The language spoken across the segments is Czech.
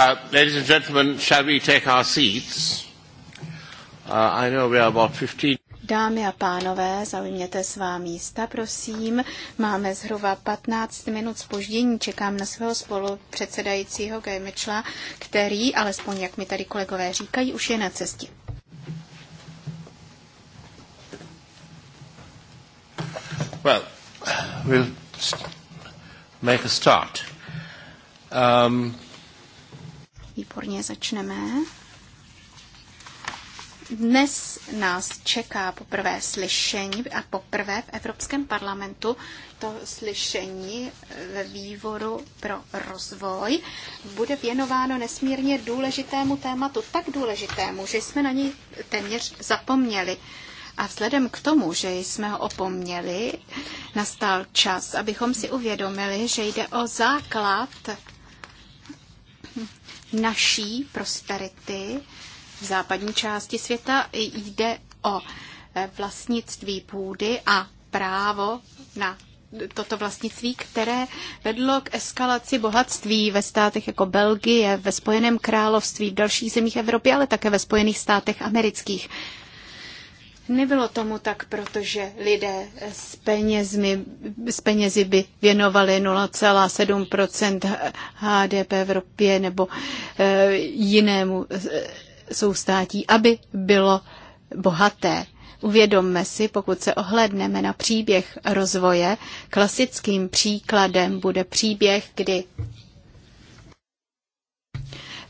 Uh, ladies and gentlemen, shall we take our seats? Uh, I know we are about 15. Dámy a pánové, zaujměte svá místa, prosím. Máme zhruba 15 minut spoždění. Čekám na svého spolupředsedajícího Guy Mitchella, který, alespoň jak mi tady kolegové říkají, už je na cestě. Well, we'll make a start. Um, Výborně, začneme. Dnes nás čeká poprvé slyšení a poprvé v Evropském parlamentu to slyšení ve výboru pro rozvoj bude věnováno nesmírně důležitému tématu, tak důležitému, že jsme na něj téměř zapomněli. A vzhledem k tomu, že jsme ho opomněli, nastal čas, abychom si uvědomili, že jde o základ naší prosperity v západní části světa. Jde o eh, vlastnictví půdy a právo na toto vlastnictví, které vedlo k eskalaci bohatství ve státech jako Belgie, ve Spojeném království, v dalších zemích Evropy, ale také ve Spojených státech amerických. Nebylo tomu tak, protože lidé s, penězmi, s penězi by věnovali 0,7 HDP v Evropě nebo eh, jinému eh, soustátí, aby bylo bohaté. Uvědomme si, pokud se ohledneme na příběh rozvoje, klasickým příkladem bude příběh, kdy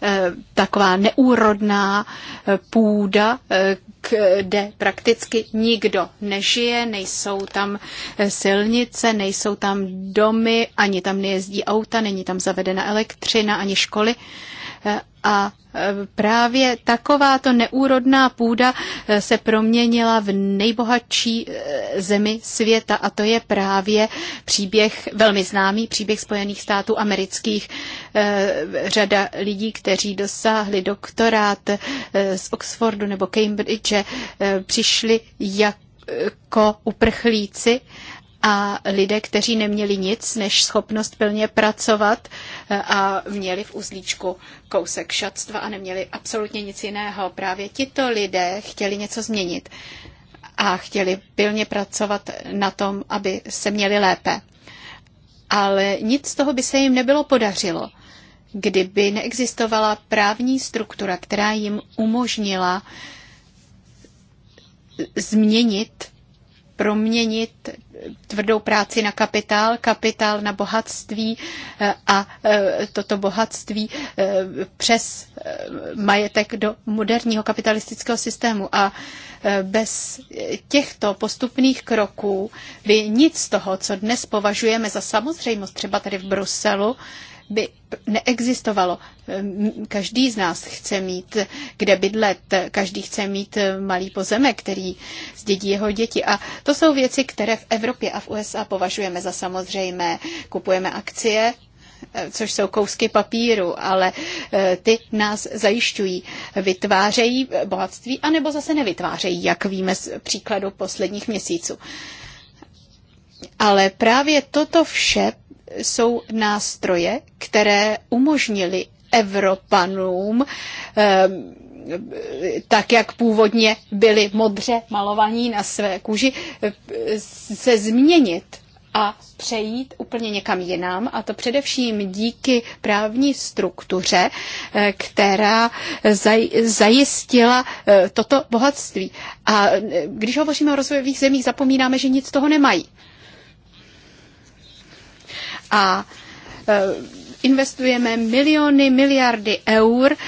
eh, taková neúrodná půda, Eh, kde prakticky nikdo nežije, nejsou tam eh, silnice, nejsou tam domy, ani tam nejezdí auta, není tam zavedena elektřina, ani školy. Eh, a e, právě takováto neúrodná půda e, se proměnila v nejbohatší e, zemi světa a to je právě příběh, velmi známý příběh Spojených států amerických. Řada lidí, kteří dosáhli doktorát z Oxfordu nebo Cambridge, přišli jako uprchlíci a lidé, kteří neměli nic než schopnost plně pracovat eh, a měli v uzlíčku kousek šatstva a neměli absolutně nic jiného. Právě tito lidé chtěli něco změnit a chtěli pilně pracovat na tom, aby se měli lépe. Ale nic z toho by se jim nebylo podařilo, kdyby neexistovala právní struktura, která jim umožnila změnit proměnit tvrdou práci na kapitál, kapitál na bohatství eh, a eh, toto bohatství eh, přes majetek do moderního kapitalistického systému. A bez těchto postupných kroků by nic z toho, co dnes považujeme za samozřejmost, třeba tady v Bruselu, by neexistovalo. Ehm, každý z nás chce mít kde bydlet, každý chce mít eh, malý pozemek, který zdědí jeho děti. A to jsou věci, které v Evropě a v USA považujeme za samozřejmé. Kupujeme akcie, eh, což jsou kousky papíru, ale eh, ty nás zajišťují. Vytvářejí bohatství, anebo zase nevytvářejí, jak víme z příkladu posledních měsíců. Ale právě toto vše jsou nástroje, které umožnili Evropanům ehm, tak jak původně byli modře malovaní na své kůži, eh, se změnit a přejít úplně někam jinam, a to především díky právní struktuře, eh, která zajistila eh, toto bohatství. A když hovoříme o rozvojových zemích, zapomínáme, že nic toho nemají a e, investujeme miliony, miliardy eur e,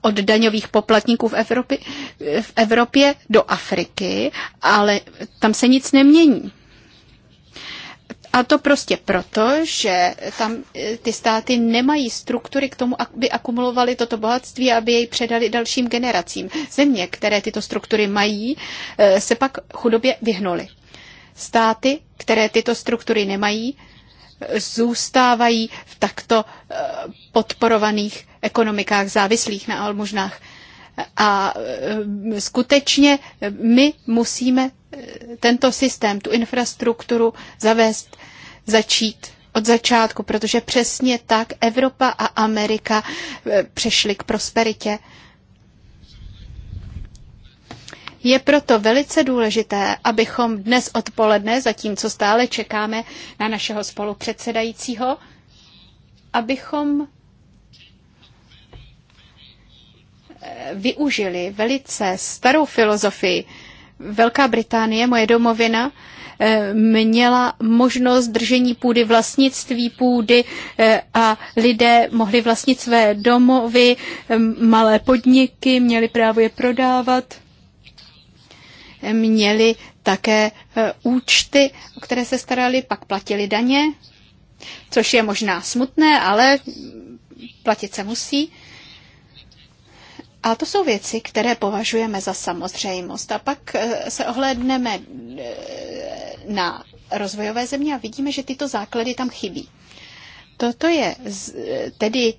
od daňových poplatníků v Evropě, v Evropě do Afriky, ale tam se nic nemění. A to prostě proto, že tam e, ty státy nemají struktury k tomu, aby akumulovali toto bohatství, aby jej předali dalším generacím. Země, které tyto struktury mají, se pak chudobě vyhnuly. Státy, které tyto struktury nemají, zůstávají v takto eh, podporovaných ekonomikách závislých na almužnách. A eh, skutečně eh, my musíme tento systém, tu infrastrukturu zavést, začít od začátku, protože přesně tak Evropa a Amerika přešly k prosperitě. Je proto velice důležité, abychom dnes odpoledne, zatímco stále čekáme na našeho spolupředsedajícího, abychom eh, využili velice starou filozofii. Velká Británie, moje domovina, eh, měla možnost držení půdy, vlastnictví půdy eh, a lidé mohli vlastnit své domovy, malé podniky, měli právo je prodávat měli také e, účty, o které se starali, pak platili daně, což je možná smutné, ale platit se musí. A to jsou věci, které považujeme za samozřejmost. A pak e, se ohlédneme e, na rozvojové země a vidíme, že tyto základy tam chybí. Toto je tedy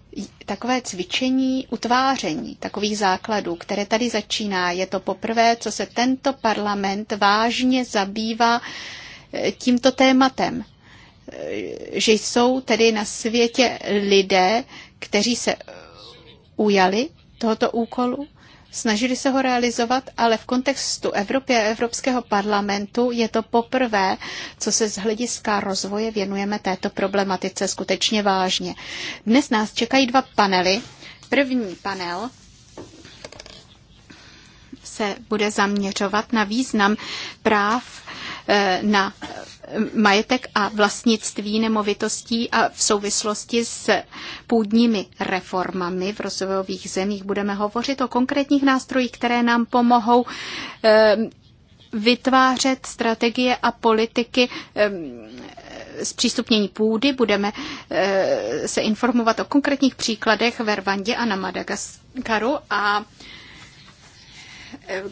takové cvičení utváření takových základů, které tady začíná. Je to poprvé, co se tento parlament vážně zabývá e, tímto tématem. E, že jsou tedy na světě lidé, kteří se ujali tohoto úkolu Snažili se ho realizovat, ale v kontextu Evropy a Evropského parlamentu je to poprvé, co se z hlediska rozvoje věnujeme této problematice skutečně vážně. Dnes nás čekají dva panely. První panel se bude zaměřovat na význam práv Eh, na majetek a vlastnictví nemovitostí a v souvislosti s půdními reformami v rozvojových zemích budeme hovořit o konkrétních nástrojích, které nám pomohou eh, vytvářet strategie a politiky eh, zpřístupnění půdy. Budeme se informovat o konkrétních příkladech ve Rwandě a na Madagaskaru a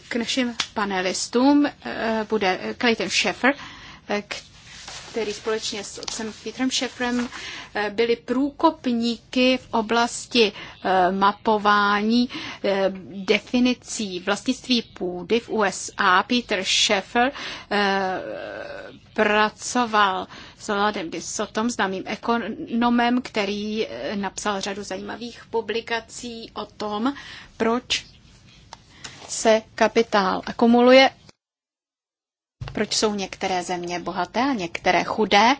k našim panelistům eh, bude Clayton Sheffer, eh, který společně s otcem Petrem Šefrem eh, byli průkopníky v oblasti mapování definicí vlastnictví půdy v USA. Peter Schaeffer pracoval s Vladem Dysotom, známým ekonomem, který napsal řadu zajímavých publikací o tom, proč se kapitál akumuluje. Proč jsou některé země bohaté a některé chudé?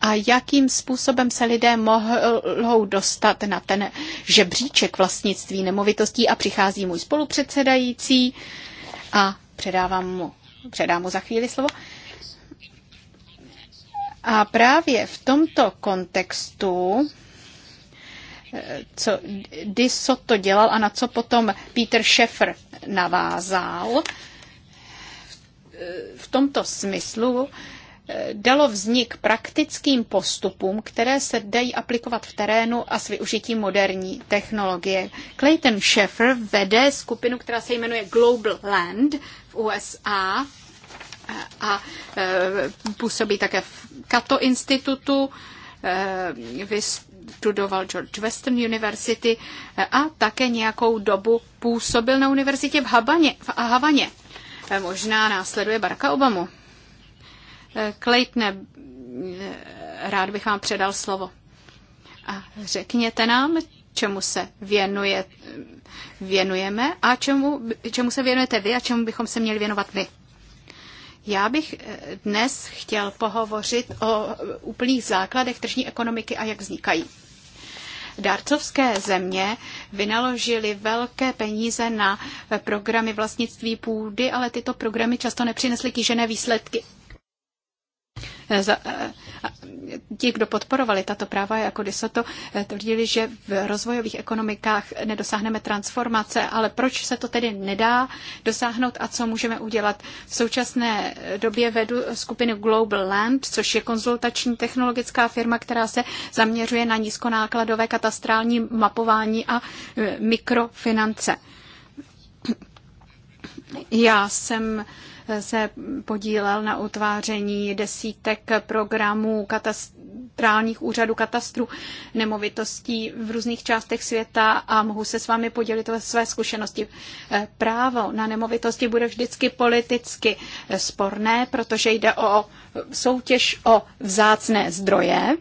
A jakým způsobem se lidé mohou dostat na ten žebříček vlastnictví nemovitostí? A přichází můj spolupředsedající a předávám mu, předám mu za chvíli slovo. A právě v tomto kontextu co co to dělal a na co potom Peter Schaeffer navázal. V tomto smyslu eh, dalo vznik praktickým postupům, které se dají aplikovat v terénu a s využitím moderní technologie. Clayton Sheffer vede skupinu, která se jmenuje Global Land v USA a eh, působí také v Kato institutu, eh, studoval George Western University eh, a také nějakou dobu působil na univerzitě v, Habaně, v Havaně. Eh, možná následuje Baracka Obamu. Claytone, eh, rád bych vám předal slovo. A řekněte nám, čemu se věnuje, věnujeme a čemu, čemu se věnujete vy a čemu bychom se měli věnovat my. Já bych eh, dnes chtěl pohovořit o úplných základech tržní ekonomiky a jak vznikají. Dárcovské země vynaložily velké peníze na programy vlastnictví půdy, ale tyto programy často nepřinesly kýžené výsledky. Za, ti, kdo podporovali tato práva jako Disoto, eh, tvrdili, že v rozvojových ekonomikách nedosáhneme transformace, ale proč se to tedy nedá dosáhnout a co můžeme udělat? V současné eh, době vedu skupinu Global Land, což je konzultační technologická firma, která se zaměřuje na nízkonákladové katastrální mapování a eh, mikrofinance. Já jsem se podílel na utváření desítek programů katastrálních úřadů katastru nemovitostí v různých částech světa a mohu se s vámi podělit o své zkušenosti. Eh, právo na nemovitosti bude vždycky politicky sporné, protože jde o soutěž o vzácné zdroje,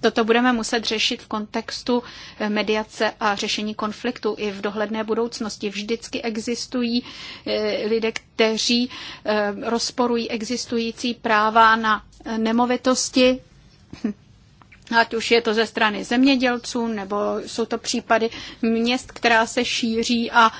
Toto budeme muset řešit v kontextu eh, mediace a řešení konfliktu i v dohledné budoucnosti. Vždycky existují eh, lidé, kteří eh, rozporují existující práva na nemovitosti, ať už je to ze strany zemědělců, nebo jsou to případy měst, která se šíří a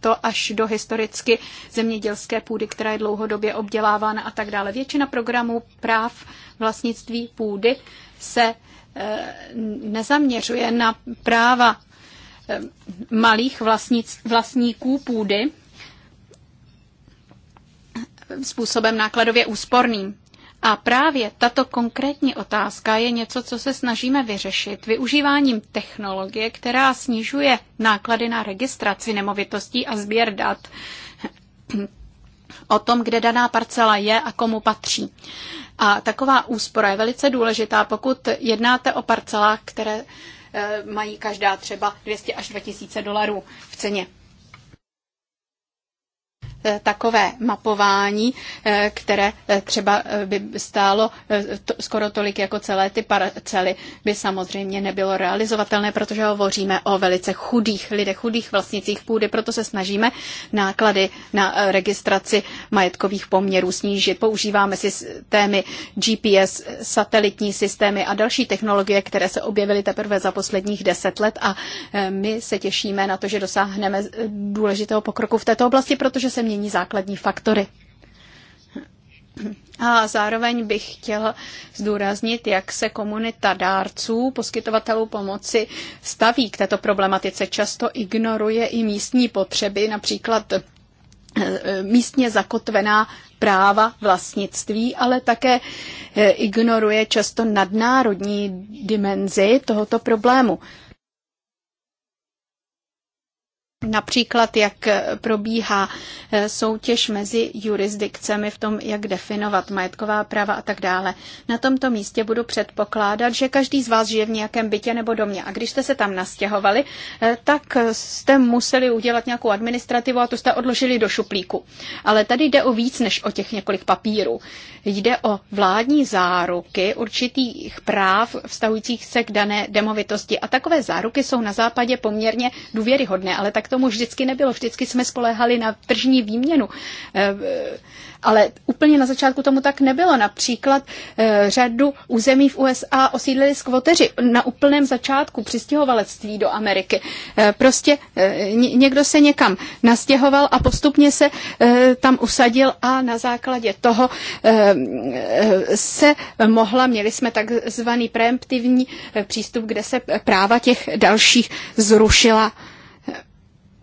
to až do historicky zemědělské půdy, která je dlouhodobě obdělávána a tak dále. Většina programů práv vlastnictví půdy se eh, nezaměřuje na práva eh, malých vlastnic, vlastníků půdy způsobem nákladově úsporným. A právě tato konkrétní otázka je něco, co se snažíme vyřešit využíváním technologie, která snižuje náklady na registraci nemovitostí a sběr dat o tom, kde daná parcela je a komu patří. A taková úspora je velice důležitá, pokud jednáte o parcelách, které eh, mají každá třeba 200 až 2000 dolarů v ceně. Eh, takové mapování, eh, které eh, třeba by stálo skoro tolik jako celé ty parcely, by samozřejmě nebylo realizovatelné, protože hovoříme o velice chudých lidech, chudých vlastnicích půdy, proto se snažíme náklady na registraci majetkových poměrů snížit. Používáme systémy GPS, satelitní systémy a další technologie, které se objevily teprve za posledních deset let a my se těšíme na to, že dosáhneme důležitého pokroku v této oblasti, protože se mění mění základní faktory. A zároveň bych chtěl zdůraznit, jak se komunita dárců, poskytovatelů pomoci staví k této problematice. Často ignoruje i místní potřeby, například eh, místně zakotvená práva vlastnictví, ale také eh, ignoruje často nadnárodní dimenzi tohoto problému. Například, jak probíhá eh, soutěž mezi jurisdikcemi v tom, jak definovat majetková práva a tak dále. Na tomto místě budu předpokládat, že každý z vás žije v nějakém bytě nebo domě. A když jste se tam nastěhovali, eh, tak jste museli udělat nějakou administrativu a to jste odložili do šuplíku. Ale tady jde o víc než o těch několik papírů. Jde o vládní záruky určitých práv vztahujících se k dané demovitosti. A takové záruky jsou na západě poměrně důvěryhodné, ale tak to tomu vždycky nebylo. Vždycky jsme spolehali na tržní výměnu. Eh, ale úplně na začátku tomu tak nebylo. Například eh, řadu území v USA osídlili skvoteři na úplném začátku přistěhovalectví do Ameriky. Eh, prostě někdo se někam nastěhoval a postupně se tam usadil a na základě toho se mohla, měli jsme takzvaný preemptivní přístup, kde se práva těch dalších zrušila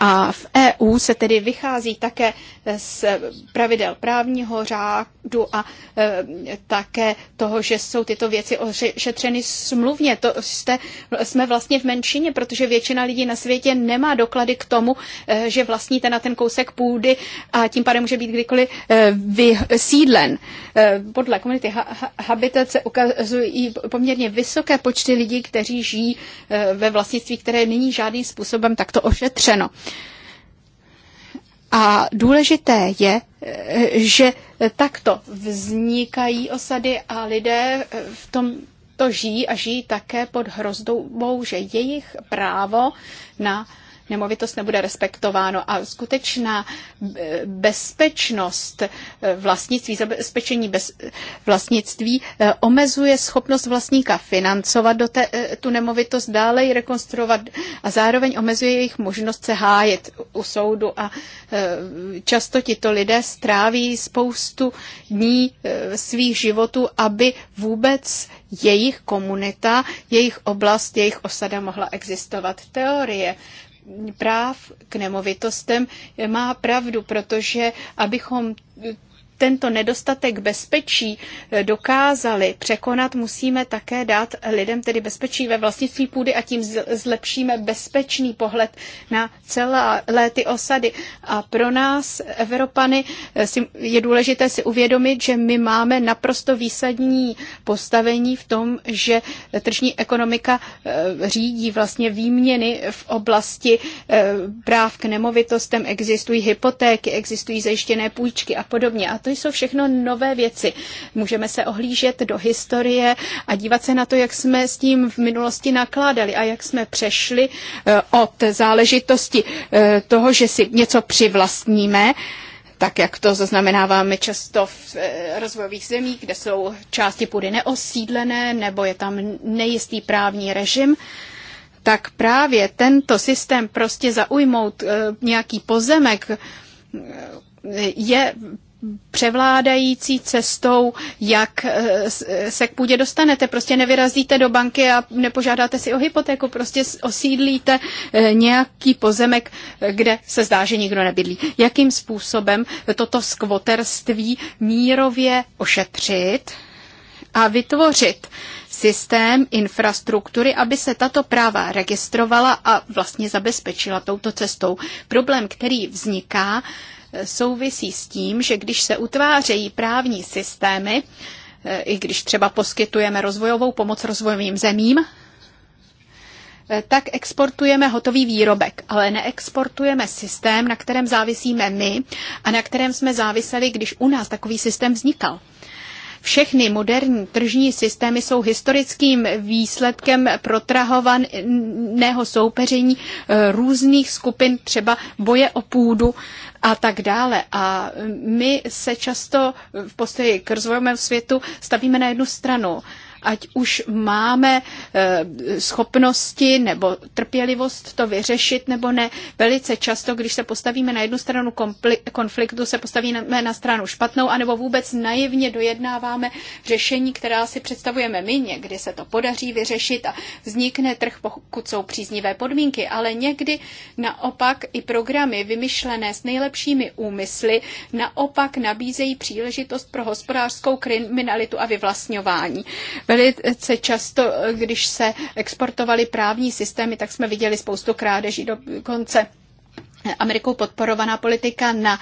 A v EU se tedy vychází také z pravidel právního řádu a e, také toho, že jsou tyto věci ošetřeny smluvně. To jste, jsme vlastně v menšině, protože většina lidí na světě nemá doklady k tomu, e, že vlastníte na ten kousek půdy a tím pádem může být kdykoliv e, vysídlen. Podle komunity Habitat se ukazují poměrně vysoké počty lidí, kteří žijí ve vlastnictví, které není žádným způsobem takto ošetřeno. A důležité je, eh, že takto vznikají osady a lidé eh, v tom to žijí a žijí také pod hrozbou, že jejich právo na nemovitost nebude respektováno. A skutečná eh, bezpečnost eh, vlastnictví, zabezpečení bez, eh, vlastnictví omezuje schopnost vlastníka financovat do té, tu nemovitost, dále ji rekonstruovat a zároveň omezuje jejich možnost se hájet u soudu. A často tito lidé stráví spoustu dní svých životů, aby vůbec jejich komunita, jejich oblast, jejich osada mohla existovat. Teorie práv k nemovitostem má pravdu, protože abychom tento nedostatek bezpečí eh, dokázali překonat, musíme také dát lidem tedy bezpečí ve vlastnictví půdy a tím zlepšíme bezpečný pohled na celé léty osady. A pro nás, Evropany, eh, je důležité si uvědomit, že my máme naprosto výsadní postavení v tom, že tržní ekonomika eh, řídí vlastně výměny v oblasti práv k nemovitostem, existují hypotéky, existují zajištěné půjčky a podobně. A to to jsou všechno nové věci. Můžeme se ohlížet do historie a dívat se na to, jak jsme s tím v minulosti nakládali a jak jsme přešli eh, od záležitosti eh, toho, že si něco přivlastníme, tak jak to zaznamenáváme často v eh, rozvojových zemích, kde jsou části půdy neosídlené nebo je tam nejistý právní režim, tak právě tento systém prostě zaujmout nějaký pozemek je převládající cestou, jak eh, se k půdě dostanete. Prostě nevyrazíte do banky a nepožádáte si o hypotéku, prostě osídlíte eh, nějaký pozemek, eh, kde se zdá, že nikdo nebydlí. Jakým způsobem toto skvoterství mírově ošetřit a vytvořit systém infrastruktury, aby se tato práva registrovala a vlastně zabezpečila touto cestou. Problém, který vzniká, souvisí s tím, že když se utvářejí právní systémy, e, i když třeba poskytujeme rozvojovou pomoc rozvojovým zemím, e, tak exportujeme hotový výrobek, ale neexportujeme systém, na kterém závisíme my a na kterém jsme záviseli, když u nás takový systém vznikal. Všechny moderní tržní systémy jsou historickým výsledkem protrahovaného soupeření eh, různých skupin, třeba boje o půdu a tak dále. A my se často v postoji k rozvojovému světu stavíme na jednu stranu ať už máme eh, schopnosti nebo trpělivost to vyřešit nebo ne. Velice často, když se postavíme na jednu stranu konfliktu, se postavíme na stranu špatnou, anebo vůbec naivně dojednáváme řešení, která si představujeme my. Někdy se to podaří vyřešit a vznikne trh, pokud jsou příznivé podmínky, ale někdy naopak i programy vymyšlené s nejlepšími úmysly naopak nabízejí příležitost pro hospodářskou kriminalitu a vyvlastňování. Velice často, když se exportovaly právní systémy, tak jsme viděli spoustu krádeží do konce. Amerikou podporovaná politika na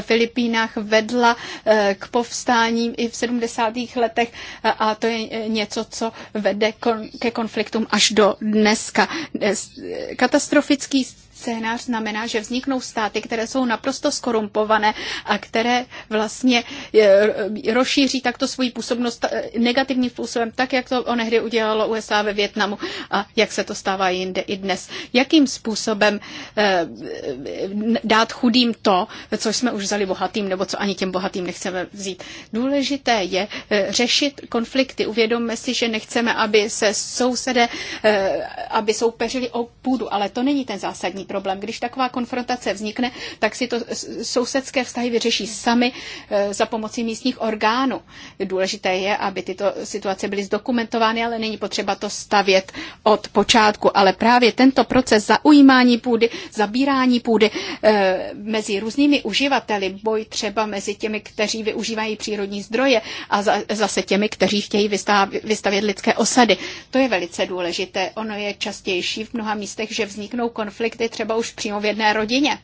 Filipínách vedla eh, k povstáním i v 70. letech a to je něco, co vede kon, ke konfliktům až do dneska. Eh, katastrofický scénář znamená, že vzniknou státy, které jsou naprosto skorumpované a které vlastně eh, rozšíří takto svoji působnost eh, negativním způsobem, tak jak to onehdy udělalo USA ve Větnamu a jak se to stává jinde i dnes. Jakým způsobem eh, dát chudým to, co jsme už vzali bohatým, nebo co ani těm bohatým nechceme vzít. Důležité je řešit konflikty. Uvědomme si, že nechceme, aby se sousedé, aby soupeřili o půdu, ale to není ten zásadní problém. Když taková konfrontace vznikne, tak si to sousedské vztahy vyřeší sami eh, za pomocí místních orgánů. Důležité je, aby tyto situace byly zdokumentovány, ale není potřeba to stavět od počátku. Ale právě tento proces zaujímání půdy, zabírání půdy eh, mezi různými uživateli, boj třeba mezi těmi, kteří využívají přírodní zdroje a zase těmi, kteří chtějí vystavět lidské osady. To je velice důležité. Ono je častější v mnoha místech, že vzniknou konflikty třeba třeba už přímo v jedné rodině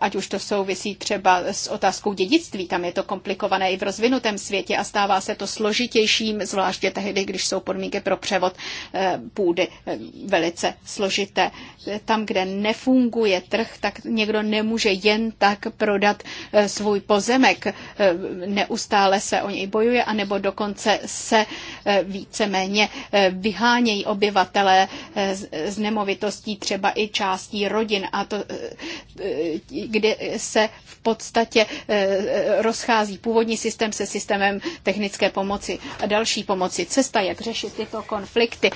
ať už to souvisí třeba s otázkou dědictví, tam je to komplikované i v rozvinutém světě a stává se to složitějším, zvláště tehdy, když jsou podmínky pro převod eh, půdy eh, velice složité. Tam, kde nefunguje trh, tak někdo nemůže jen tak prodat eh, svůj pozemek. Neustále se o něj bojuje, anebo dokonce se víceméně vyhánějí obyvatelé z nemovitostí třeba i částí rodin a to kdy se v podstatě eh, eh, rozchází původní systém se systémem technické pomoci a další pomoci. Cesta, jak řešit tyto konflikty,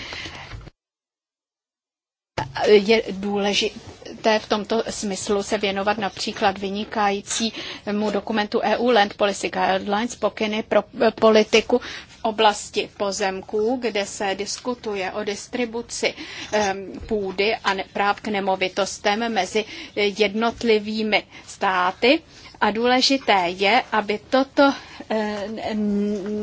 je důležité v tomto smyslu se věnovat například vynikajícímu dokumentu EU Land Policy Guidelines, pokyny pro eh, politiku oblasti pozemků, kde se diskutuje o distribuci půdy a práv k nemovitostem mezi jednotlivými státy. A důležité je, aby toto Eh,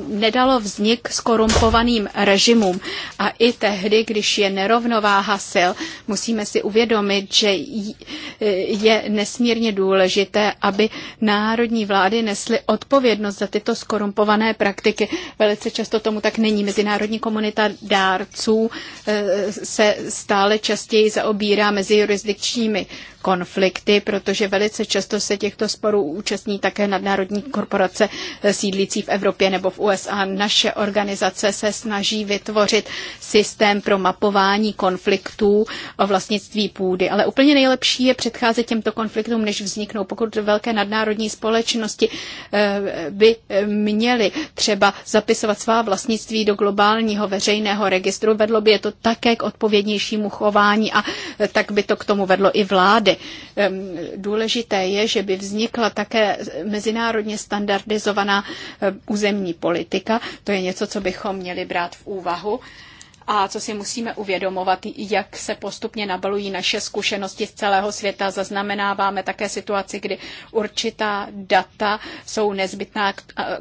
nedalo vznik skorumpovaným režimům. A i tehdy, když je nerovnováha sil, musíme si uvědomit, že eh, je nesmírně důležité, aby národní vlády nesly odpovědnost za tyto skorumpované praktiky. Velice často tomu tak není. Mezinárodní komunita dárců eh, se stále častěji zaobírá mezi jurisdikčními konflikty, protože velice často se těchto sporů účastní také nadnárodní korporace sídlící v Evropě nebo v USA. Naše organizace se snaží vytvořit systém pro mapování konfliktů o vlastnictví půdy, ale úplně nejlepší je předcházet těmto konfliktům, než vzniknou. Pokud velké nadnárodní společnosti eh, by eh, měly třeba zapisovat svá vlastnictví do globálního veřejného registru, vedlo by je to také k odpovědnějšímu chování a eh, tak by to k tomu vedlo i vlády. Ehm, důležité je, že by vznikla také mezinárodně standardizovaná E, územní politika. To je něco, co bychom měli brát v úvahu a co si musíme uvědomovat, jak se postupně nabalují naše zkušenosti z celého světa. Zaznamenáváme také situaci, kdy určitá data jsou nezbytná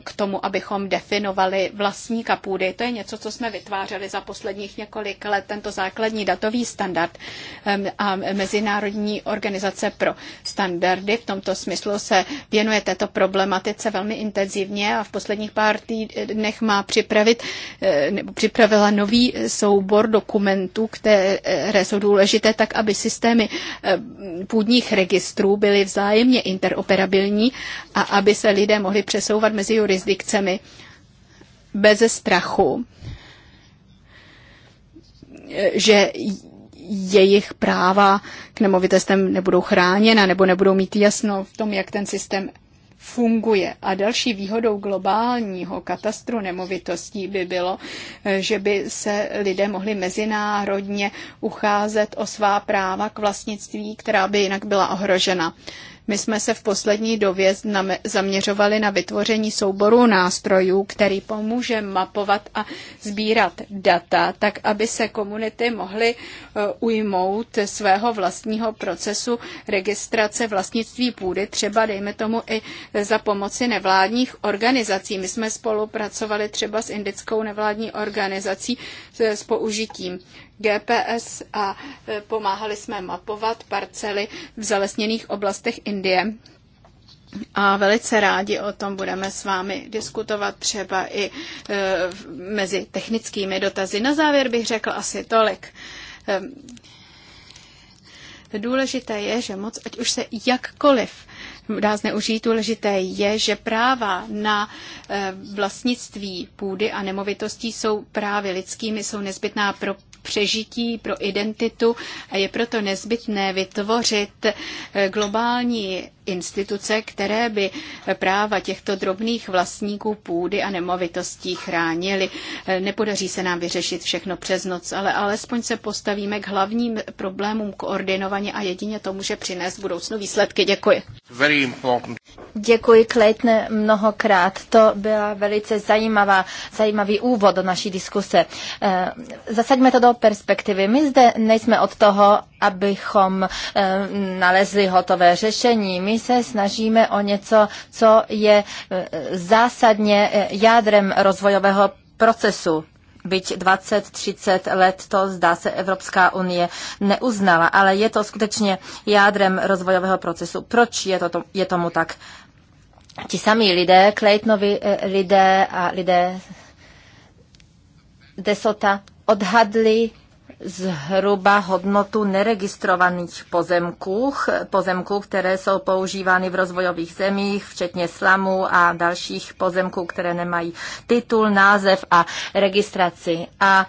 k tomu, abychom definovali vlastníka půdy. To je něco, co jsme vytvářeli za posledních několik let, tento základní datový standard a Mezinárodní organizace pro standardy. V tomto smyslu se věnuje této problematice velmi intenzivně a v posledních pár týdnech má připravit, eh, nebo připravila nový soubor dokumentů, které jsou důležité, tak aby systémy eh, půdních registrů byly vzájemně interoperabilní a aby se lidé mohli přesouvat mezi jurisdikcemi bez strachu, že jejich práva k nemovitostem nebudou chráněna nebo nebudou mít jasno v tom, jak ten systém funguje. A další výhodou globálního katastru nemovitostí by bylo, eh, že by se lidé mohli mezinárodně ucházet o svá práva k vlastnictví, která by jinak byla ohrožena. My jsme se v poslední době zaměřovali na vytvoření souboru nástrojů, který pomůže mapovat a sbírat data, tak aby se komunity mohly e, ujmout svého vlastního procesu registrace vlastnictví půdy, třeba dejme tomu i za pomoci nevládních organizací. My jsme spolupracovali třeba s indickou nevládní organizací, s použitím GPS a e, pomáhali jsme mapovat parcely v zalesněných oblastech Indie. A velice rádi o tom budeme s vámi diskutovat třeba i e, mezi technickými dotazy. Na závěr bych řekl asi tolik. Ehm, důležité je, že moc, ať už se jakkoliv dá zneužít. Důležité je, že práva na eh, vlastnictví půdy a nemovitostí jsou právě lidskými, jsou nezbytná pro přežití, pro identitu a je proto nezbytné vytvořit eh, globální instituce, které by práva těchto drobných vlastníků půdy a nemovitostí chránily. Nepodaří se nám vyřešit všechno přes noc, ale alespoň se postavíme k hlavním problémům koordinovaně a jedině to může přinést v budoucnu výsledky. Děkuji. Děkuji, Clayton, mnohokrát. To byla velice zajímavá, zajímavý úvod do naší diskuse. Eh, zasaďme to do perspektivy. My zde nejsme od toho, abychom eh, nalezli hotové řešení. My se snažíme o něco, co je e, zásadně e, jádrem rozvojového procesu byť 20-30 let to zdá se Evropská unie neuznala, ale je to skutečně jádrem rozvojového procesu. Proč je, to, je tomu tak? Ti samí lidé, Claytonovi e, lidé a lidé Desota odhadli zhruba hodnotu neregistrovaných pozemků, pozemků, které jsou používány v rozvojových zemích, včetně slamu a dalších pozemků, které nemají titul, název a registraci. A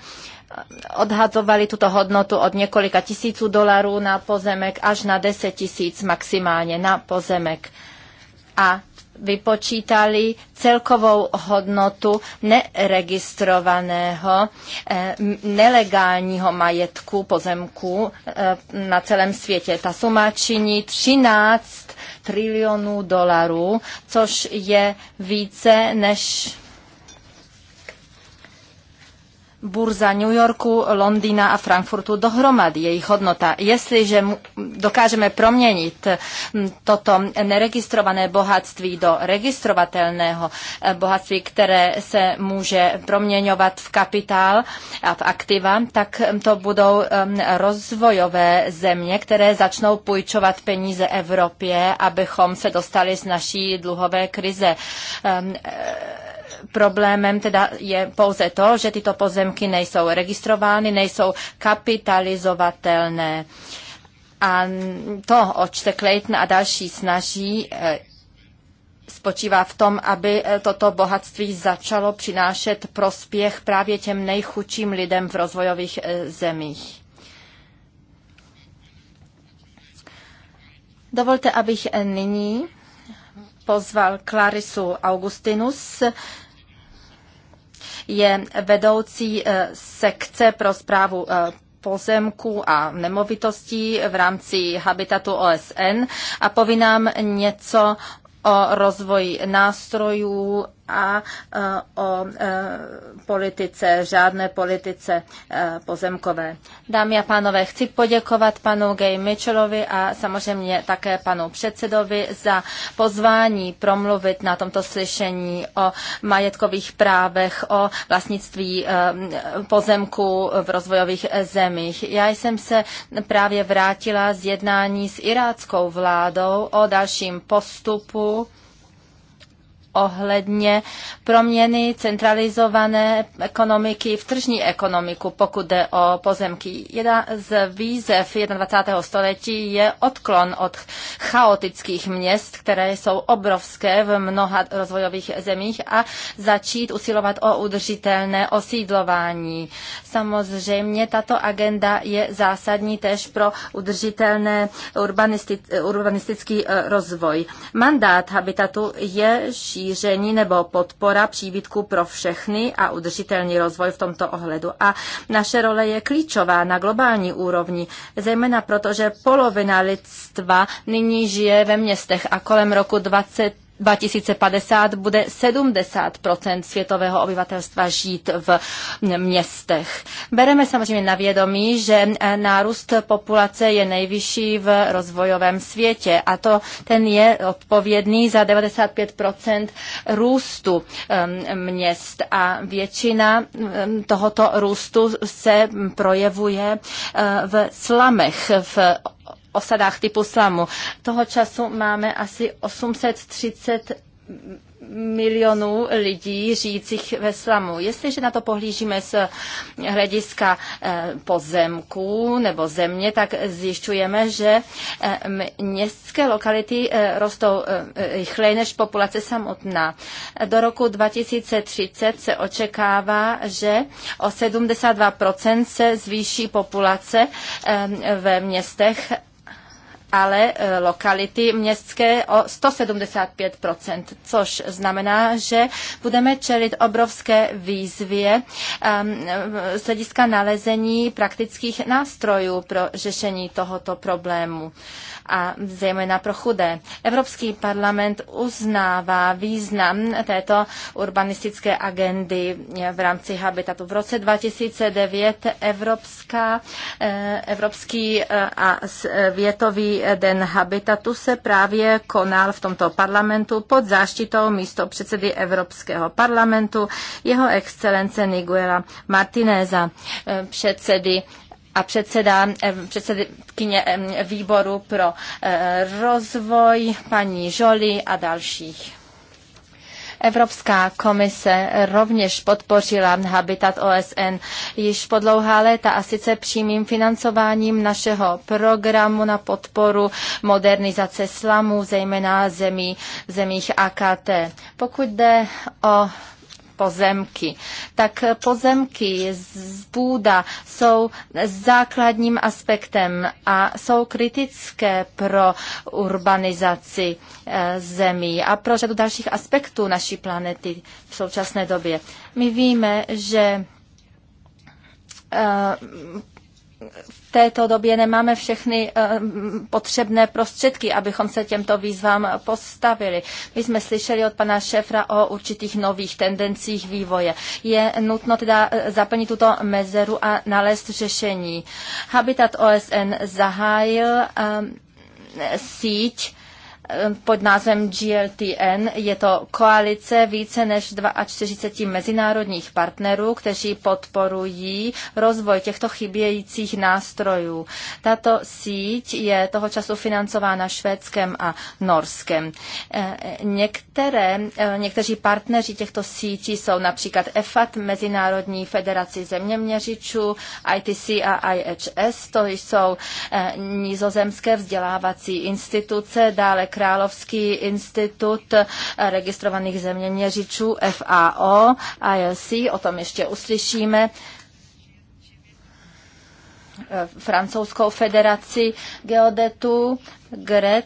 odhadovali tuto hodnotu od několika tisíců dolarů na pozemek až na deset tisíc maximálně na pozemek. A vypočítali celkovou hodnotu neregistrovaného eh, nelegálního majetku pozemků eh, na celém světě. Ta suma činí 13 trilionů dolarů, což je více než burza New Yorku, Londýna a Frankfurtu dohromady, jejich hodnota. Jestliže dokážeme proměnit mm, toto neregistrované bohatství do registrovatelného eh, bohatství, které se může proměňovat v kapitál a v aktiva, tak mm, to budou mm, rozvojové země, které začnou půjčovat peníze Evropě, abychom se dostali z naší dluhové krize ehm, eh, problémem teda je pouze to, že tyto pozemky nejsou registrovány, nejsou kapitalizovatelné. A to, oč se Clayton a další snaží, eh, spočívá v tom, aby eh, toto bohatství začalo přinášet prospěch právě těm nejchudším lidem v rozvojových eh, zemích. Dovolte, abych nyní pozval Clarisu Augustinus, je vedoucí eh, sekce pro zprávu eh, pozemků a nemovitostí v rámci habitatu OSN a povinám něco o rozvoji nástrojů a e, o e, politice, žádné politice e, pozemkové. Dámy a pánové, chci poděkovat panu Gay Mitchellovi a samozřejmě také panu předsedovi za pozvání promluvit na tomto slyšení o majetkových právech, o vlastnictví pozemku v rozvojových zemích. Já jsem se právě vrátila z jednání s iráckou vládou o dalším postupu ohledně proměny centralizované ekonomiky v tržní ekonomiku, pokud jde o pozemky. Jedna z výzev 21. století je odklon od chaotických měst, které jsou obrovské v mnoha rozvojových zemích a začít usilovat o udržitelné osídlování. Samozřejmě tato agenda je zásadní tež pro udržitelné urbanistický eh, rozvoj. Mandát habitatu je šíření nebo podpora příbytku pro všechny a udržitelný rozvoj v tomto ohledu. A naše role je klíčová na globální úrovni, zejména proto, že polovina lidstva nyní žije ve městech a kolem roku 20 2050 bude 70 světového obyvatelstva žít v městech. Bereme samozřejmě na vědomí, že eh, nárůst populace je nejvyšší v rozvojovém světě a to ten je odpovědný za 95 růstu ehm, měst a většina ehm, tohoto růstu se projevuje eh, v slamech, v osadách typu slamu. Toho času máme asi 830 milionů lidí žijících ve slamu. Jestliže na to pohlížíme z hlediska eh, pozemků nebo země, tak zjišťujeme, že eh, městské lokality eh, rostou rychleji než populace samotná. Do roku 2030 se očekává, že o 72% se zvýší populace ve městech ale e, lokality městské o 175%, což znamená, že budeme čelit obrovské výzvě e, e, z hlediska nalezení praktických nástrojů pro řešení tohoto problému a zejména pro chudé. Evropský parlament uznává význam této urbanistické agendy v rámci Habitatu. V roce 2009 Evropská, eh, Evropský eh, a světový eh, den Habitatu se právě konal v tomto parlamentu pod záštitou místo předsedy Evropského parlamentu, jeho excelence Niguela Martineza, předsedy a předseda, eh, předsedkyně eh, výboru pro eh, rozvoj, paní Žoli a dalších. Evropská komise rovněž podpořila Habitat OSN již po dlouhá léta a sice přímým financováním našeho programu na podporu modernizace slamů, zejména zemí, zemích AKT. Pokud jde o pozemky. Tak pozemky, půda jsou základním aspektem a jsou kritické pro urbanizaci eh, zemí a pro řadu dalších aspektů naší planety v současné době. My víme, že eh, této době nemáme všechny eh, potřebné prostředky, abychom se těmto výzvám postavili. My jsme slyšeli od pana Šefra o určitých nových tendencích vývoje. Je nutno teda eh, zaplnit tuto mezeru a nalézt řešení. Habitat OSN zahájil eh, síť Eh, pod názvem GLTN. Je to koalice více než 42 mezinárodních partnerů, kteří podporují rozvoj těchto chybějících nástrojů. Tato síť je toho času financována Švédskem a Norskem. Eh, některé, eh, někteří partneři těchto sítí jsou například EFAT, Mezinárodní federaci zeměměřičů, ITC a IHS, to jsou nizozemské vzdělávací instituce, dále Královský institut registrovaných zeměměřičů FAO, ILC, o tom ještě uslyšíme francouzskou federaci geodetů GRET,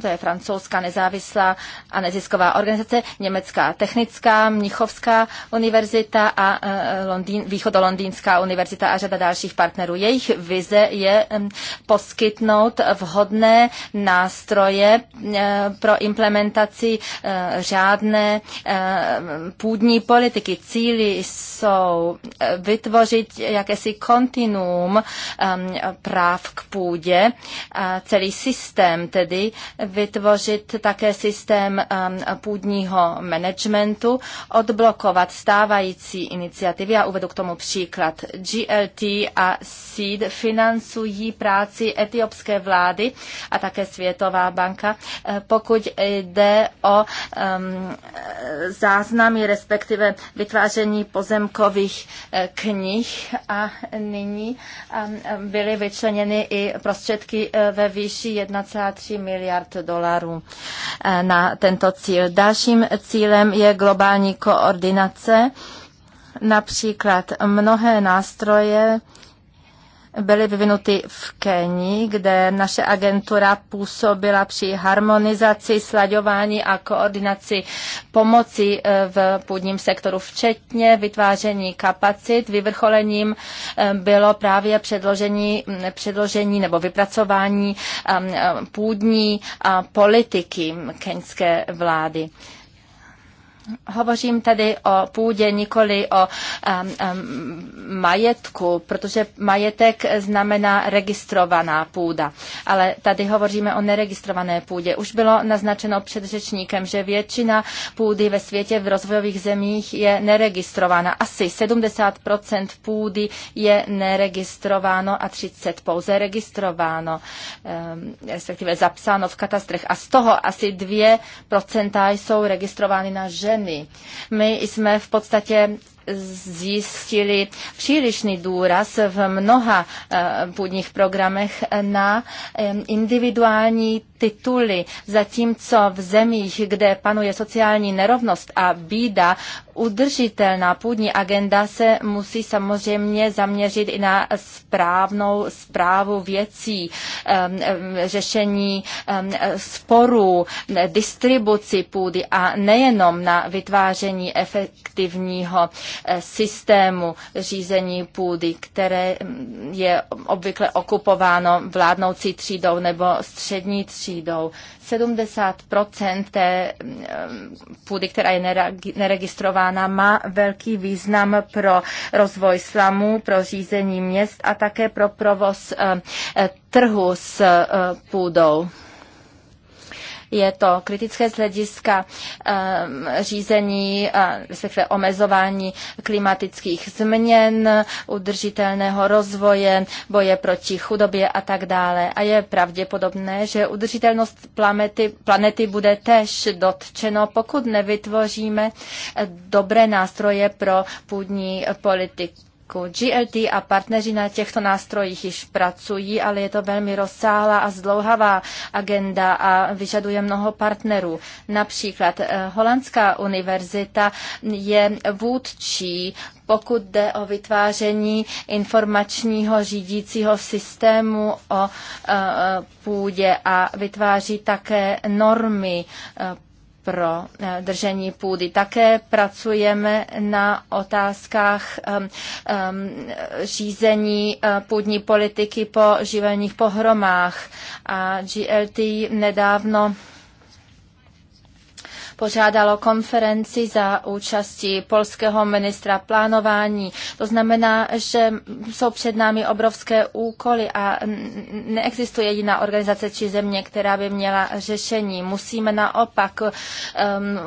to je francouzská nezávislá a nezisková organizace, německá technická, Mnichovská univerzita a eh, Londýn, východolondýnská univerzita a řada dalších partnerů. Jejich vize je poskytnout vhodné nástroje eh, pro implementaci eh, řádné půdní politiky. Cíly jsou vytvořit jakési kontinuum práv k půdě, celý systém systém, tedy vytvořit také systém um, půdního managementu, odblokovat stávající iniciativy. Já uvedu k tomu příklad. GLT a SEED financují práci etiopské vlády a také Světová banka, eh, pokud jde o um, záznamy, respektive vytváření pozemkových eh, knih a nyní um, byly vyčleněny i prostředky eh, ve výši 1,3 miliard dolarů eh, na tento cíl. Dalším cílem je globální koordinace. Například mnohé nástroje byly vyvinuty v Keni, kde naše agentura působila při harmonizaci, slaďování a koordinaci pomoci eh, v půdním sektoru, včetně vytváření kapacit. Vyvrcholením eh, bylo právě předložení, mm, předložení nebo vypracování mm, eh, půdní politiky mm, keňské vlády. Hovořím tedy o půdě, nikoli o um, um, majetku, protože majetek znamená registrovaná půda. Ale tady hovoříme o neregistrované půdě. Už bylo naznačeno řečníkem, že většina půdy ve světě v rozvojových zemích je neregistrována. Asi 70 půdy je neregistrováno a 30 pouze registrováno, um, respektive zapsáno v katastrech. A z toho asi 2 jsou registrovány na ženy ceny. My jsme v podstatě zjistili přílišný důraz v mnoha eh, půdních programech na eh, individuální tituly, zatímco v zemích, kde panuje sociální nerovnost a bída, udržitelná půdní agenda se musí samozřejmě zaměřit i na správnou zprávu věcí, ehm, ehm, řešení ehm, sporů, distribuci půdy a nejenom na vytváření efektivního Eh, systému řízení půdy, které mm, je obvykle okupováno vládnoucí třídou nebo střední třídou. 70 té mm, půdy, která je neregistrována, má velký význam pro rozvoj slamu, pro řízení měst a také pro provoz eh, eh, trhu s půdou. Je to kritické z hlediska ehm, řízení, respektive omezování klimatických změn, udržitelného rozvoje, boje proti chudobě a tak dále. A je pravděpodobné, že udržitelnost planety, planety bude tež dotčeno, pokud nevytvoříme dobré nástroje pro půdní politiku Česku. GLT a partneři na těchto nástrojích již pracují, ale je to velmi rozsáhlá a zdlouhavá agenda a vyžaduje mnoho partnerů. Například eh, Holandská univerzita je vůdčí pokud jde o vytváření informačního řídícího systému o eh, eh, půdě a vytváří také normy pro eh, držení půdy. Také pracujeme na otázkách ehm, ehm, řízení eh, půdní politiky po živelních pohromách a GLT nedávno pořádalo konferenci za účasti polského ministra plánování. To znamená, že jsou před námi obrovské úkoly a neexistuje jediná organizace či země, která by měla řešení. Musíme naopak um,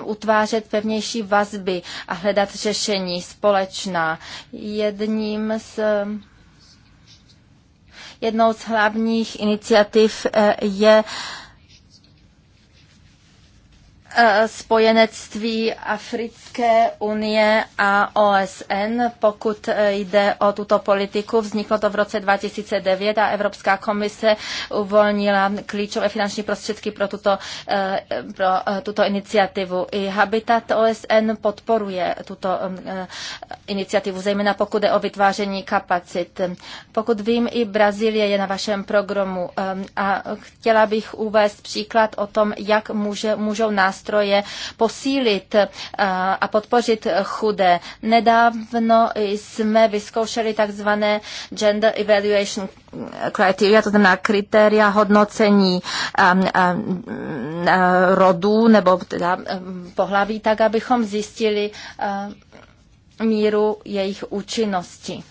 utvářet pevnější vazby a hledat řešení společná. Jedním z jednou z hlavních iniciativ eh, je Eh, spojenectví Africké unie a OSN, pokud eh, jde o tuto politiku. Vzniklo to v roce 2009 a Evropská komise uvolnila klíčové finanční prostředky pro tuto, eh, pro tuto iniciativu. I Habitat OSN podporuje tuto iniciativu, zejména pokud jde o vytváření kapacit. Pokud vím, i Brazílie je na vašem programu a chtěla bych uvést příklad o tom, jak může, můžou nás nástroje posílit eh, a podpořit chudé. Nedávno jsme vyzkoušeli takzvané gender evaluation criteria, to znamená kritéria hodnocení eh, eh, rodů nebo teda pohlaví, tak abychom zjistili míru jejich účinnosti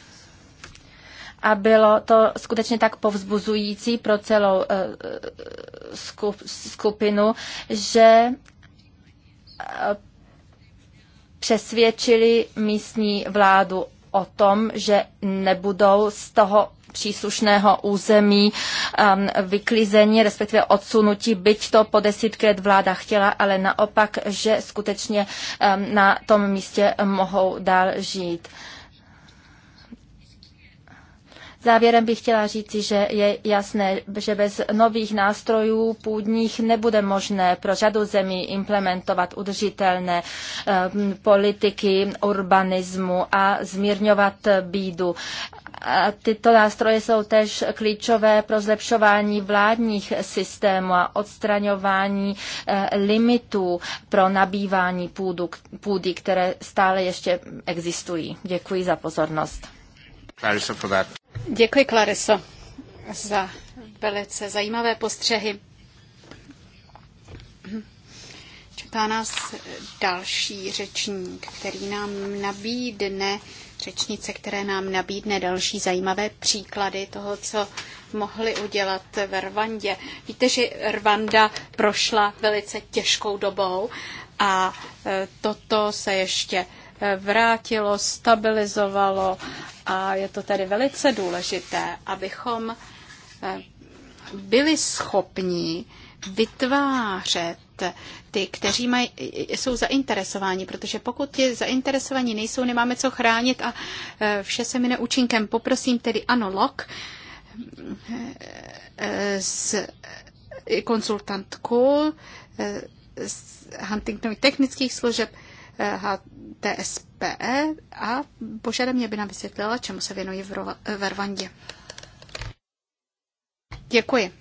a bylo to skutečně tak povzbuzující pro celou skupinu, že přesvědčili místní vládu o tom, že nebudou z toho příslušného území um, vyklizení, respektive odsunutí, byť to po desítkrát vláda chtěla, ale naopak, že skutečně um, na tom místě mohou dál žít. Závěrem bych chtěla říci, že je jasné, že bez nových nástrojů půdních nebude možné pro řadu zemí implementovat udržitelné ehm, politiky urbanismu a zmírňovat bídu. A tyto nástroje jsou tež klíčové pro zlepšování vládních systémů a odstraňování eh, limitů pro nabývání půdu, půdy, které stále ještě existují. Děkuji za pozornost. Clarissa, for that. Děkuji, Clariso, za velice zajímavé postřehy. Čeká nás další řečník, který nám nabídne, řečnice, které nám nabídne další zajímavé příklady toho, co mohli udělat v Rwandě. Víte, že Rwanda prošla velice těžkou dobou a e, toto se ještě vrátilo, stabilizovalo a je to tedy velice důležité, abychom eh, byli schopni vytvářet ty, kteří maj, jsou zainteresováni, protože pokud ti zainteresovaní nejsou, nemáme co chránit a eh, vše se mine účinkem. Poprosím tedy analog eh, z konsultantku z Huntingtonových technických služeb TSPE a požádám mě, aby nám vysvětlila, čemu se věnují v Rwandě. Děkuji.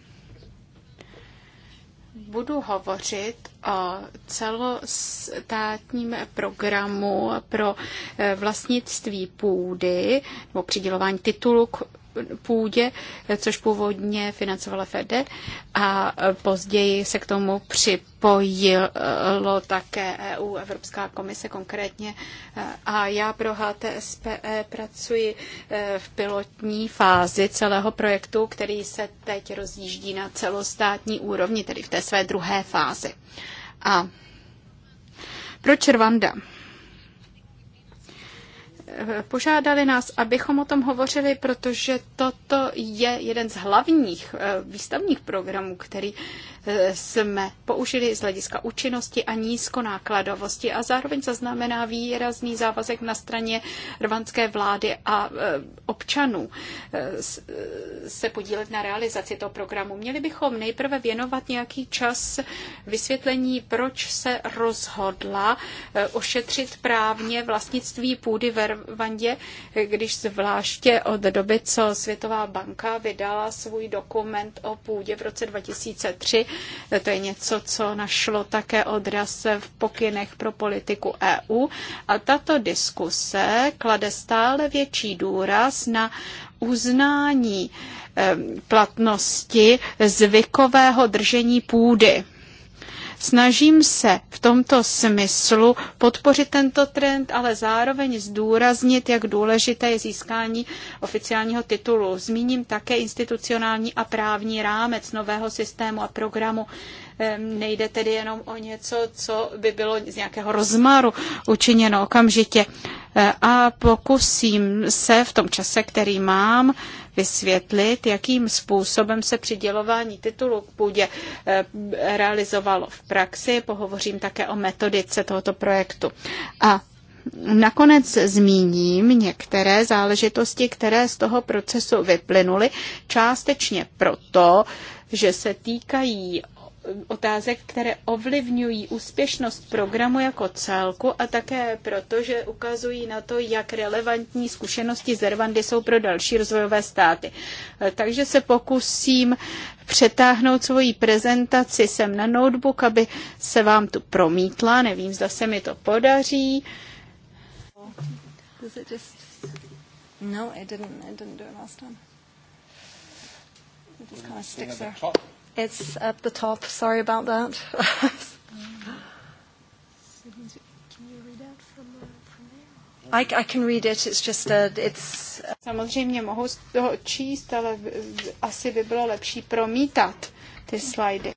Budu hovořit o celostátním programu pro eh, vlastnictví půdy nebo přidělování titulu k půdě, což původně financovala FEDE a později se k tomu připojilo také EU, Evropská komise konkrétně. A já pro HTSPE pracuji eh, v pilotní fázi celého projektu, který se teď rozjíždí na celostátní úrovni, tedy v té své druhé fázi. A proč Rwanda? Požádali nás, abychom o tom hovořili, protože toto je jeden z hlavních eh, výstavních programů, který Eh, jsme použili z hlediska účinnosti a nízkonákladovosti a zároveň zaznamená výrazný závazek na straně rvanské vlády a eh, občanů eh, se podílet na realizaci toho programu. Měli bychom nejprve věnovat nějaký čas vysvětlení, proč se rozhodla ošetřit právně vlastnictví půdy ve Rwandě, když zvláště od doby, co Světová banka vydala svůj dokument o půdě v roce 2003, to je něco, co našlo také odraz v pokynech pro politiku EU. A tato diskuse klade stále větší důraz na uznání eh, platnosti zvykového držení půdy Snažím se v tomto smyslu podpořit tento trend, ale zároveň zdůraznit, jak důležité je získání oficiálního titulu. Zmíním také institucionální a právní rámec nového systému a programu nejde tedy jenom o něco, co by bylo z nějakého rozmaru učiněno okamžitě. E, a pokusím se v tom čase, který mám, vysvětlit, jakým způsobem se přidělování titulu k půdě eh, realizovalo v praxi. Pohovořím také o metodice tohoto projektu. A Nakonec zmíním některé záležitosti, které z toho procesu vyplynuly, částečně proto, že se týkají otázek, které ovlivňují úspěšnost programu jako celku a také proto, že ukazují na to, jak relevantní zkušenosti z Rwandy jsou pro další rozvojové státy. Eh, takže se pokusím přetáhnout svoji prezentaci sem na notebook, aby se vám tu promítla. Nevím, zda se mi to podaří. No, didn't. didn't do it last time. It just kind of sticks there. It's at the top. Sorry about that. I, I can read it, it's just a, it's... Samozřejmě mohu z toho číst, ale asi by bylo lepší promítat ty slajdy.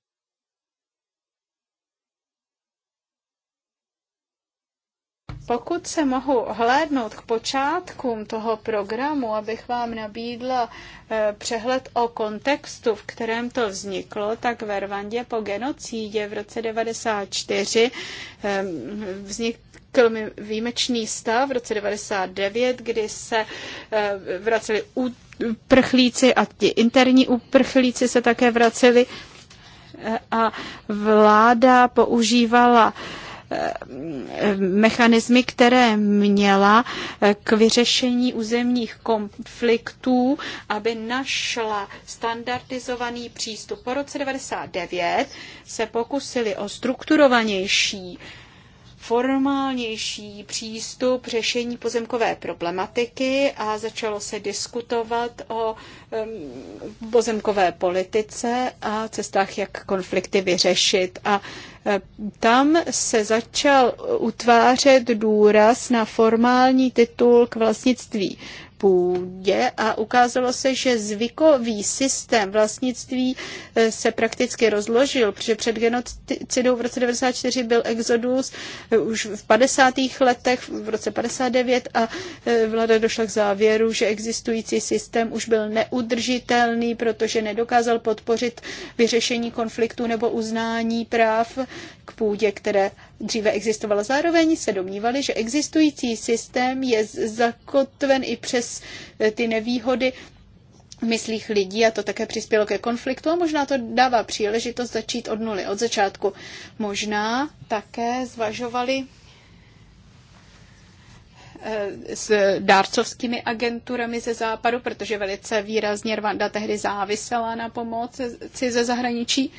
Pokud se mohu hlédnout k počátkům toho programu, abych vám nabídla eh, přehled o kontextu, v kterém to vzniklo, tak ve Rwandě po genocídě v roce 1994 eh, vznikl výjimečný stav v roce 1999, kdy se eh, vraceli uprchlíci a ti interní uprchlíci se také vraceli a vláda používala uh, mechanismy, které měla eh, k vyřešení územních konfliktů, aby našla standardizovaný přístup. Po roce 99 se pokusili o strukturovanější formálnější přístup řešení pozemkové problematiky a začalo se diskutovat o pozemkové politice a cestách, jak konflikty vyřešit. A e, tam se začal utvářet důraz na formální titul k vlastnictví půdě a ukázalo se, že zvykový systém vlastnictví eh, se prakticky rozložil, protože před genocidou v roce 1994 byl exodus eh, už v 50. letech, v roce 59 a eh, vláda došla k závěru, že existující systém už byl neudržitelný, protože nedokázal podpořit vyřešení konfliktu nebo uznání práv k půdě, které dříve existovala. Zároveň se domnívali, že existující systém je zakotven i přes eh, ty nevýhody myslích lidí a to také přispělo ke konfliktu a možná to dává příležitost začít od nuly, od začátku. Možná také zvažovali eh, s dárcovskými agenturami ze západu, protože velice výrazně Rwanda tehdy závisela na pomoci ze zahraničí.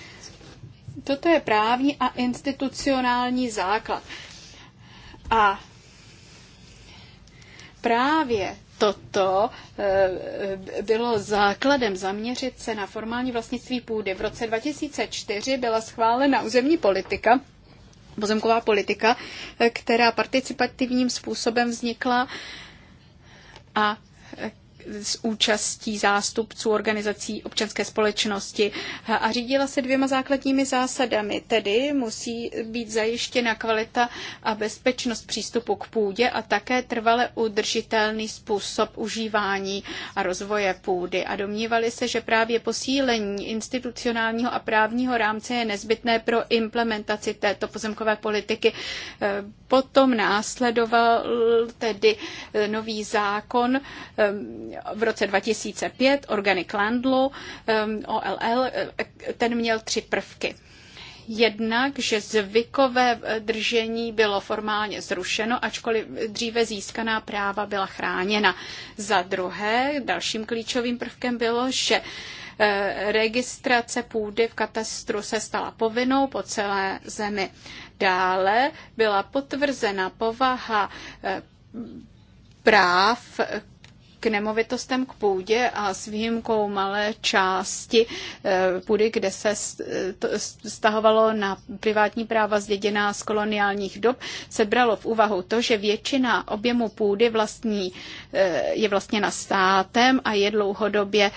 Toto je právní a institucionální základ. A právě toto eh, eh, bylo základem zaměřit se na formální vlastnictví půdy. V roce 2004 byla schválena územní politika, pozemková politika, eh, která participativním způsobem vznikla a s účastí zástupců organizací občanské společnosti a řídila se dvěma základními zásadami, tedy musí být zajištěna kvalita a bezpečnost přístupu k půdě a také trvale udržitelný způsob užívání a rozvoje půdy. A domnívali se, že právě posílení institucionálního a právního rámce je nezbytné pro implementaci této pozemkové politiky. Potom následoval tedy nový zákon, v roce 2005 Organic Landlo, um, OLL, ten měl tři prvky. Jednak, že zvykové držení bylo formálně zrušeno, ačkoliv dříve získaná práva byla chráněna. Za druhé, dalším klíčovým prvkem bylo, že eh, registrace půdy v katastru se stala povinnou po celé zemi. Dále byla potvrzena povaha eh, práv k nemovitostem, k půdě a s výjimkou malé části eh, půdy, kde se stahovalo eh, na privátní práva zděděná z koloniálních dob, se bralo v úvahu to, že většina objemu půdy vlastní, eh, je vlastně na státem a je dlouhodobě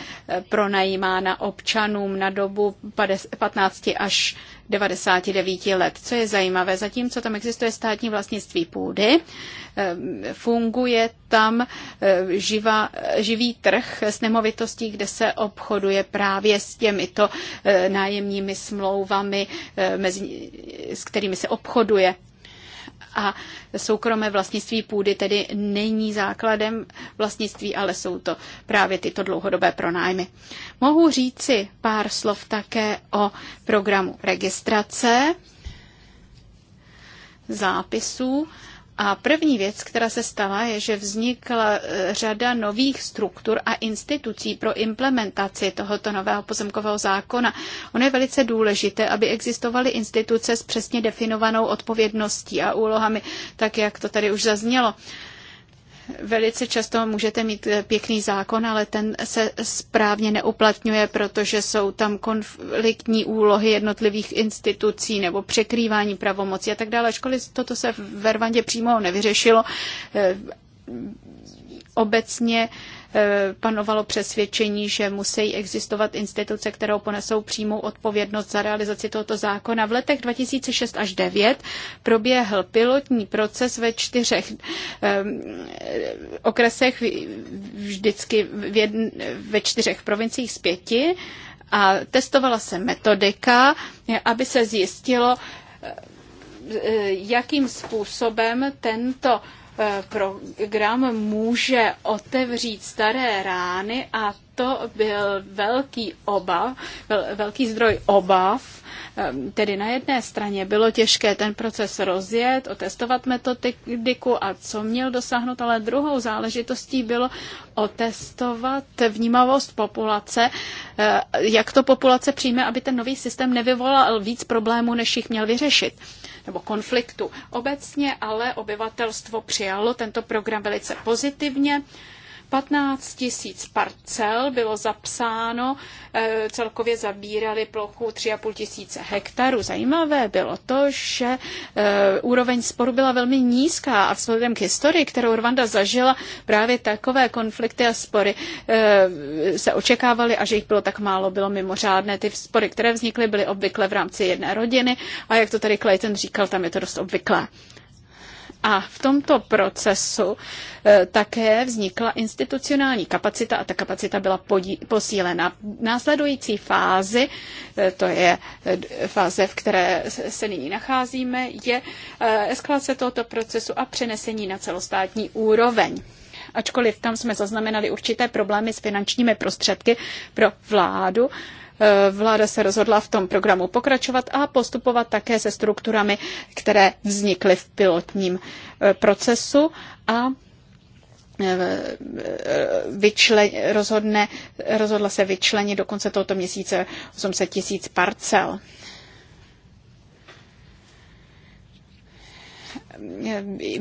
pronajímána občanům na dobu 15 až 99 let. Co je zajímavé, zatímco tam existuje státní vlastnictví půdy, eh, funguje tam eh, živa, živý trh s nemovitostí, kde se obchoduje právě s těmito eh, nájemními smlouvami, mezi, s kterými se obchoduje a soukromé vlastnictví půdy tedy není základem vlastnictví, ale jsou to právě tyto dlouhodobé pronájmy. Mohu říci pár slov také o programu registrace zápisů a první věc, která se stala, je, že vznikla eh, řada nových struktur a institucí pro implementaci tohoto nového pozemkového zákona. Ono je velice důležité, aby existovaly instituce s přesně definovanou odpovědností a úlohami, tak jak to tady už zaznělo velice často můžete mít eh, pěkný zákon, ale ten se správně neuplatňuje, protože jsou tam konfliktní úlohy jednotlivých institucí nebo překrývání pravomocí a tak dále. Školy toto se v Vervandě přímo nevyřešilo. Eh, obecně Eh, panovalo přesvědčení, že musí existovat instituce, kterou ponesou přímou odpovědnost za realizaci tohoto zákona. V letech 2006 až 2009 proběhl pilotní proces ve čtyřech ehm, okresech, vždycky ve čtyřech provinciích z pěti a testovala se metodika, aby se zjistilo, eh, jakým způsobem tento Eh, program může otevřít staré rány a to byl velký obav, byl velký zdroj obav. Tedy na jedné straně bylo těžké ten proces rozjet, otestovat metodiku a co měl dosáhnout, ale druhou záležitostí bylo otestovat vnímavost populace, eh, jak to populace přijme, aby ten nový systém nevyvolal víc problémů, než jich měl vyřešit nebo konfliktu. Obecně ale obyvatelstvo přijalo tento program velice pozitivně 15 tisíc parcel bylo zapsáno, eh, celkově zabírali plochu 3,5 tisíce hektarů. Zajímavé bylo to, že eh, úroveň sporu byla velmi nízká a vzhledem k historii, kterou Rwanda zažila, právě takové konflikty a spory eh, se očekávaly a že jich bylo tak málo, bylo mimořádné. Ty spory, které vznikly, byly obvykle v rámci jedné rodiny a jak to tady Clayton říkal, tam je to dost obvyklé. A v tomto procesu e, také vznikla institucionální kapacita a ta kapacita byla posílena. V následující fázi, e, to je e, fáze, v které se nyní nacházíme, je eskalace tohoto procesu a přenesení na celostátní úroveň ačkoliv tam jsme zaznamenali určité problémy s finančními prostředky pro vládu, Eh, vláda se rozhodla v tom programu pokračovat a postupovat také se strukturami, které vznikly v pilotním eh, procesu a eh, vyčlen, rozhodne, rozhodla se vyčlenit do konce tohoto měsíce 800 tisíc parcel.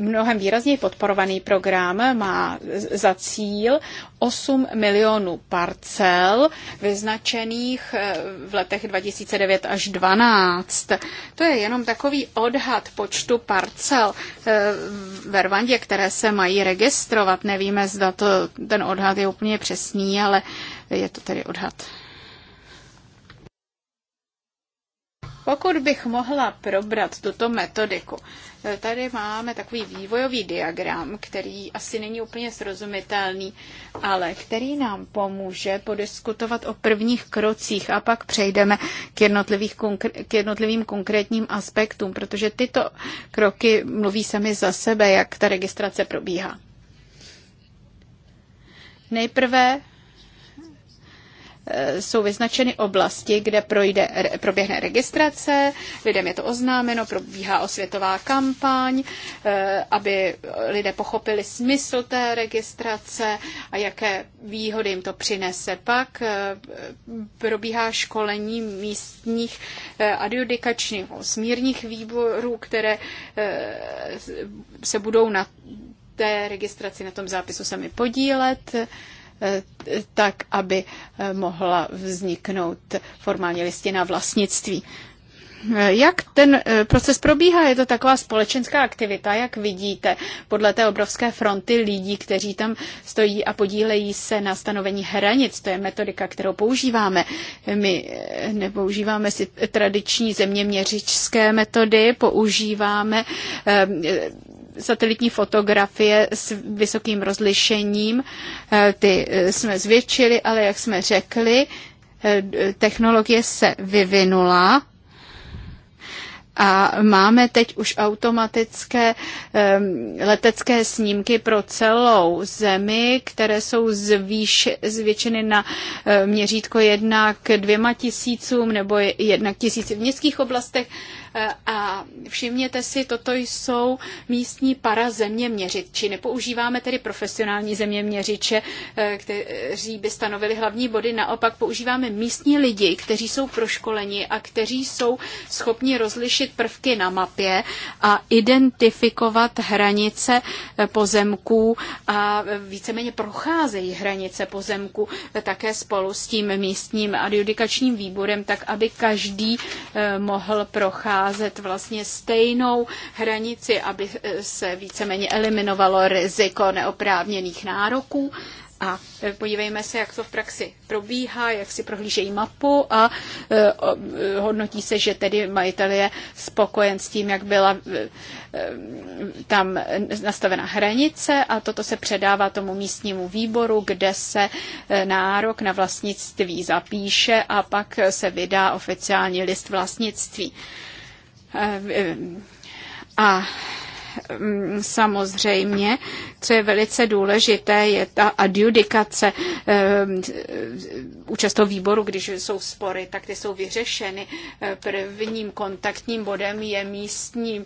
mnohem výrazněji podporovaný program má za cíl 8 milionů parcel vyznačených eh, v letech 2009 až 2012. To je jenom takový odhad počtu parcel eh, ve Rwandě, které se mají registrovat. Nevíme, zda to, ten odhad je úplně přesný, ale je to tedy odhad. Pokud bych mohla probrat tuto metodiku, eh, tady máme takový vývojový diagram, který asi není úplně srozumitelný, ale který nám pomůže podiskutovat o prvních krocích a pak přejdeme k, jednotlivých, k jednotlivým konkrétním aspektům, protože tyto kroky mluví sami za sebe, jak ta registrace probíhá. Nejprve Eh, jsou vyznačeny oblasti, kde projde, proběhne registrace, lidem je to oznámeno, probíhá osvětová kampaň, eh, aby lidé pochopili smysl té registrace a jaké výhody jim to přinese. Pak eh, probíhá školení místních adjudikačních smírních výborů, které se budou na té registraci, na tom zápisu sami podílet. Eh, tak aby eh, mohla vzniknout formálně listina vlastnictví. Eh, jak ten proces probíhá? Je to taková společenská aktivita, jak vidíte, podle té obrovské fronty lidí, kteří tam stojí a podílejí se na stanovení hranic. To je metodika, kterou používáme. My nepoužíváme si tradiční zeměměřičské metody, používáme satelitní fotografie s vysokým rozlišením. Eh, ty eh, jsme zvětšili, ale jak jsme řekli, eh, technologie se vyvinula a máme teď už automatické ehm, letecké snímky pro celou zemi, které jsou zvýš, zvětšeny na měřítko jednak dvěma tisícům nebo jednak tisíci v městských oblastech a všimněte si, toto jsou místní para zeměměřiči. Nepoužíváme tedy profesionální zeměměřiče, eh, kteří by stanovili hlavní body. Naopak používáme místní lidi, kteří jsou proškoleni a kteří jsou schopni rozlišit prvky na mapě a identifikovat hranice eh, pozemků a víceméně procházejí hranice pozemků eh, také spolu s tím místním adjudikačním výborem, tak aby každý mohl procházet sázet vlastně stejnou hranici, aby eh, se víceméně eliminovalo riziko neoprávněných nároků. A eh, podívejme se, jak to v praxi probíhá, jak si prohlížejí mapu a eh, hodnotí se, že tedy majitel je spokojen s tím, jak byla tam nastavena hranice a toto se předává tomu místnímu výboru, kde se nárok na vlastnictví zapíše a pak se vydá oficiální list vlastnictví. A Mm, samozřejmě, co je velice důležité, je ta adjudikace účast ehm, výboru, když jsou spory, tak ty jsou vyřešeny. Prvním kontaktním bodem je místní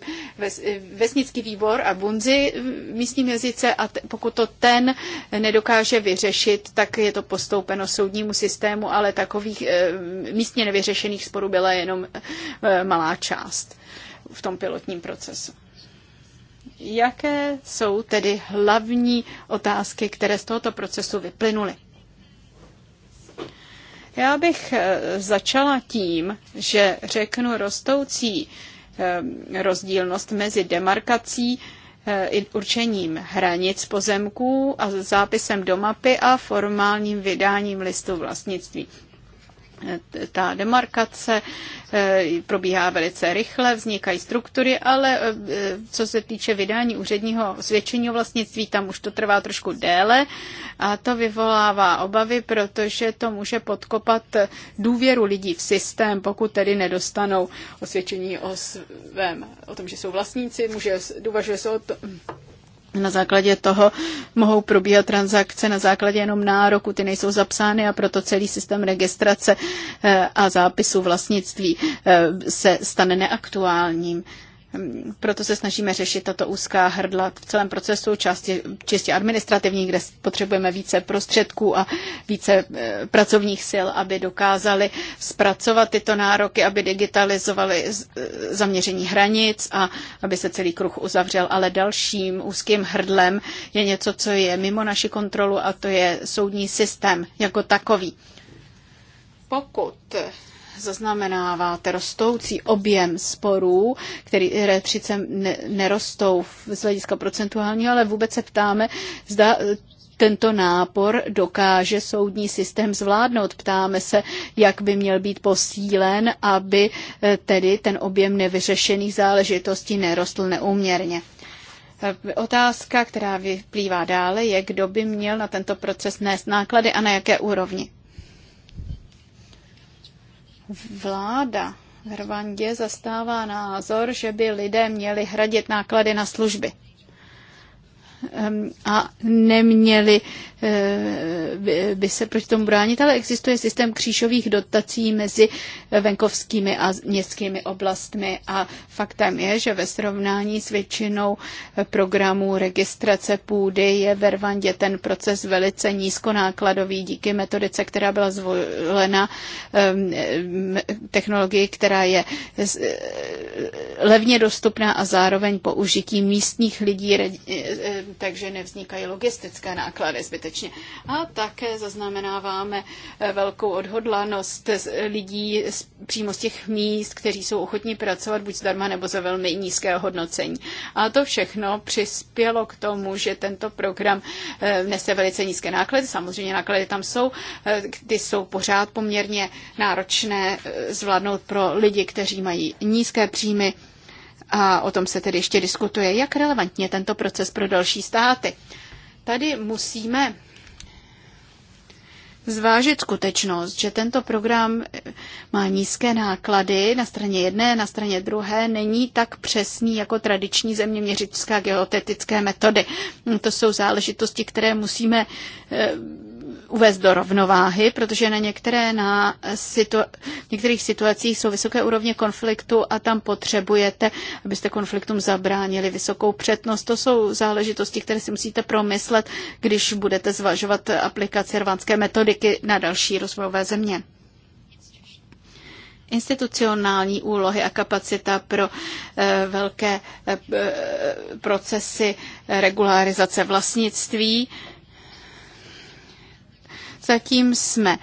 vesnický výbor a bunzi v místním jazyce a pokud to ten nedokáže vyřešit, tak je to postoupeno soudnímu systému, ale takových ehm, místně nevyřešených sporů byla jenom eh, malá část v tom pilotním procesu. Jaké jsou tedy hlavní otázky, které z tohoto procesu vyplynuly? Já bych eh, začala tím, že řeknu rostoucí eh, rozdílnost mezi demarkací eh, určením hranic pozemků a zápisem do mapy a formálním vydáním listu vlastnictví ta demarkace eh, probíhá velice rychle, vznikají struktury, ale eh, co se týče vydání úředního osvědčení o vlastnictví, tam už to trvá trošku déle a to vyvolává obavy, protože to může podkopat důvěru lidí v systém, pokud tedy nedostanou osvědčení o svém, o tom, že jsou vlastníci, může, důvažuje se o to, na základě toho mohou probíhat transakce na základě jenom nároku, ty nejsou zapsány a proto celý systém registrace eh, a zápisu vlastnictví eh, se stane neaktuálním. Hm, proto se snažíme řešit tato úzká hrdla v celém procesu, části, čistě administrativní, kde potřebujeme více prostředků a více eh, pracovních sil, aby dokázali zpracovat tyto nároky, aby digitalizovali eh, zaměření hranic a aby se celý kruh uzavřel. Ale dalším úzkým hrdlem je něco, co je mimo naši kontrolu a to je soudní systém jako takový. Pokud zaznamenáváte rostoucí objem sporů, který sice nerostou z hlediska procentuálního, ale vůbec se ptáme, zda eh, tento nápor dokáže soudní systém zvládnout. Ptáme se, jak by měl být posílen, aby eh, tedy ten objem nevyřešených záležitostí nerostl neúměrně. Eh, otázka, která vyplývá dále, je, kdo by měl na tento proces nést náklady a na jaké úrovni. Vláda v Rwandě zastává názor, že by lidé měli hradit náklady na služby. Ehm, a neměli eh, by se proti tomu bránit, ale existuje systém křížových dotací mezi venkovskými a městskými oblastmi a faktem je, že ve srovnání s většinou programů registrace půdy je ve Rwandě ten proces velice nízkonákladový díky metodice, která byla zvolena ehm, technologii, která je levně dostupná a zároveň použití místních lidí, eh, takže nevznikají logistické náklady zbytečně. A také zaznamenáváme eh, velkou odhodlanost eh, lidí z, přímo z těch míst, kteří jsou ochotní pracovat buď zdarma nebo za velmi nízké hodnocení. A to všechno přispělo k tomu, že tento program eh, nese velice nízké náklady. Samozřejmě náklady tam jsou, ty jsou pořád poměrně náročné zvládnout pro lidi, kteří mají nízké příjmy a o tom se tedy ještě diskutuje, jak relevantně tento proces pro další státy. Tady musíme zvážit skutečnost, že tento program má nízké náklady na straně jedné, na straně druhé, není tak přesný jako tradiční zeměměřická geotetické metody. To jsou záležitosti, které musíme eh, uvést do rovnováhy, protože na některé na v některých situacích jsou vysoké úrovně konfliktu a tam potřebujete, abyste konfliktům zabránili vysokou přednost. To jsou záležitosti, které si musíte promyslet, když budete zvažovat aplikaci rvanské metodiky na další rozvojové země institucionální úlohy a kapacita pro eh, velké eh, eh, procesy regularizace vlastnictví. Zatím jsme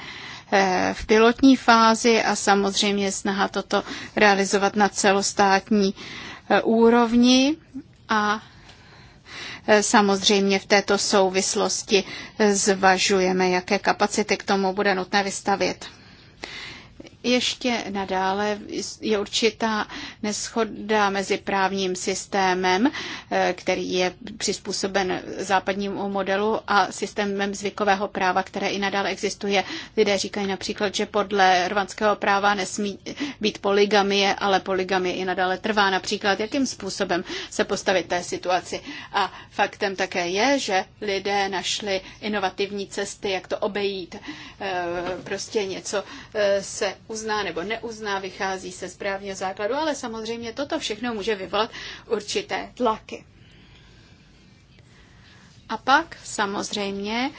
eh, v pilotní fázi a samozřejmě snaha toto realizovat na celostátní eh, úrovni a eh, Samozřejmě v této souvislosti zvažujeme, jaké kapacity k tomu bude nutné vystavit. Ještě nadále je určitá neschoda mezi právním systémem, eh, který je přizpůsoben západnímu modelu a systémem zvykového práva, které i nadále existuje. Lidé říkají například, že podle rvanského práva nesmí být poligamie, ale poligamie i nadále trvá. Například, jakým způsobem se postavit té situaci. A faktem také je, že lidé našli inovativní cesty, jak to obejít. Eh, prostě něco eh, se uzná nebo neuzná, vychází se z právního základu, ale samozřejmě toto všechno může vyvolat určité tlaky. A pak samozřejmě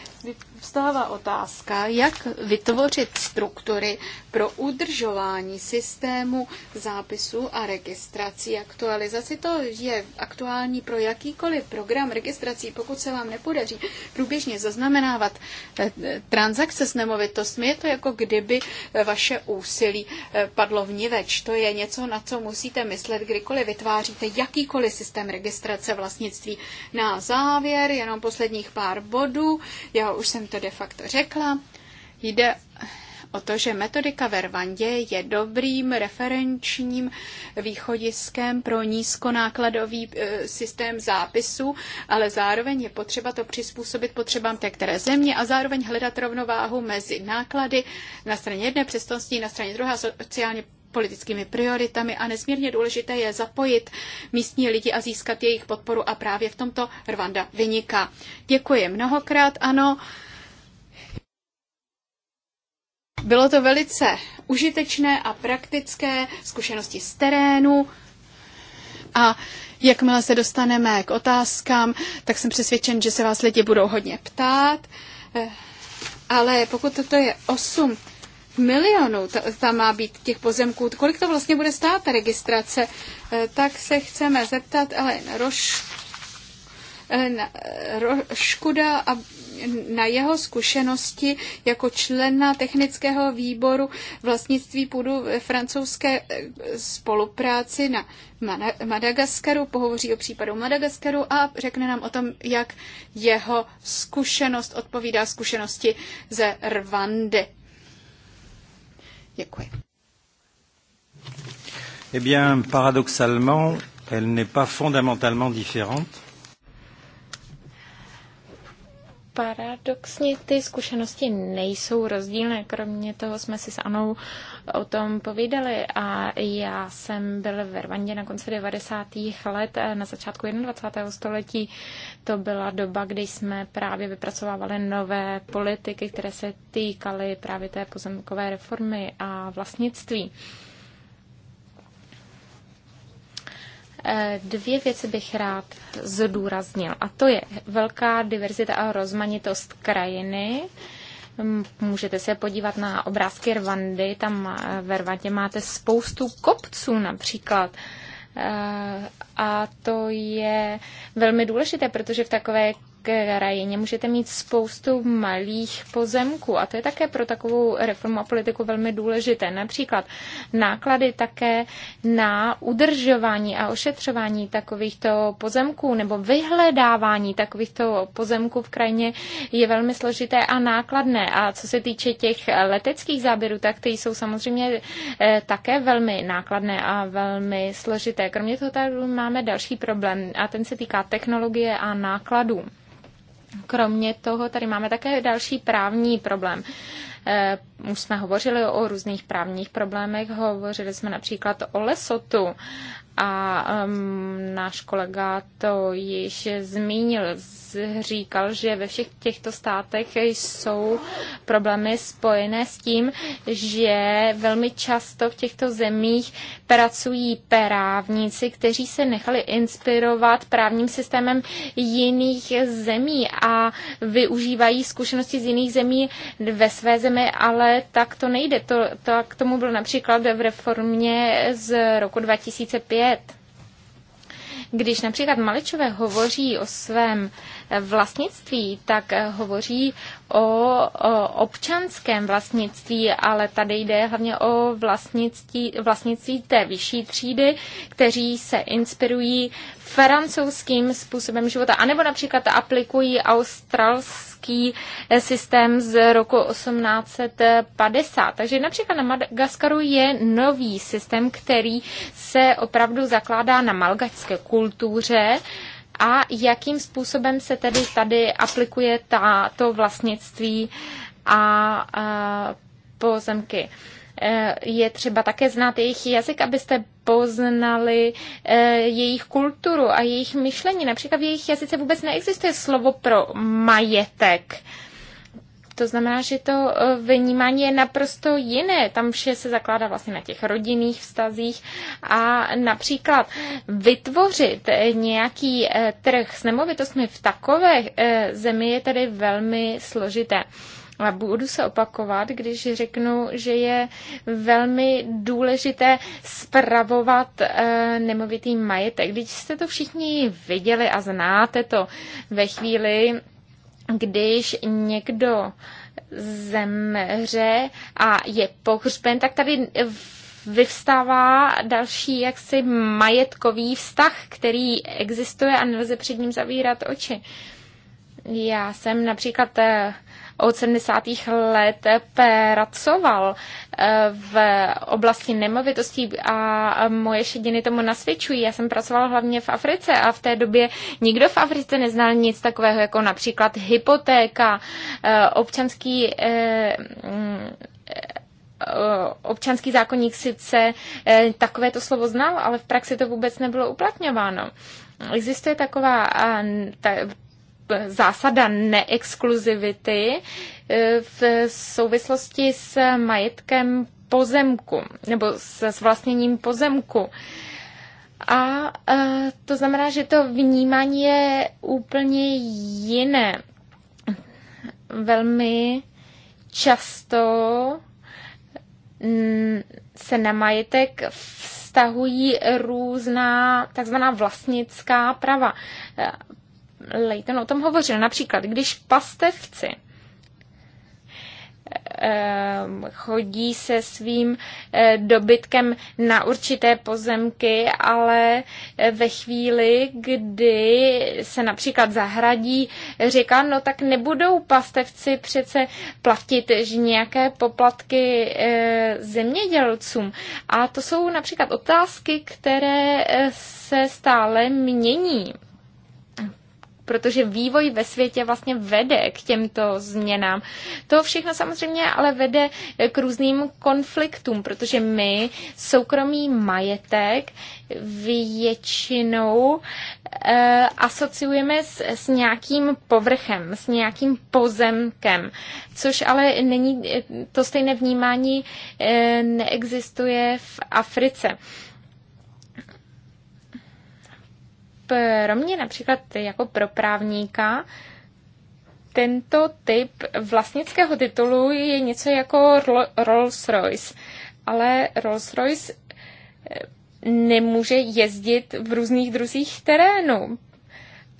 vstává otázka, jak vytvořit struktury pro udržování systému zápisu a registrací. Aktualizaci to je aktuální pro jakýkoliv program registrací, pokud se vám nepodaří průběžně zaznamenávat eh, transakce s nemovitostmi. Je to jako kdyby eh, vaše úsilí eh, padlo vniveč. To je něco, na co musíte myslet, kdykoliv vytváříte jakýkoliv systém registrace vlastnictví. Na závěr, jenom posledních pár bodů. Já už jsem to de facto řekla. Jde o to, že metodika Vervandě je dobrým referenčním východiskem pro nízkonákladový e, systém zápisu, ale zároveň je potřeba to přizpůsobit potřebám té které země a zároveň hledat rovnováhu mezi náklady na straně jedné přesností, na straně druhé sociálně politickými prioritami a nesmírně důležité je zapojit místní lidi a získat jejich podporu a právě v tomto Rwanda vyniká. Děkuji mnohokrát, ano. Bylo to velice užitečné a praktické, zkušenosti z terénu a jakmile se dostaneme k otázkám, tak jsem přesvědčen, že se vás lidi budou hodně ptát, eh, ale pokud toto je 8 milionů, tam má být těch pozemků, kolik to vlastně bude stát ta registrace, eh, tak se chceme zeptat Ellen Roš, Eh, eh, škoda a na jeho zkušenosti jako člena technického výboru vlastnictví půdu ve francouzské eh, spolupráci na Madagaskaru, pohovoří o případu Madagaskaru a řekne nám o tom, jak jeho zkušenost odpovídá zkušenosti ze Rwandy. Děkuji. Eh bien, paradoxalement, elle n'est pas fondamentalement différente Paradoxně ty zkušenosti nejsou rozdílné, kromě toho jsme si s Anou o tom povídali a já jsem byl ve Rwandě na konci 90. let, na začátku 21. století. To byla doba, kdy jsme právě vypracovávali nové politiky, které se týkaly právě té pozemkové reformy a vlastnictví. Eh, dvě věci bych rád zdůraznil, a to je velká diverzita a rozmanitost krajiny. Můžete se podívat na obrázky Rwandy, tam eh, ve Rwandě máte spoustu kopců například. Eh, a to je velmi důležité, protože v takové krajině můžete mít spoustu malých pozemků a to je také pro takovou reformu a politiku velmi důležité. Například náklady také na udržování a ošetřování takovýchto pozemků nebo vyhledávání takovýchto pozemků v krajině je velmi složité a nákladné. A co se týče těch leteckých záběrů, tak ty jsou samozřejmě eh, také velmi nákladné a velmi složité. Kromě toho tady máme další problém a ten se týká technologie a nákladů. Kromě toho tady máme také další právní problém. Eh, už jsme hovořili o různých právních problémech, hovořili jsme například o Lesotu a um, náš kolega to již zmínil, říkal, že ve všech těchto státech jsou problémy spojené s tím, že velmi často v těchto zemích pracují právníci, kteří se nechali inspirovat právním systémem jiných zemí a využívají zkušenosti z jiných zemí ve své zemi, ale tak to nejde. To, to, k tomu byl například v reformě z roku 2005 let. Když například Maličové hovoří o svém vlastnictví, tak eh, hovoří o, o občanském vlastnictví, ale tady jde hlavně o vlastnictví, vlastnictví té vyšší třídy, kteří se inspirují francouzským způsobem života, anebo například aplikují australský eh, systém z roku 1850. Takže například na Madagaskaru je nový systém, který se opravdu zakládá na malgačské kultuře, a jakým způsobem se tedy tady aplikuje ta, to vlastnictví a, a pozemky. Eh, je třeba také znát jejich jazyk, abyste poznali eh, jejich kulturu a jejich myšlení. Například v jejich jazyce vůbec neexistuje slovo pro majetek. To znamená, že to e, vnímání je naprosto jiné. Tam vše se zakládá vlastně na těch rodinných vztazích a například vytvořit e, nějaký e, trh s nemovitostmi v takové zemi je tedy velmi složité. A budu se opakovat, když řeknu, že je velmi důležité spravovat nemovitý majetek. Když jste to všichni viděli a znáte to ve chvíli, když někdo zemře a je pohřben, tak tady vyvstává další jaksi majetkový vztah, který existuje a nelze před ním zavírat oči. Já jsem například eh, od 70. let pracoval eh, v oblasti nemovitostí a moje šediny tomu nasvědčují. Já jsem pracoval hlavně v Africe a v té době nikdo v Africe neznal nic takového jako například hypotéka, eh, občanský eh, mm, občanský zákonník sice takovéto slovo znal, ale v praxi to vůbec nebylo uplatňováno. Existuje taková zásada neexkluzivity e, v souvislosti s majetkem pozemku nebo s vlastněním pozemku. A e, to znamená, že to vnímání je úplně jiné. Velmi často se na majetek vztahují různá takzvaná vlastnická prava. Leighton o tom hovořil. Například, když pastevci eh, chodí se svým eh, dobytkem na určité pozemky, ale eh, ve chvíli, kdy se například zahradí říká, no tak nebudou pastevci přece platit že nějaké poplatky zemědělcům. A to jsou například otázky, které se stále mění protože vývoj ve světě vlastně vede k těmto změnám. To všechno samozřejmě ale vede k různým konfliktům, protože my soukromý majetek většinou e, asociujeme s, s nějakým povrchem, s nějakým pozemkem, což ale není, eh, to stejné vnímání e, neexistuje v Africe. E, pro mě například jako pro právníka tento typ vlastnického titulu je něco jako Rolls-Royce. Ale Rolls-Royce eh, nemůže jezdit v různých druzích terénu,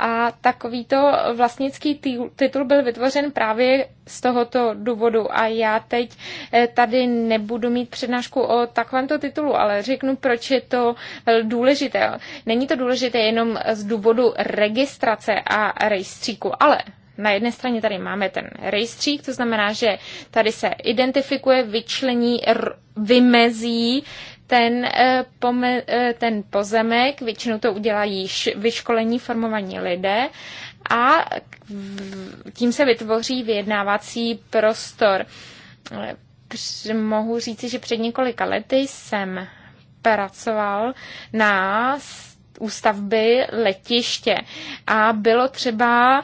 a takovýto vlastnický titul byl vytvořen právě z tohoto důvodu. A já teď eh, tady nebudu mít přednášku o takovémto titulu, ale řeknu, proč je to eh, důležité. Není to důležité jenom z důvodu registrace a rejstříku, ale na jedné straně tady máme ten rejstřík, to znamená, že tady se identifikuje, vyčlení, vymezí ten, eh, pome, eh, ten pozemek, většinou to udělají vyškolení formovaní lidé a tím se vytvoří vyjednávací prostor. Eh, mohu říci, že před několika lety jsem pracoval na ústavby letiště a bylo třeba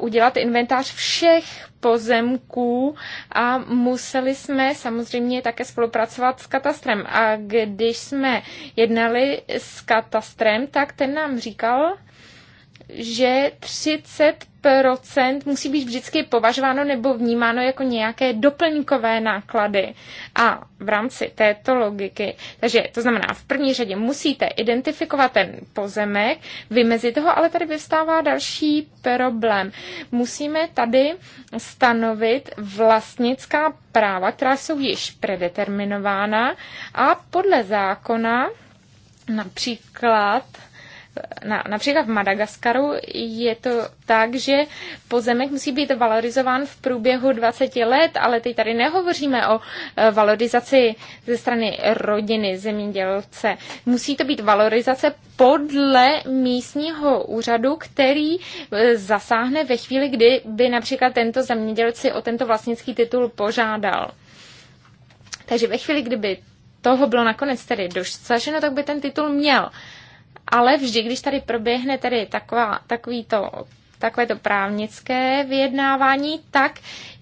udělat inventář všech pozemků a museli jsme samozřejmě také spolupracovat s katastrem. A když jsme jednali s katastrem, tak ten nám říkal, že 30% musí být vždycky považováno nebo vnímáno jako nějaké doplňkové náklady. A v rámci této logiky, takže to znamená, v první řadě musíte identifikovat ten pozemek, vymezit ho, ale tady vyvstává další problém. Musíme tady stanovit vlastnická práva, která jsou již predeterminována a podle zákona například na, například v Madagaskaru je to tak, že pozemek musí být valorizován v průběhu 20 let, ale teď tady nehovoříme o e, valorizaci ze strany rodiny zemědělce. Musí to být valorizace podle místního úřadu, který e, zasáhne ve chvíli, kdy by například tento zemědělci o tento vlastnický titul požádal. Takže ve chvíli, kdyby toho bylo nakonec tedy dosaženo, tak by ten titul měl. Uh, ale vždy, když tady proběhne tady taková, takový to to právnické vyjednávání, tak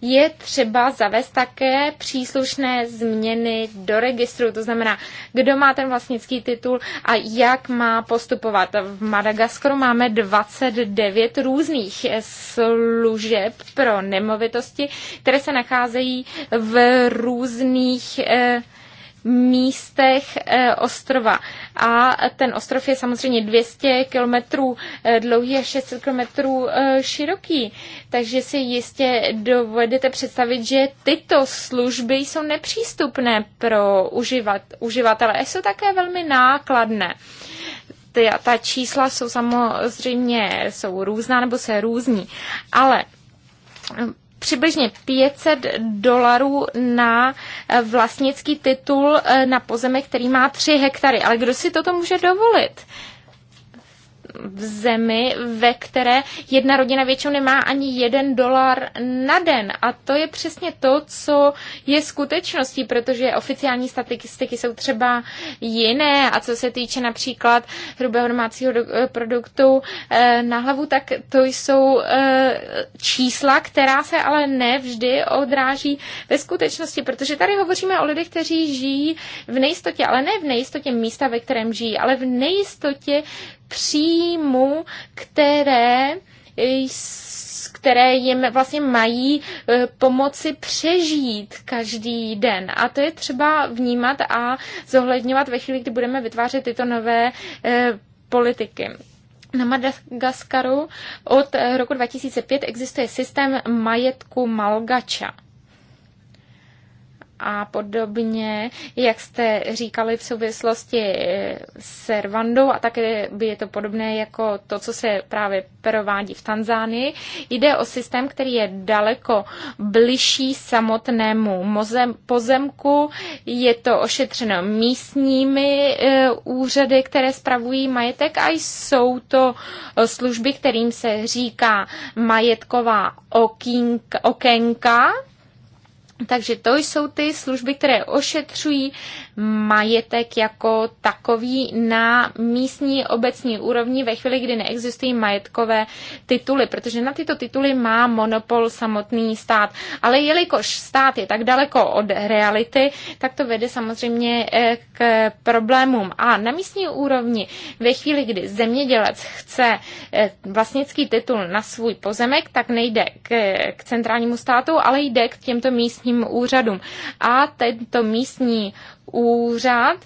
je třeba zavést také příslušné změny do registru. To znamená, kdo má ten vlastnický titul a jak má postupovat. V Madagaskaru máme 29 různých služeb pro nemovitosti, které se nacházejí v různých eh, místech eh, ostrova. A ten ostrov je samozřejmě 200 kilometrů eh, dlouhý a 600 kilometrů eh, široký. Takže si jistě dovedete představit, že tyto služby jsou nepřístupné pro uživat, uživatele. A jsou také velmi nákladné ty, ta čísla jsou samozřejmě jsou různá nebo se různí, ale přibližně 500 dolarů na eh, vlastnický titul eh, na pozemek, který má 3 hektary. Ale kdo si toto může dovolit? v zemi, ve které jedna rodina většinou nemá ani jeden dolar na den. A to je přesně to, co je skutečností, protože oficiální statistiky jsou třeba jiné. A co se týče například hrubého domácího eh, produktu eh, na hlavu, tak to jsou eh, čísla, která se ale nevždy odráží ve skutečnosti, protože tady hovoříme o lidech, kteří žijí v nejistotě, ale ne v nejistotě místa, ve kterém žijí, ale v nejistotě příjmu, které které jim vlastně mají e, pomoci přežít každý den. A to je třeba vnímat a zohledňovat ve chvíli, kdy budeme vytvářet tyto nové e, politiky. Na Madagaskaru od e, roku 2005 existuje systém majetku Malgača a podobně, jak jste říkali v souvislosti s Rwandou a také by je to podobné jako to, co se právě provádí v Tanzánii. Jde o systém, který je daleko bližší samotnému mozem, pozemku, je to ošetřeno místními e, úřady, které spravují majetek a jsou to služby, kterým se říká majetková okénka, takže to jsou ty služby, které ošetřují majetek jako takový na místní obecní úrovni ve chvíli, kdy neexistují majetkové tituly, protože na tyto tituly má monopol samotný stát. Ale jelikož stát je tak daleko od reality, tak to vede samozřejmě eh, k problémům. A na místní úrovni ve chvíli, kdy zemědělec chce eh, vlastnický titul na svůj pozemek, tak nejde k, k centrálnímu státu, ale jde k těmto místním úřadům. A tento místní úřad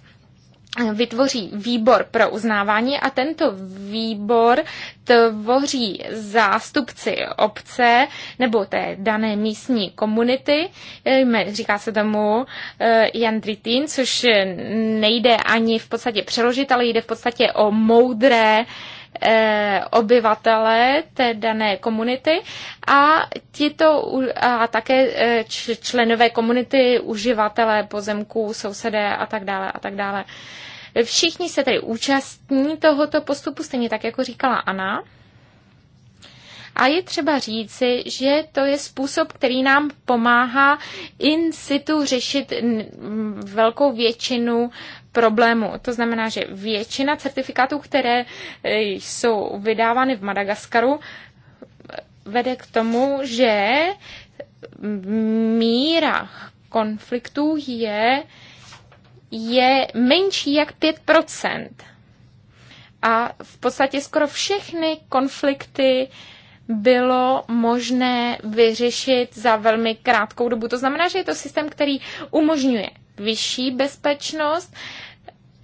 vytvoří výbor pro uznávání a tento výbor tvoří zástupci obce nebo té dané místní komunity. Říká se tomu eh, Dritín, což nejde ani v podstatě přeložit, ale jde v podstatě o moudré Eh, obyvatele té dané komunity a, tito, a také eh, členové komunity, uživatelé pozemků, sousedé a tak dále a tak dále. Všichni se tedy účastní tohoto postupu, stejně tak, jako říkala Anna. A je třeba říci, že to je způsob, který nám pomáhá in situ řešit velkou většinu problému. To znamená, že většina certifikátů, které e, jsou vydávány v Madagaskaru, vede k tomu, že míra konfliktů je, je menší jak 5%. A v podstatě skoro všechny konflikty bylo možné vyřešit za velmi krátkou dobu. To znamená, že je to systém, který umožňuje vyšší bezpečnost,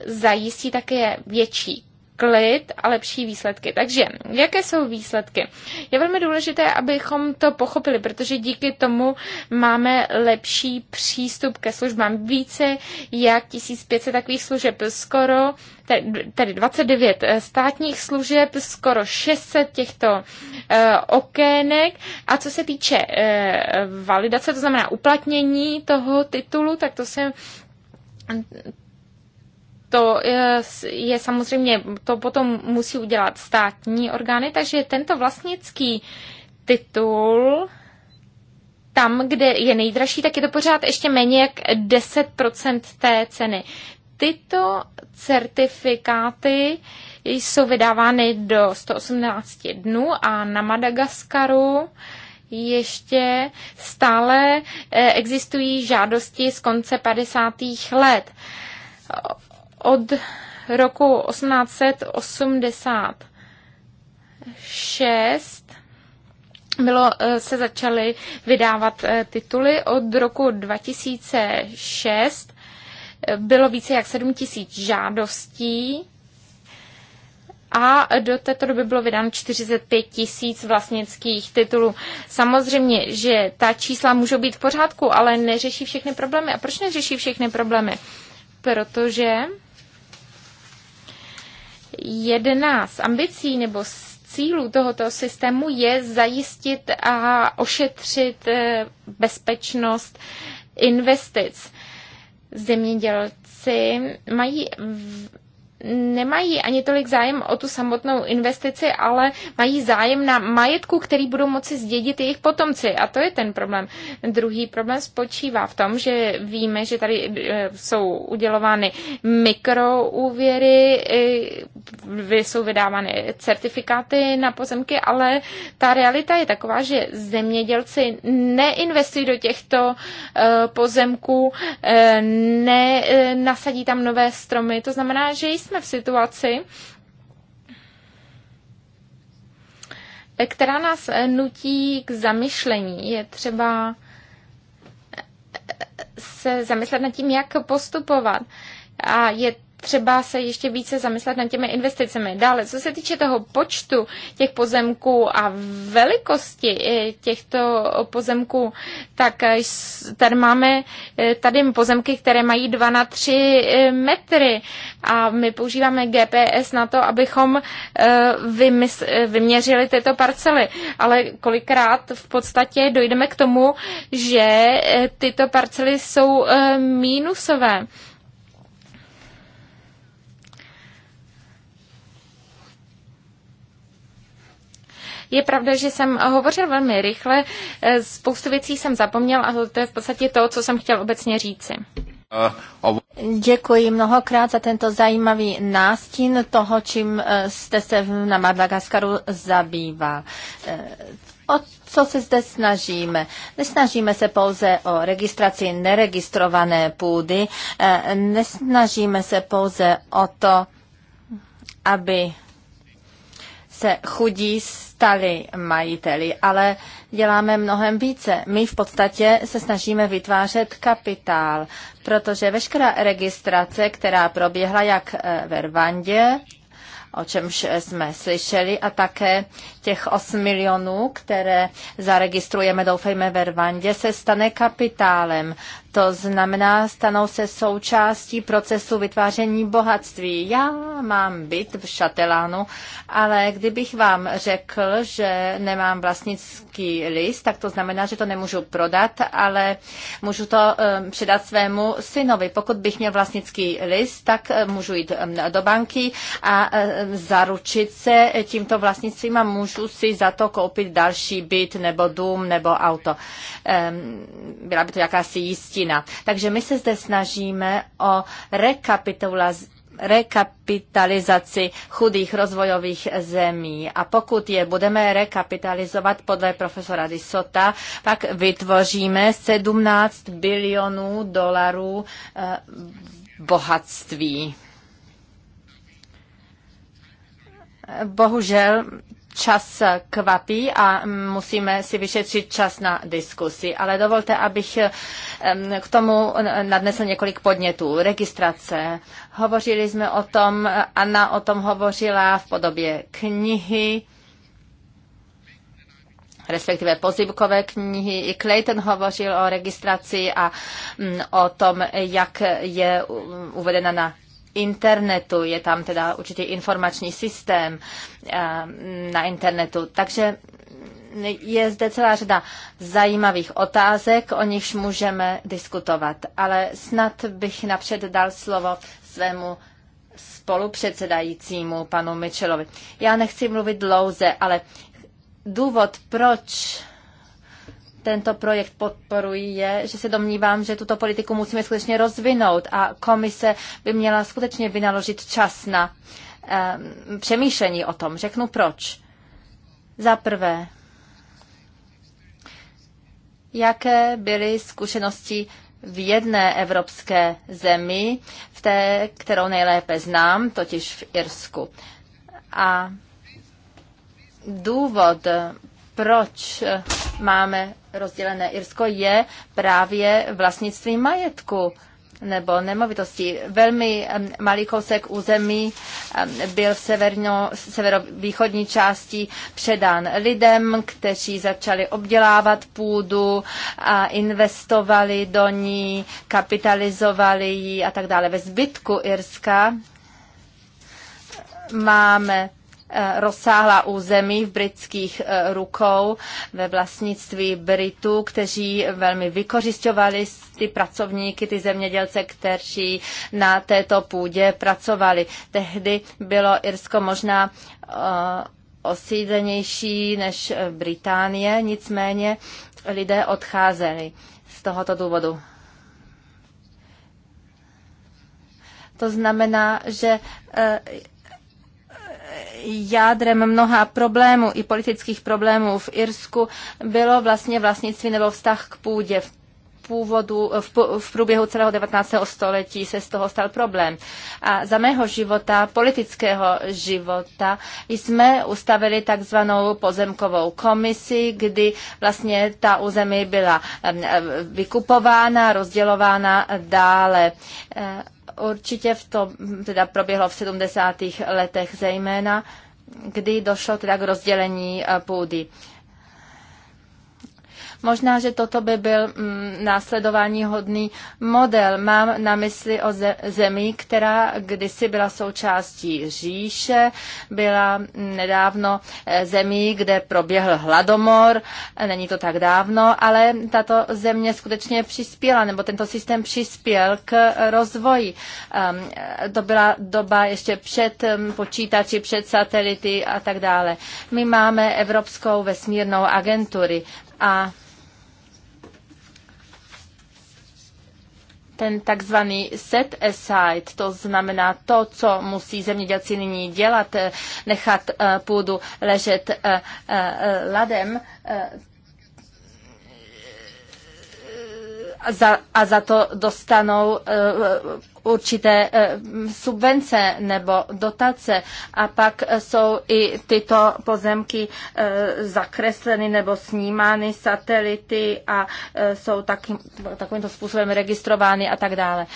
zajistí také větší klid a lepší výsledky. Takže jaké jsou výsledky? Je velmi důležité, abychom to pochopili, protože díky tomu máme lepší přístup ke službám. Více jak 1500 takových služeb, skoro tedy 29 státních služeb, skoro 600 těchto eh, okének. A co se týče eh, validace, to znamená uplatnění toho titulu, tak to se to je samozřejmě, to potom musí udělat státní orgány, takže tento vlastnický titul tam, kde je nejdražší, tak je to pořád ještě méně jak 10% té ceny. Tyto certifikáty jsou vydávány do 118 dnů a na Madagaskaru ještě stále eh, existují žádosti z konce 50. let od roku 1886 bylo, eh, se začaly vydávat eh, tituly od roku 2006. Eh, bylo více jak 7 tisíc žádostí a do této doby bylo vydáno 45 tisíc vlastnických titulů. Samozřejmě, že ta čísla můžou být v pořádku, ale neřeší všechny problémy. A proč neřeší všechny problémy? Protože jedna z ambicí nebo z cílů tohoto systému je zajistit a ošetřit eh, bezpečnost investic. Zemědělci mají nemají ani tolik zájem o tu samotnou investici, ale mají zájem na majetku, který budou moci zdědit jejich potomci. A to je ten problém. Druhý problém spočívá v tom, že víme, že tady eh, jsou udělovány mikroúvěry, eh, jsou vydávány certifikáty na pozemky, ale ta realita je taková, že zemědělci neinvestují do těchto eh, pozemků, nenasadí tam nové stromy. To znamená, že jsme jsme v situaci, která nás nutí k zamyšlení. Je třeba se zamyslet nad tím, jak postupovat. A je třeba se ještě více zamyslet nad těmi investicemi. Dále, co se týče toho počtu těch pozemků a velikosti eh, těchto pozemků, tak eh, tady máme eh, tady pozemky, které mají 2 na 3 metry a my používáme GPS na to, abychom vyměřili tyto parcely. Ale kolikrát v podstatě dojdeme k tomu, že tyto parcely jsou mínusové. Je pravda, že jsem hovořil velmi rychle, eh, spoustu věcí jsem zapomněl a to je v podstatě to, co jsem chtěl obecně říci. Eh, Děkuji mnohokrát za tento zajímavý nástin toho, čím eh, jste se na Madagaskaru zabýval. O co se zde snažíme? Nesnažíme se pouze o registraci neregistrované půdy, nesnažíme se pouze o to, aby se chudí stali majiteli, ale děláme mnohem více. My v podstatě se snažíme vytvářet kapitál, protože veškerá registrace, která proběhla jak eh, ve Rwandě, o čemž jsme slyšeli, a také těch 8 milionů, které zaregistrujeme, doufejme, ve Rwandě, se stane kapitálem. To znamená, stanou se součástí procesu vytváření bohatství. Já mám byt v Šatelánu, ale kdybych vám řekl, že nemám vlastnický list, tak to znamená, že to nemůžu prodat, ale můžu to eh, předat svému synovi. Pokud bych měl vlastnický list, tak eh, můžu jít mm, do banky a eh, zaručit se tímto vlastnictvím a můžu můžu si za to koupit další byt nebo dům nebo auto. Byla by to jakási jistina. Takže my se zde snažíme o rekapitulaci rekapitalizaci chudých rozvojových zemí. A pokud je budeme rekapitalizovat podle profesora Disota, pak vytvoříme 17 bilionů dolarů eh, bohatství. Bohužel čas kvapí a musíme si vyšetřit čas na diskusi. Ale dovolte, abych k tomu nadnesl několik podnětů. Registrace. Hovořili jsme o tom, Anna o tom hovořila v podobě knihy, respektive pozivkové knihy. I Clayton hovořil o registraci a mm, o tom, jak je uvedena na internetu, je tam teda určitý informační systém eh, na internetu. Takže je zde celá řada zajímavých otázek, o nichž můžeme diskutovat. Ale snad bych napřed dal slovo svému spolupředsedajícímu panu Mitchellovi. Já nechci mluvit dlouze, ale důvod, proč tento projekt podporuji, je, že se domnívám, že tuto politiku musíme skutečně rozvinout a komise by měla skutečně vynaložit čas na um, přemýšlení o tom. Řeknu proč. Za prvé, jaké byly zkušenosti v jedné evropské zemi, v té, kterou nejlépe znám, totiž v Irsku. A důvod, proč máme rozdělené Irsko, je právě vlastnictví majetku nebo nemovitosti. Velmi malý kousek území byl v severno, severovýchodní části předán lidem, kteří začali obdělávat půdu a investovali do ní, kapitalizovali ji a tak dále. Ve zbytku Irska máme rozsáhlá území v britských eh, rukou ve vlastnictví Britů, kteří velmi vykořišťovali ty pracovníky, ty zemědělce, kteří na této půdě pracovali. Tehdy bylo Irsko možná eh, osídlenější než eh, Británie, nicméně lidé odcházeli z tohoto důvodu. To znamená, že jádrem mnoha problémů i politických problémů v Irsku bylo vlastně vlastnictví nebo vztah k půdě. V původu, v, v průběhu celého 19. století se z toho stal problém. A za mého života, politického života, jsme ustavili takzvanou pozemkovou komisi, kdy vlastně ta území byla vykupována, rozdělována dále. Určitě v tom, teda proběhlo v 70. letech zejména, kdy došlo teda k rozdělení eh, půdy. Možná, že toto by byl mm, následování hodný model. Mám na mysli o zemi, která kdysi byla součástí říše, byla nedávno eh, zemí, kde proběhl hladomor, eh, není to tak dávno, ale tato země skutečně přispěla, nebo tento systém přispěl k rozvoji. Ehm, eh, to byla doba ještě před ehm, počítači, před satelity a tak dále. My máme Evropskou vesmírnou agentury a ten takzvaný set aside, to znamená to, co musí zemědělci nyní dělat, eh, nechat eh, půdu ležet eh, ladem, a za, a za to dostanou určité eh, subvence nebo dotace a pak jsou i tyto pozemky eh, zakresleny nebo snímány satelity a eh, jsou taky, takovýmto způsobem registrovány a tak dále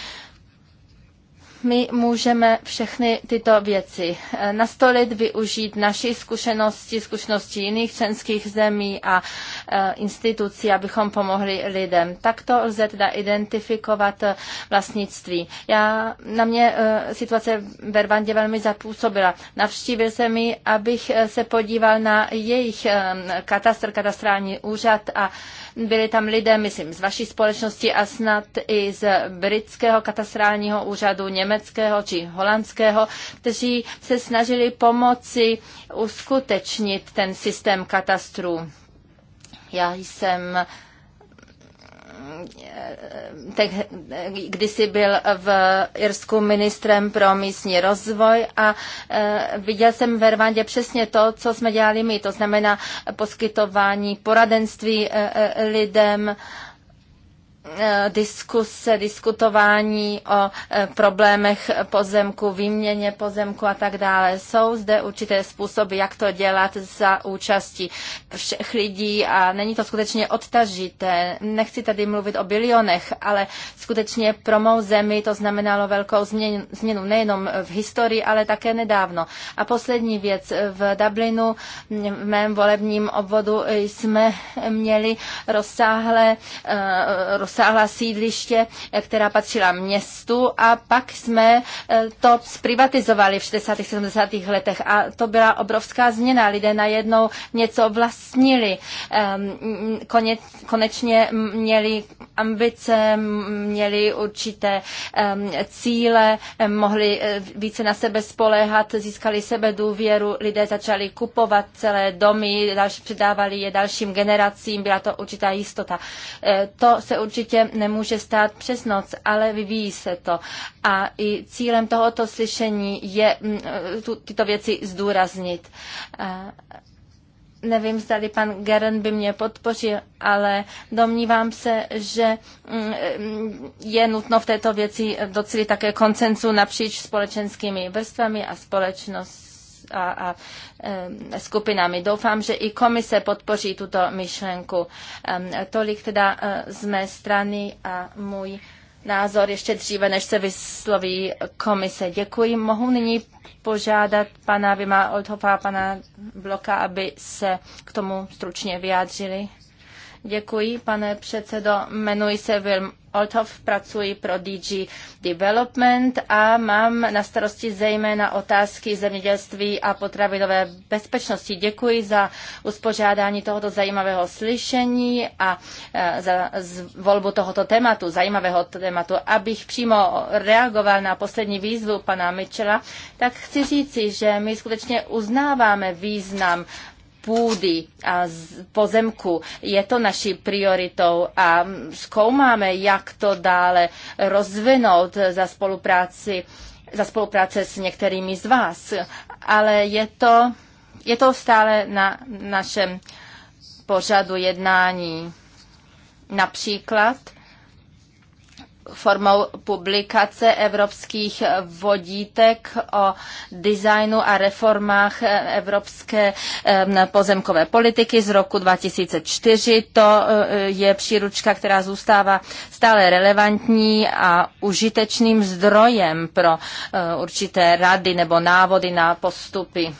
my můžeme všechny tyto věci eh, nastolit, využít naší zkušenosti, zkušenosti jiných členských zemí a eh, institucí, abychom pomohli lidem. Takto lze teda identifikovat eh, vlastnictví. Já, na mě situace v Rwandě velmi zapůsobila. Navštívil jsem ji, abych se podíval na jejich katastr, katastrální úřad a byli tam lidé, myslím, z vaší společnosti a snad i z britského katastrálního úřadu, německého či holandského, kteří se snažili pomoci uskutečnit ten systém katastrů. Já jsem te, kdysi byl v Irsku ministrem pro místní rozvoj a e, viděl jsem ve Rwandě přesně to, co jsme dělali my, to znamená poskytování poradenství e, e, lidem, Eh, diskuse, diskutování o eh, problémech pozemku, výměně pozemku a tak dále. Jsou zde určité způsoby, jak to dělat za účasti všech lidí a není to skutečně odtažité. Nechci tady mluvit o bilionech, ale skutečně pro mou zemi to znamenalo velkou změnu nejenom v historii, ale také nedávno. A poslední věc. V Dublinu, v mém volebním obvodu, jsme měli rozsáhlé, rozsáhlé eh, obsáhla sídliště, eh, která patřila městu a pak jsme eh, to zprivatizovali v 60. a 70. letech a to byla obrovská změna. Lidé najednou něco vlastnili, ehm, Konec, konečně měli ambice, měli určité ehm, cíle, ehm, mohli eh, více na sebe spoléhat, získali sebe důvěru, lidé začali kupovat celé domy, další, předávali je dalším generacím, byla to určitá jistota. To se určitě určitě nemůže stát přes noc, ale vyvíjí se to. A i cílem tohoto slyšení je mm, eh, tyto věci zdůraznit eh, nevím, zda pan Geren by mě podpořil, ale domnívám se, že mm, eh, je nutno v této věci docelit také koncensu napříč společenskými vrstvami a společnost a, a skupinami. Doufám, že i komise podpoří tuto myšlenku. Tolik teda e, z mé strany a můj názor ještě dříve, než se vysloví komise. Děkuji. Mohu nyní požádat pana Vima Oldhofa a pana Bloka, aby se k tomu stručně vyjádřili. Děkuji, pane předsedo. Jmenuji se Vilm Althoff, pracuji pro DG Development a mám na starosti zejména otázky zemědělství a potravinové bezpečnosti. Děkuji za uspořádání tohoto zajímavého slyšení a e, za volbu tohoto tématu, zajímavého tématu. Abych přímo reagoval na poslední výzvu pana Mitchella, tak chci říci, že my skutečně uznáváme význam půdy a pozemku. Je to naší prioritou a zkoumáme, jak to dále rozvinout za spolupráci za spolupráce s některými z vás, ale je to, je to stále na našem pořadu jednání. Například formou publikace evropských vodítek o designu a reformách evropské pozemkové politiky z roku 2004. To eh, je příručka, která zůstává stále relevantní a užitečným zdrojem pro eh, určité rady nebo návody na postupy.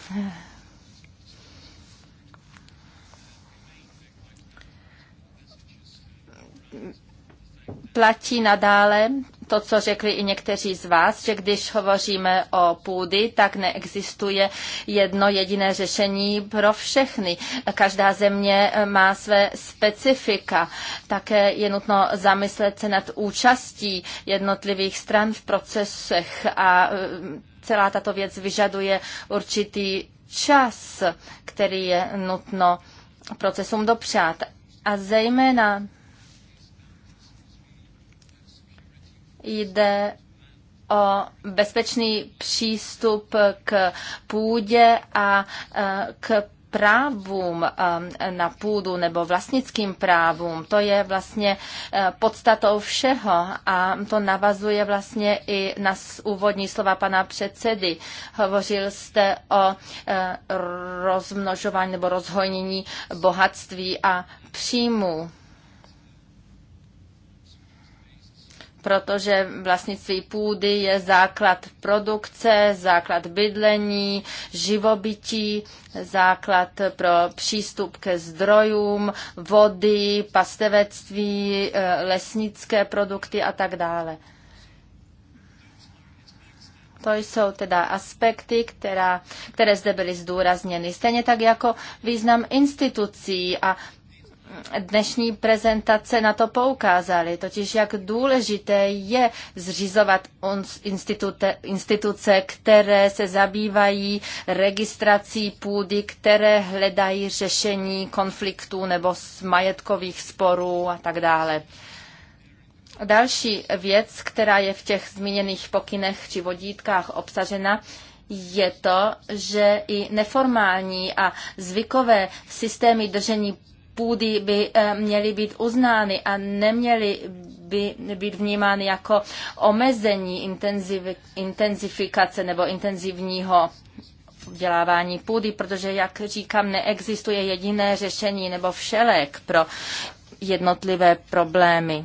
platí nadále to, co řekli i někteří z vás, že když hovoříme o půdy, tak neexistuje jedno jediné řešení pro všechny. Každá země má své specifika. Také je nutno zamyslet se nad účastí jednotlivých stran v procesech a e, celá tato věc vyžaduje určitý čas, který je nutno procesům dopřát. A zejména Jde o bezpečný přístup k půdě a e, k právům e, na půdu nebo vlastnickým právům. To je vlastně e, podstatou všeho a to navazuje vlastně i na úvodní slova pana předsedy. Hovořil jste o rozmnožování nebo rozhojnění bohatství a příjmů. protože vlastnictví půdy je základ produkce, základ bydlení, živobytí, základ pro přístup ke zdrojům, vody, pastevectví, eh, lesnické produkty a tak dále. To jsou teda aspekty, která, které zde byly zdůrazněny. Stejně tak jako význam institucí a dnešní prezentace na to poukázaly, totiž jak důležité je zřizovat instituce, které se zabývají registrací půdy, které hledají řešení konfliktů nebo majetkových sporů a tak dále. Další věc, která je v těch zmíněných pokynech či vodítkách obsažena, je to, že i neformální a zvykové systémy držení půdy by eh, měly být uznány a neměly by být vnímány jako omezení intenziv, intenzifikace nebo intenzivního vzdělávání půdy, protože, jak říkám, neexistuje jediné řešení nebo všelek pro jednotlivé problémy.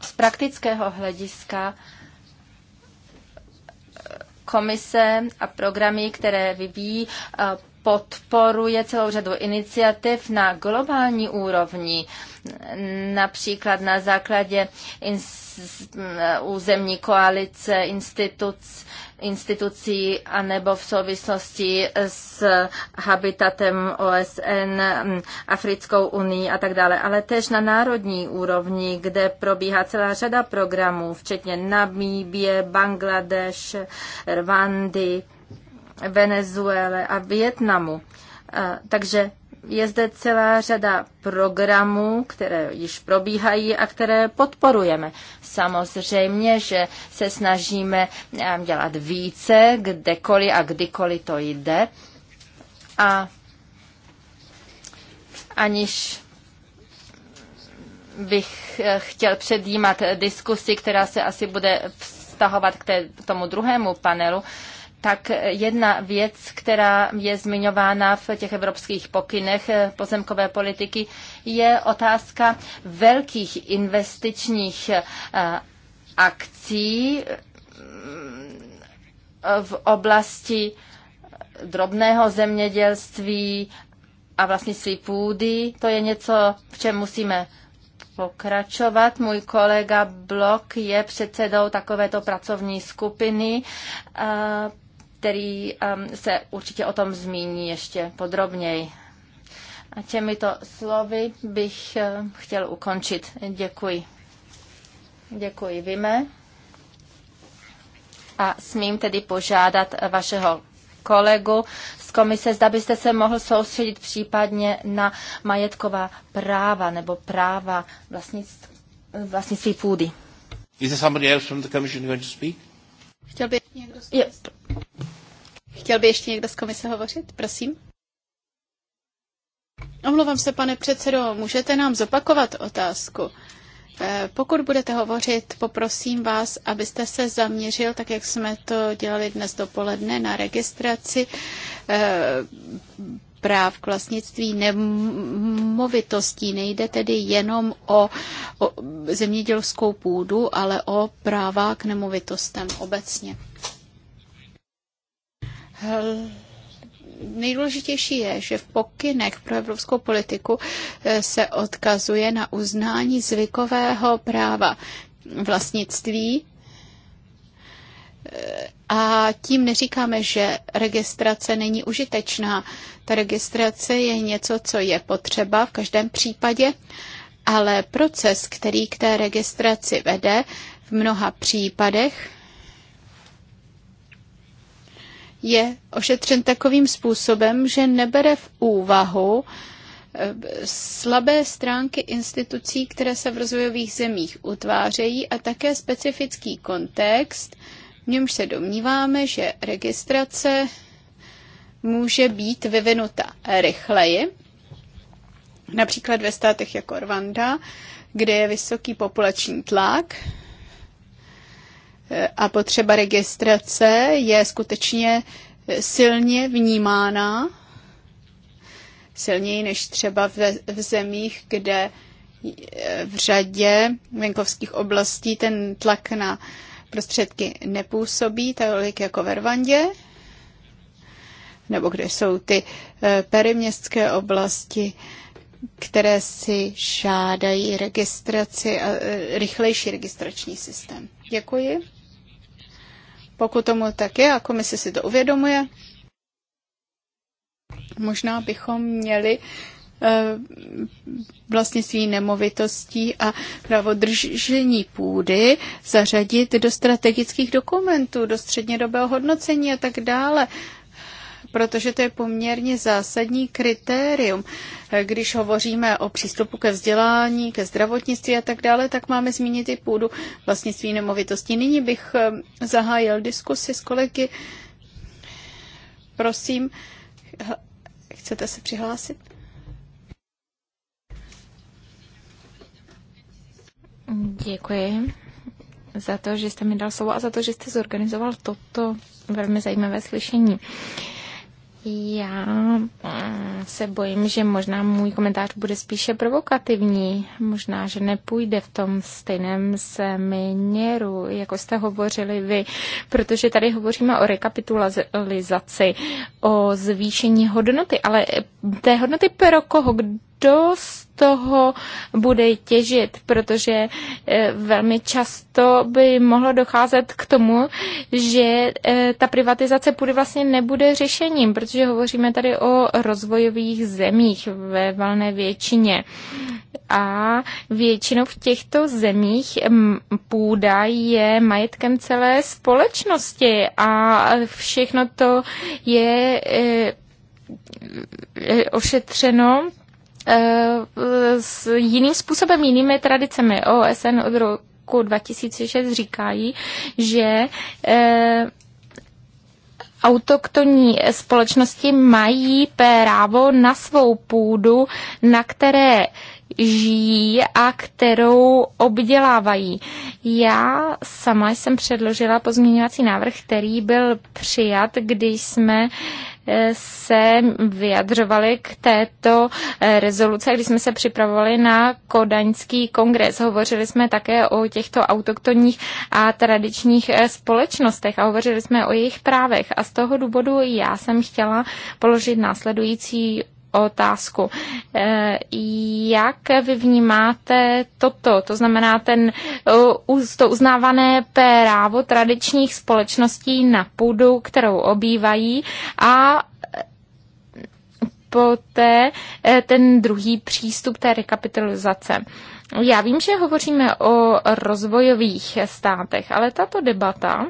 Z praktického hlediska eh, komise a programy, které vyvíjí, eh, podporuje celou řadu iniciativ na globální úrovni, například na základě územní koalice, instituc, institucí anebo v souvislosti s habitatem OSN, Africkou unii a tak dále, ale tež na národní úrovni, kde probíhá celá řada programů, včetně Namíbie, Bangladeš, Rwandy, Venezuele a Vietnamu. Eh, takže je zde celá řada programů, které již probíhají a které podporujeme. Samozřejmě, že se snažíme eh, dělat více, kdekoliv a kdykoliv to jde. A aniž bych eh, chtěl předjímat diskusi, která se asi bude vztahovat k, té, k tomu druhému panelu, tak jedna věc, která je zmiňována v těch evropských pokynech eh, pozemkové politiky, je otázka velkých investičních eh, akcí mm, v oblasti drobného zemědělství a vlastnictví půdy. To je něco, v čem musíme pokračovat. Můj kolega Blok je předsedou takovéto pracovní skupiny eh, který um, se určitě o tom zmíní ještě podrobněji. A těmito slovy bych eh, chtěl ukončit. Děkuji. Děkuji, Vime. A smím tedy požádat vašeho kolegu z komise, zda byste se mohl soustředit případně na majetková práva nebo práva vlastnictví, vlastnictví půdy. Is there somebody else from the commission going to speak? Chtěl by někdo z komise, Chtěl by ještě někdo z komise hovořit? Prosím. Omlouvám se, pane předsedo, můžete nám zopakovat otázku? Eh, pokud budete hovořit, poprosím vás, abyste se zaměřil, tak jak jsme to dělali dnes dopoledne, na registraci eh, práv k vlastnictví nemovitostí. Nejde tedy jenom o, o zemědělskou půdu, ale o práva k nemovitostem obecně. Hl- nejdůležitější je, že v pokynech pro evropskou politiku eh, se odkazuje na uznání zvykového práva vlastnictví a tím neříkáme, že registrace není užitečná. Ta registrace je něco, co je potřeba v každém případě, ale proces, který k té registraci vede, v mnoha případech je ošetřen takovým způsobem, že nebere v úvahu eh, slabé stránky institucí, které se v rozvojových zemích utvářejí a také specifický kontext, v němž se domníváme, že registrace může být vyvinuta rychleji, například ve státech jako Rwanda, kde je vysoký populační tlak eh, a potřeba registrace je skutečně silně vnímána, silněji než třeba v, v zemích, kde eh, v řadě venkovských oblastí ten tlak na prostředky nepůsobí tolik jako ve Rwandě, nebo kde jsou ty eh, periměstské oblasti, které si žádají registraci a eh, rychlejší registrační systém. Děkuji. Pokud tomu tak je a komise si to uvědomuje, možná bychom měli uh, Eh, vlastnictví nemovitostí a právo držení půdy zařadit do strategických dokumentů, do střednědobého hodnocení a tak dále protože to je poměrně zásadní kritérium. Eh, když hovoříme o přístupu ke vzdělání, ke zdravotnictví a tak dále, tak máme zmínit i půdu vlastnictví nemovitostí. Nyní bych eh, zahájil diskusi s kolegy. Prosím, chcete se přihlásit? Děkuji za to, že jste mi dal slovo a za to, že jste zorganizoval toto velmi zajímavé slyšení. Já mm, se bojím, že možná můj komentář bude spíše provokativní, možná, že nepůjde v tom stejném směru, jako jste hovořili vy, protože tady hovoříme o rekapitulizaci, o zvýšení hodnoty, ale té hodnoty pro koho, kdo toho bude těžit, protože eh, velmi často by mohlo docházet k tomu, že eh, ta privatizace půdy vlastně nebude řešením, protože hovoříme tady o rozvojových zemích ve valné většině. A většinou v těchto zemích půda je majetkem celé společnosti a všechno to je eh, ošetřeno Eh, s jiným způsobem, jinými tradicemi. OSN od roku 2006 říkají, že eh, autoktonní společnosti mají právo na svou půdu, na které žijí a kterou obdělávají. Já sama jsem předložila pozměňovací návrh, který byl přijat, když jsme se vyjadřovali k této eh, rezoluce, když jsme se připravovali na Kodaňský kongres. Hovořili jsme také o těchto autoktonních a tradičních eh, společnostech a hovořili jsme o jejich právech. A z toho důvodu já jsem chtěla položit následující otázku. Eh, jak vy vnímáte toto, to znamená ten, eh, to uznávané právo tradičních společností na půdu, kterou obývají a eh, poté ten druhý přístup té rekapitalizace. Já vím, že hovoříme o rozvojových státech, ale tato debata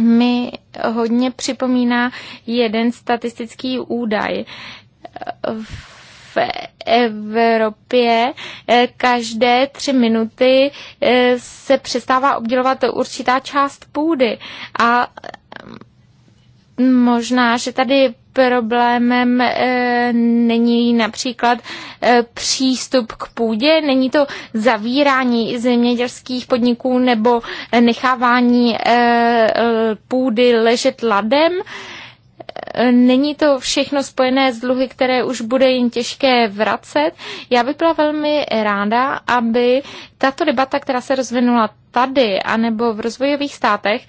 mi hodně připomíná jeden statistický údaj. V Evropě eh, každé tři minuty eh, se přestává obdělovat určitá část půdy a mm, možná, že tady problémem eh, není například eh, přístup k půdě, není to zavírání zemědělských podniků nebo nechávání eh, půdy ležet ladem. Není to všechno spojené s dluhy, které už bude jen těžké vracet. Já bych byla velmi ráda, aby tato debata, která se rozvinula tady anebo v rozvojových státech,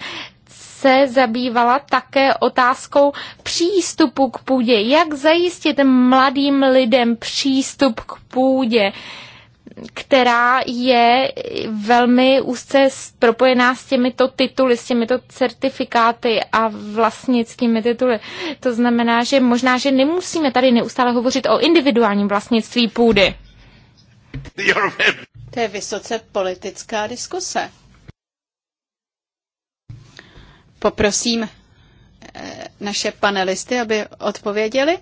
se zabývala také otázkou přístupu k půdě. Jak zajistit mladým lidem přístup k půdě? která je velmi úzce propojená s těmito tituly, s těmito certifikáty a vlastnickými tituly. To znamená, že možná, že nemusíme tady neustále hovořit o individuálním vlastnictví půdy. To je vysoce politická diskuse. Poprosím eh, naše panelisty, aby odpověděli.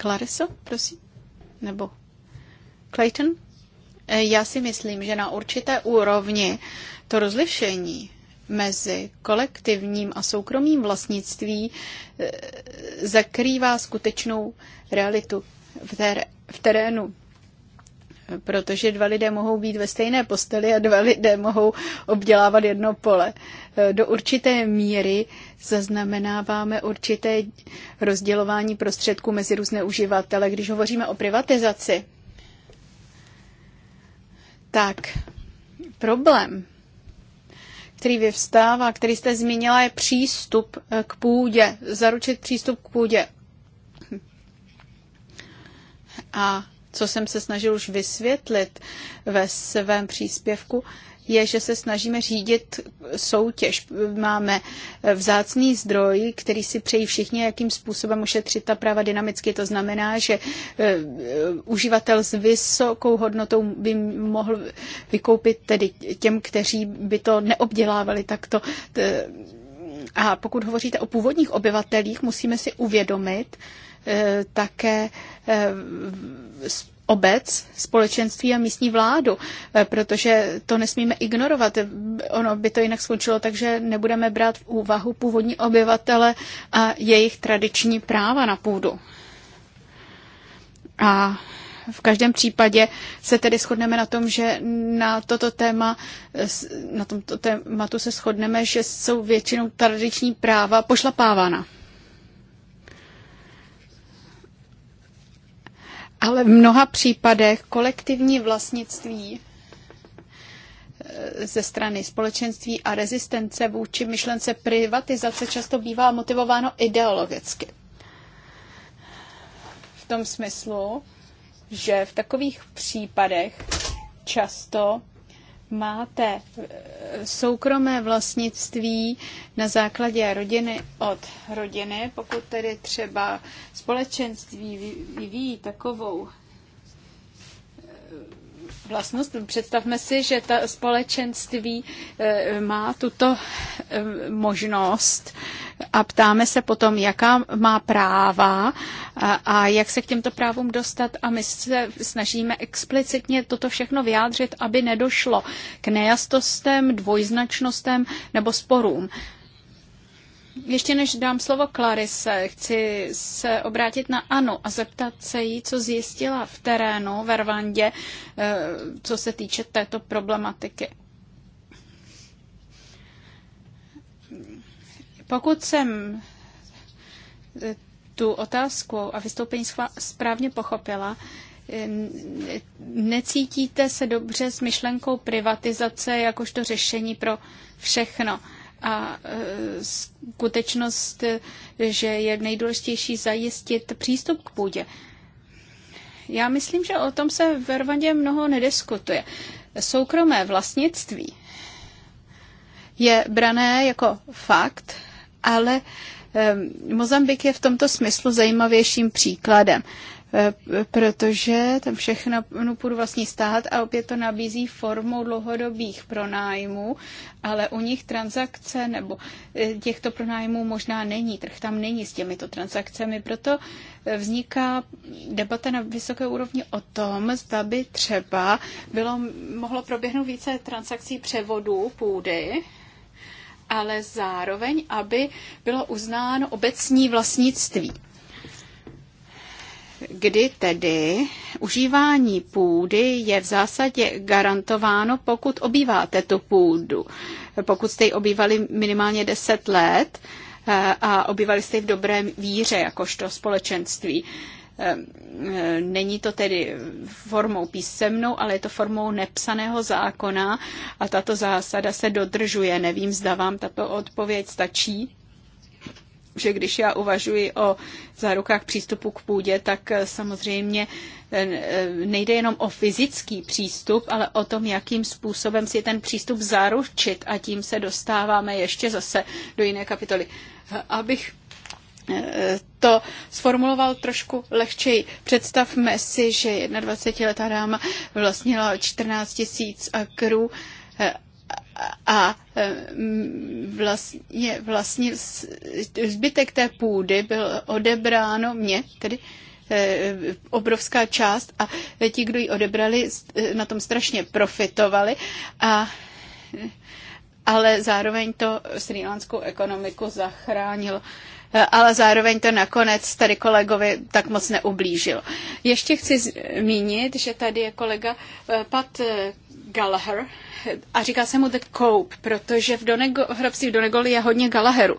Clariso, prosím, nebo Clayton? Eh, já si myslím, že na určité úrovni to rozlišení mezi kolektivním a soukromým vlastnictví eh, zakrývá skutečnou realitu v, v terénu protože dva lidé mohou být ve stejné posteli a dva lidé mohou obdělávat jedno pole. Do určité míry zaznamenáváme určité rozdělování prostředků mezi různé uživatele. Když hovoříme o privatizaci, tak problém, který vyvstává, který jste zmínila, je přístup k půdě, zaručit přístup k půdě. A co jsem se snažil už vysvětlit ve svém příspěvku, je, že se snažíme řídit soutěž. Máme vzácný zdroj, který si přejí všichni, jakým způsobem ušetřit ta práva dynamicky. To znamená, že eh, uživatel s vysokou hodnotou by mohl vykoupit tedy těm, kteří by to neobdělávali takto. Eh, a pokud hovoříte o původních obyvatelích, musíme si uvědomit, Eh, také eh, obec, společenství a místní vládu, eh, protože to nesmíme ignorovat. Ono by to jinak skončilo, takže nebudeme brát v úvahu původní obyvatele a jejich tradiční práva na půdu. A v každém případě se tedy shodneme na tom, že na toto téma, na tomto tématu se shodneme, že jsou většinou tradiční práva pošlapávána. ale v mnoha případech kolektivní vlastnictví eh, ze strany společenství a rezistence vůči myšlence privatizace často bývá motivováno ideologicky. V tom smyslu, že v takových případech často máte eh, soukromé vlastnictví na základě rodiny od rodiny, pokud tedy třeba společenství vyvíjí takovou eh, vlastnost. Představme si, že ta společenství eh, má tuto eh, možnost a ptáme se potom, jaká má práva a jak se k těmto právům dostat a my se snažíme explicitně toto všechno vyjádřit, aby nedošlo k nejastostem, dvojznačnostem nebo sporům. Ještě než dám slovo Klarise, chci se obrátit na Anu a zeptat se jí, co zjistila v terénu ve Rwandě, eh, co se týče této problematiky. Pokud jsem eh, tu otázku a vystoupení správně pochopila, eh, necítíte se dobře s myšlenkou privatizace jakožto řešení pro všechno a e, skutečnost, že je nejdůležitější zajistit přístup k půdě. Já myslím, že o tom se v Rwandě mnoho nediskutuje. Soukromé vlastnictví je brané jako fakt, ale e, Mozambik je v tomto smyslu zajímavějším příkladem. Eh, protože tam všechno půjdu vlastní stát a opět to nabízí formou dlouhodobých pronájmů, ale u nich transakce nebo eh, těchto pronájmů možná není, trh tam není s těmito transakcemi, proto eh, vzniká debata na vysoké úrovni o tom, zda by třeba bylo, mohlo proběhnout více transakcí převodů půdy, ale zároveň, aby bylo uznáno obecní vlastnictví kdy tedy užívání půdy je v zásadě garantováno, pokud obýváte tu půdu. Pokud jste ji obývali minimálně 10 let eh, a obývali jste ji v dobré víře, jakožto společenství. Eh, není to tedy formou písemnou, ale je to formou nepsaného zákona a tato zásada se dodržuje. Nevím, zda vám tato odpověď stačí že když já uvažuji o zárukách přístupu k půdě, tak eh, samozřejmě eh, eh, nejde jenom o fyzický přístup, ale o tom, jakým způsobem si ten přístup zaručit a tím se dostáváme ještě zase do jiné kapitoly. Abych to sformuloval trošku lehčeji. Představme si, že 21-letá dáma vlastnila 14 tisíc akrů a mm, vlastně, vlastně zbytek té půdy byl odebráno mě, tedy e, obrovská část a ti, kdo ji odebrali, e, na tom strašně profitovali a ale zároveň to srýlanskou ekonomiku zachránilo. E, ale zároveň to nakonec tady kolegovi tak moc neublížilo. Ještě chci zmínit, že tady je kolega Pat Gallagher, a říká se mu The Cope, protože v, Donego, v hrobství v Donegoli je hodně Galaheru.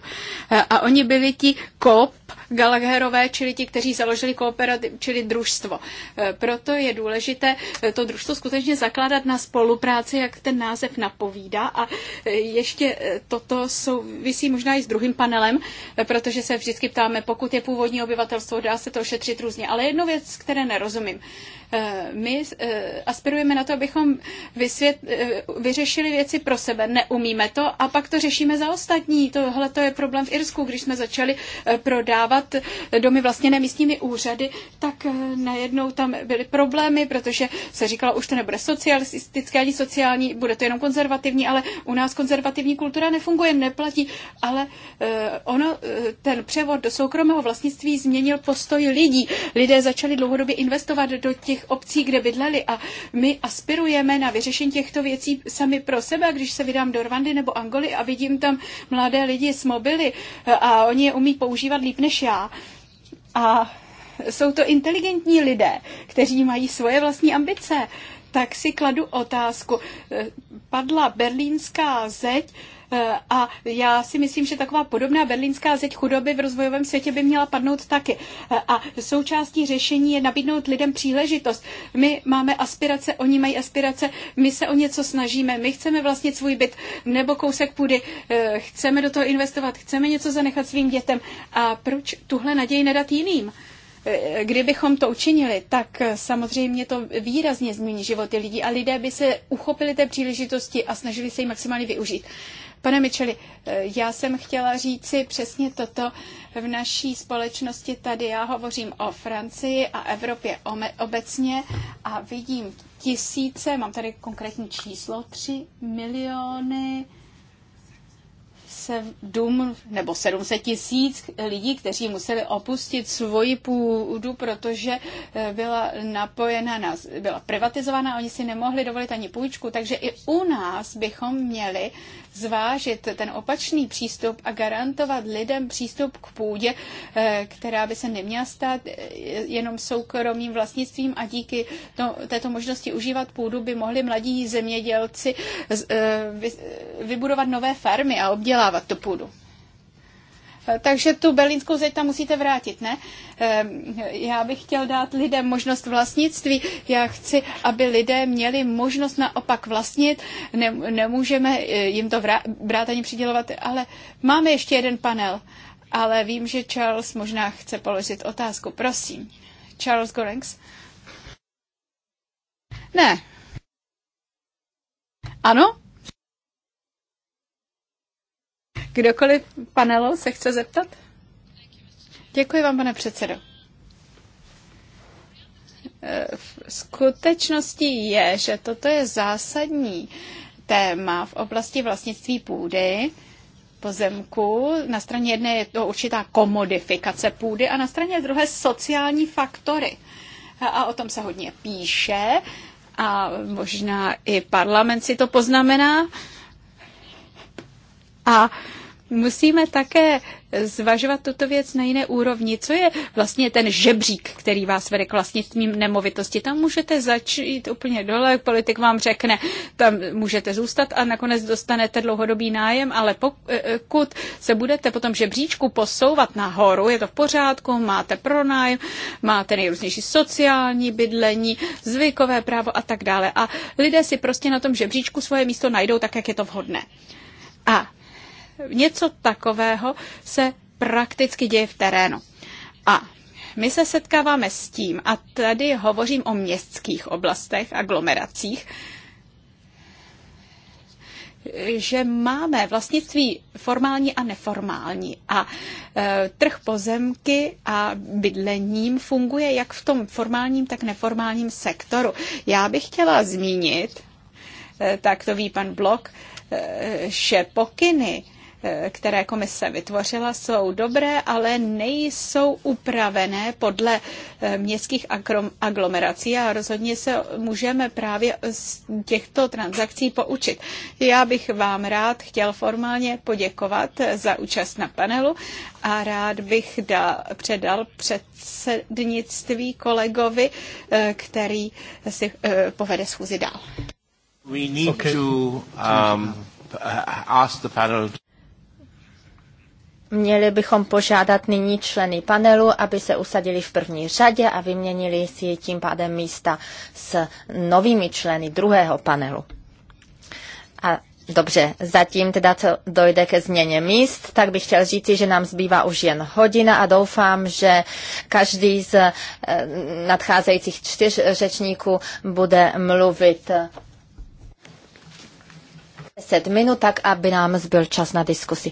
E, a oni byli ti Cope, galaherové, čili ti, kteří založili kooperativu, čili družstvo. E, proto je důležité e, to družstvo skutečně zakládat na spolupráci, jak ten název napovídá. A ještě toto souvisí možná i s druhým panelem, protože se vždycky ptáme, pokud je původní obyvatelstvo, dá se to ošetřit různě. Ale jednu věc, které nerozumím. My aspirujeme na to, abychom vysvět, vyřešili věci pro sebe, neumíme to a pak to řešíme za ostatní. Tohle to je problém v Irsku, když jsme začali eh, prodávat eh, domy vlastně nemístními úřady, tak eh, najednou tam byly problémy, protože se říkalo, už to nebude socialistické ani sociální, bude to jenom konzervativní, ale u nás konzervativní kultura nefunguje, neplatí, ale ono, ten převod do soukromého vlastnictví změnil postoj lidí. Lidé začali dlouhodobě investovat do těch obcí, kde bydleli a my aspirujeme na vyřešení těchto věcí sami pro sebe, když se vydám do Rwandy nebo Angoly a vidím tam mladé lidi s mobily eh, a oni je umí používat líp než já. A jsou to inteligentní lidé, kteří mají svoje vlastní ambice. Tak si kladu otázku. Eh, padla berlínská zeď, Eh, a já si myslím, že taková podobná berlínská zeď chudoby v rozvojovém světě by měla padnout taky. Eh, a součástí řešení je nabídnout lidem příležitost. My máme aspirace, oni mají aspirace, my se o něco snažíme, my chceme vlastnit svůj byt nebo kousek půdy, eh, chceme do toho investovat, chceme něco zanechat svým dětem. A proč tuhle naději nedat jiným? Kdybychom to učinili, tak samozřejmě to výrazně změní životy lidí a lidé by se uchopili té příležitosti a snažili se ji maximálně využít. Pane Micheli, já jsem chtěla říci přesně toto. V naší společnosti tady já hovořím o Francii a Evropě obecně a vidím tisíce, mám tady konkrétní číslo, tři miliony se dům nebo 700 tisíc lidí, kteří museli opustit svoji půdu, protože eh, byla napojena na, byla privatizována, oni si nemohli dovolit ani půjčku, takže i u nás bychom měli zvážit ten opačný přístup a garantovat lidem přístup k půdě, eh, která by se neměla stát eh, jenom soukromým vlastnictvím a díky to, této možnosti užívat půdu by mohli mladí zemědělci eh, vybudovat nové farmy a obdělávat tu půdu. Eh, takže tu berlínskou zeď tam musíte vrátit, ne? Ehm, já bych chtěl dát lidem možnost vlastnictví. Já chci, aby lidé měli možnost naopak vlastnit. Nemůžeme eh, jim to brát ani přidělovat, ale máme ještě jeden panel. Ale vím, že Charles možná chce položit otázku. Prosím. Charles Gorengs? Ne. Ano? Kdokoliv panelu se chce zeptat? Děkuji vám, pane předsedo. Eh, v skutečností je, že toto je zásadní téma v oblasti vlastnictví půdy, pozemku. Na straně jedné je to určitá komodifikace půdy a na straně druhé sociální faktory. A o tom se hodně píše a možná i parlament si to poznamená. A musíme také zvažovat tuto věc na jiné úrovni. Co je vlastně ten žebřík, který vás vede k vlastnictvím nemovitosti? Tam můžete začít úplně dole, politik vám řekne, tam můžete zůstat a nakonec dostanete dlouhodobý nájem, ale pokud se budete potom žebříčku posouvat nahoru, je to v pořádku, máte pronájem, máte nejrůznější sociální bydlení, zvykové právo a tak dále. A lidé si prostě na tom žebříčku svoje místo najdou tak, jak je to vhodné. A něco takového se prakticky děje v terénu. A my se setkáváme s tím, a tady hovořím o městských oblastech, aglomeracích, že máme vlastnictví formální a neformální a e, trh pozemky a bydlením funguje jak v tom formálním, tak neformálním sektoru. Já bych chtěla zmínit, e, tak to ví pan Blok, e, že pokyny které komise vytvořila, jsou dobré, ale nejsou upravené podle eh, městských aglomerací a rozhodně se můžeme právě z těchto transakcí poučit. Já bych vám rád chtěl formálně poděkovat za účast na panelu a rád bych da, předal předsednictví kolegovi, eh, který si eh, povede schůzi dál. We need okay. to um, ask the panel Měli bychom požádat nyní členy panelu, aby se usadili v první řadě a vyměnili si tím pádem místa s novými členy druhého panelu. A Dobře, zatím teda to dojde ke změně míst, tak bych chtěl říci, že nám zbývá už jen hodina a doufám, že každý z eh, nadcházejících čtyř řečníků bude mluvit 10 eh, minut, tak aby nám zbyl čas na diskusi.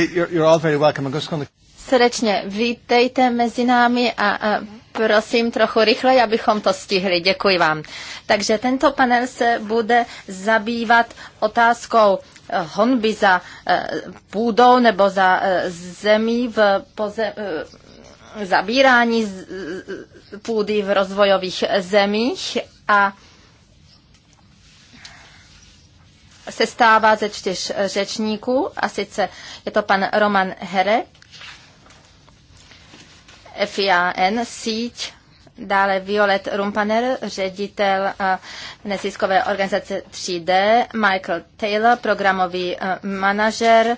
Okay, you're, you're all very welcome. I'm just going to... Srdečně vítejte mezi námi a, a prosím trochu rychleji, abychom to stihli. Děkuji vám. Takže tento panel se bude zabývat otázkou eh, honby za eh, půdou nebo za eh, zemí v poze, zabírání půdy v rozvojových zemích a sestává ze čtyř eh, řečníků, a sice je to pan Roman Here, FIAN, síť, dále Violet Rumpaner, ředitel eh, neziskové organizace 3D, Michael Taylor, programový eh, manažer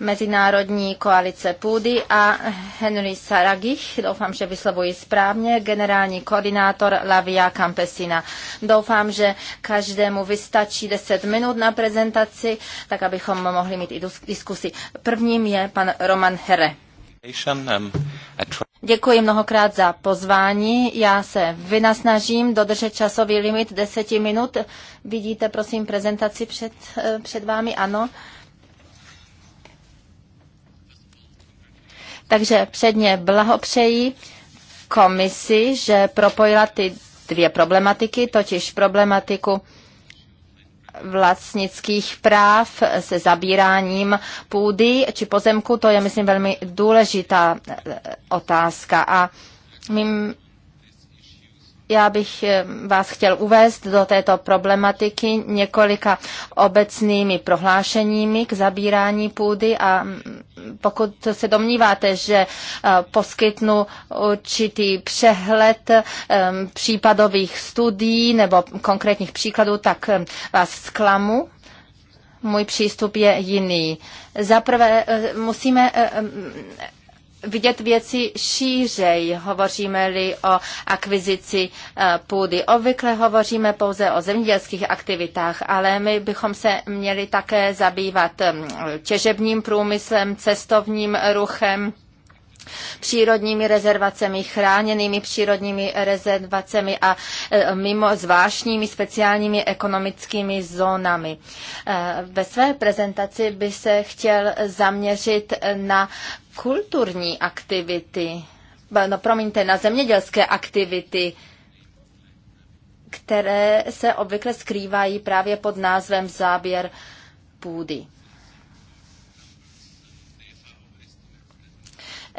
Mezinárodní koalice půdy a Henry Saragich, doufám, že vyslovuji správně, generální koordinátor Lavia Campesina. Doufám, že každému vystačí 10 minut na prezentaci, tak abychom mohli mít i diskusi. Prvním je pan Roman Here. Děkuji mnohokrát za pozvání. Já se vynasnažím dodržet časový limit 10 minut. Vidíte, prosím, prezentaci před, eh, před vámi? Ano. Takže předně blahopřeji komisi, že propojila ty dvě problematiky, totiž problematiku vlastnických práv se zabíráním půdy či pozemku, to je, myslím, velmi důležitá eh, otázka. A mým já bych eh, vás chtěl uvést do této problematiky několika obecnými prohlášeními k zabírání půdy a mm, pokud se domníváte, že eh, poskytnu určitý přehled eh, případových studií nebo konkrétních příkladů, tak vás zklamu můj přístup je jiný. Zaprvé musíme vidět věci šířej. Hovoříme-li o akvizici eh, půdy. Obvykle hovoříme pouze o zemědělských aktivitách, ale my bychom se měli také zabývat eh, těžebním průmyslem, cestovním ruchem, přírodními rezervacemi, chráněnými přírodními rezervacemi a eh, mimo zvláštními speciálními ekonomickými zónami. Ve své prezentaci by se chtěl zaměřit na kulturní aktivity, no promiňte, na zemědělské aktivity, které se obvykle skrývají právě pod názvem záběr půdy.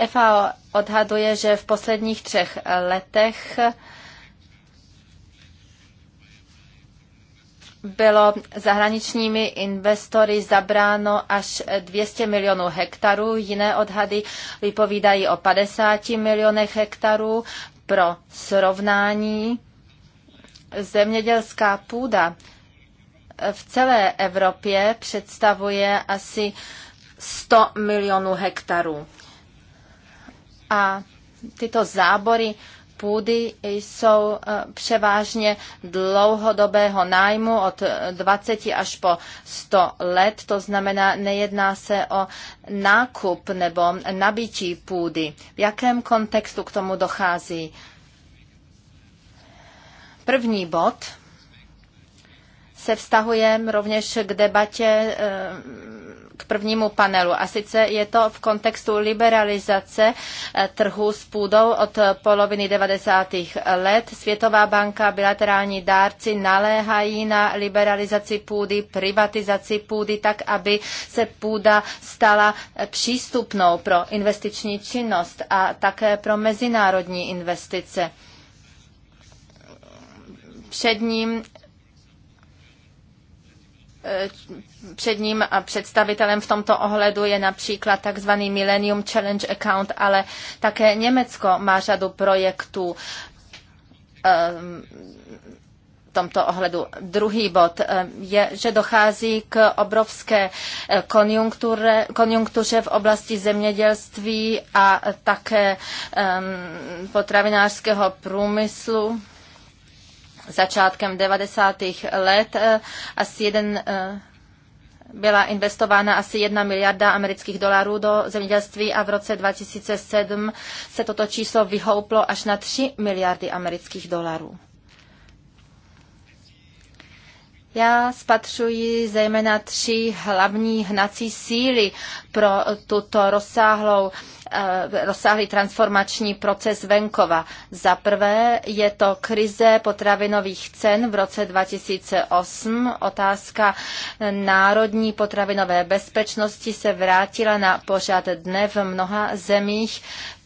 FAO odhaduje, že v posledních třech letech bylo zahraničními investory zabráno až 200 milionů hektarů, jiné odhady vypovídají o 50 milionech hektarů. Pro srovnání zemědělská půda v celé Evropě představuje asi 100 milionů hektarů. A tyto zábory půdy jsou eh, převážně dlouhodobého nájmu od 20 až po 100 let, to znamená, nejedná se o nákup nebo nabití půdy. V jakém kontextu k tomu dochází? První bod se vztahuje rovněž k debatě eh, k prvnímu panelu. A sice je to v kontextu liberalizace eh, trhu s půdou od poloviny 90. let. Světová banka, bilaterální dárci naléhají na liberalizaci půdy, privatizaci půdy, tak, aby se půda stala eh, přístupnou pro investiční činnost a také pro mezinárodní investice. Před ním předním představitelem v tomto ohledu je například tzv. Millennium Challenge Account, ale také Německo má řadu projektů ehm, v tomto ohledu. Druhý bod ehm, je, že dochází k obrovské eh, konjunktuře, konjunktuře v oblasti zemědělství a také ehm, potravinářského průmyslu začátkem 90. let eh, asi jeden eh, byla investována asi 1 miliarda amerických dolarů do zemědělství a v roce 2007 se toto číslo vyhouplo až na 3 miliardy amerických dolarů. Já spatřuji zejména tři hlavní hnací síly pro tuto rozsáhlou, eh, rozsáhlý transformační proces venkova. Za prvé je to krize potravinových cen v roce 2008. Otázka národní potravinové bezpečnosti se vrátila na pořad dne v mnoha zemích.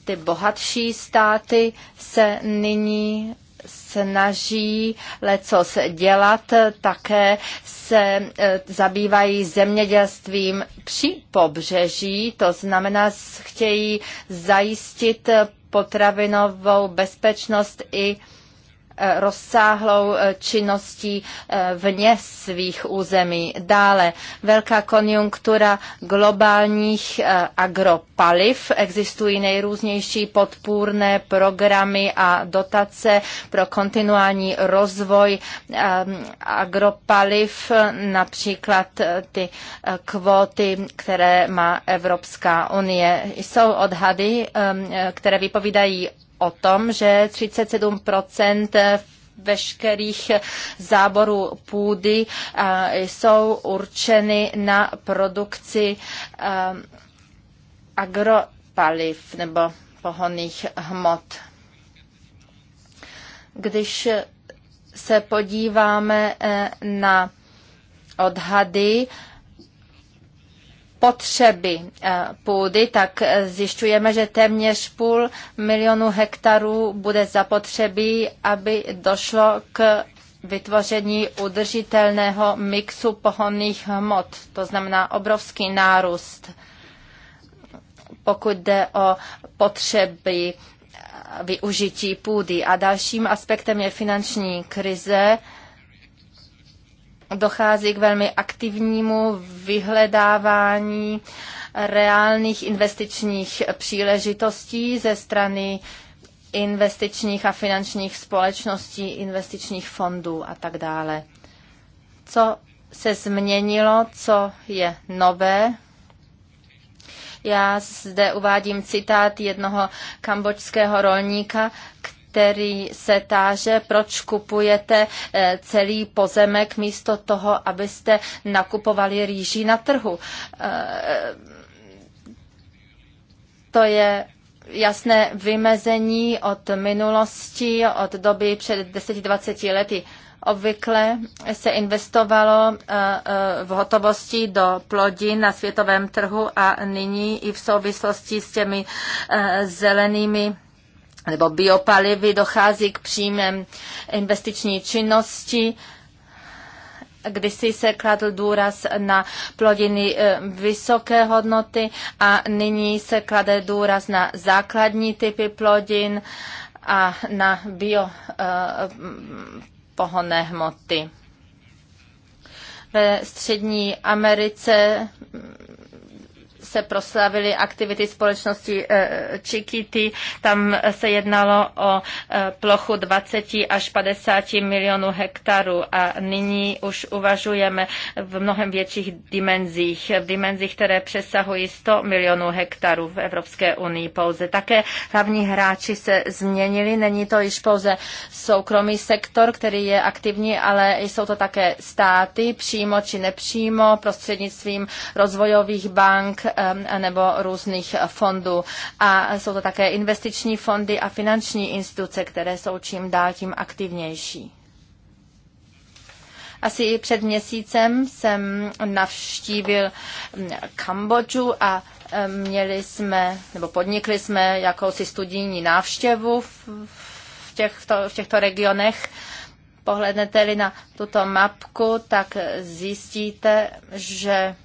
Ty bohatší státy se nyní snaží lecos dělat, také se e, zabývají zemědělstvím při pobřeží, to znamená, chtějí zajistit potravinovou bezpečnost i Eh, rozsáhlou eh, činností eh, vně svých území. Dále velká konjunktura globálních agropaliv. Existují nejrůznější podpůrné programy a dotace pro kontinuální rozvoj agropaliv, například ty kvóty, které má Evropská unie. Jsou odhady, které vypovídají o tom, že 37 veškerých záborů půdy jsou určeny na produkci agropaliv nebo pohoných hmot. Když se podíváme e, na odhady, potřeby eh, půdy, tak eh, zjišťujeme, že téměř půl milionu hektarů bude zapotřebí, aby došlo k vytvoření udržitelného mixu pohonných hmot. To znamená obrovský nárůst, pokud jde o potřeby eh, využití půdy. A dalším aspektem je finanční krize, dochází k velmi aktivnímu vyhledávání reálných investičních příležitostí ze strany investičních a finančních společností, investičních fondů a tak dále. Co se změnilo, co je nové? Já zde uvádím citát jednoho kambočského rolníka, který který se táže, proč kupujete eh, celý pozemek místo toho, abyste nakupovali rýží na trhu. Eh, to je jasné vymezení od minulosti, od doby před 10-20 lety. Obvykle se investovalo eh, v hotovosti do plodin na světovém trhu a nyní i v souvislosti s těmi zelenými nebo biopalivy, dochází k příjmem investiční činnosti. Kdysi se kladl důraz na plodiny eh, vysoké hodnoty a nyní se klade důraz na základní typy plodin a na bio eh, pohonné hmoty. Ve střední Americe se proslavily aktivity společnosti eh, Chiquity. Tam se jednalo o eh, plochu 20 až 50 milionů hektarů a nyní už uvažujeme v mnohem větších dimenzích, v dimenzích, které přesahují 100 milionů hektarů v Evropské unii pouze. Také hlavní hráči se změnili, není to již pouze soukromý sektor, který je aktivní, ale jsou to také státy, přímo či nepřímo, prostřednictvím rozvojových bank, eh, Um, nebo různých fondů. A jsou to také investiční fondy a finanční instituce, které jsou čím dál tím aktivnější. Asi před měsícem jsem navštívil mm, Kambodžu a um, měli jsme, nebo podnikli jsme jakousi studijní návštěvu v těchto, v těchto regionech. Pohlednete-li na tuto mapku, tak zjistíte, že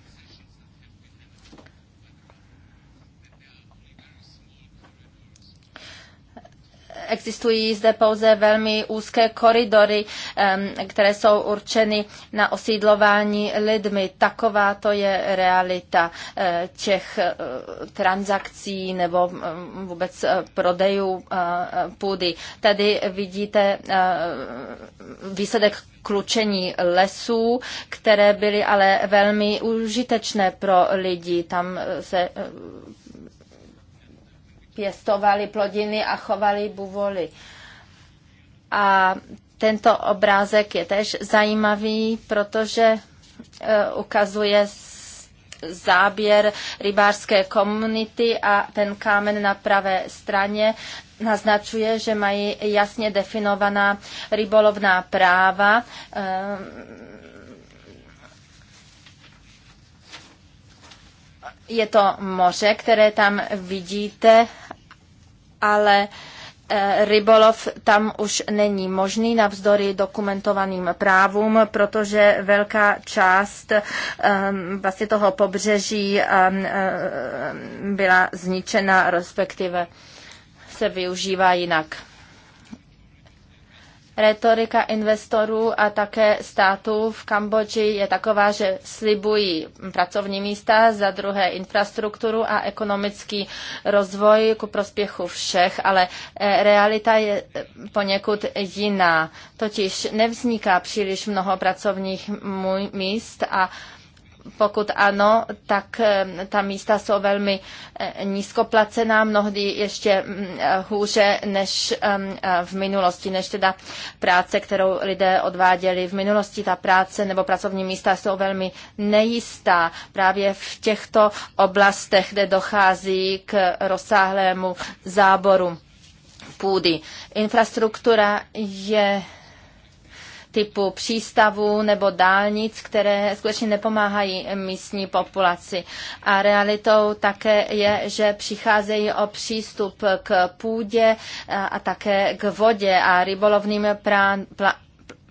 existují zde pouze velmi úzké koridory, které jsou určeny na osídlování lidmi. Taková to je realita eh, těch eh, transakcí nebo vůbec eh, prodejů půdy. Tady vidíte výsledek klučení lesů, které byly ale velmi užitečné pro lidi. Tam se pěstovali plodiny a chovali buvoly. A tento obrázek je tež zajímavý, protože e, ukazuje záběr rybářské komunity a ten kámen na pravé straně naznačuje, že mají jasně definovaná rybolovná práva. E, je to moře, které tam vidíte ale eh, rybolov tam už není možný navzdory dokumentovaným právům, protože velká část eh, vlastně toho pobřeží eh, byla zničena, respektive se využívá jinak. Retorika investorů a také států v Kambodži je taková, že slibují pracovní místa, za druhé infrastrukturu a ekonomický rozvoj ku prospěchu všech, ale e, realita je e, poněkud jiná. Totiž nevzniká příliš mnoho pracovních míst a pokud ano, tak eh, ta místa jsou velmi eh, nízkoplacená, mnohdy ještě mm, eh, hůře než ehm, v minulosti, než teda práce, kterou lidé odváděli v minulosti. Ta práce nebo pracovní místa jsou velmi nejistá. Právě v těchto oblastech, kde dochází k rozsáhlému záboru půdy. Infrastruktura je typu přístavů nebo dálnic, které skutečně nepomáhají místní populaci. A realitou také je, že přicházejí o přístup k půdě a také k vodě a rybolovným plánům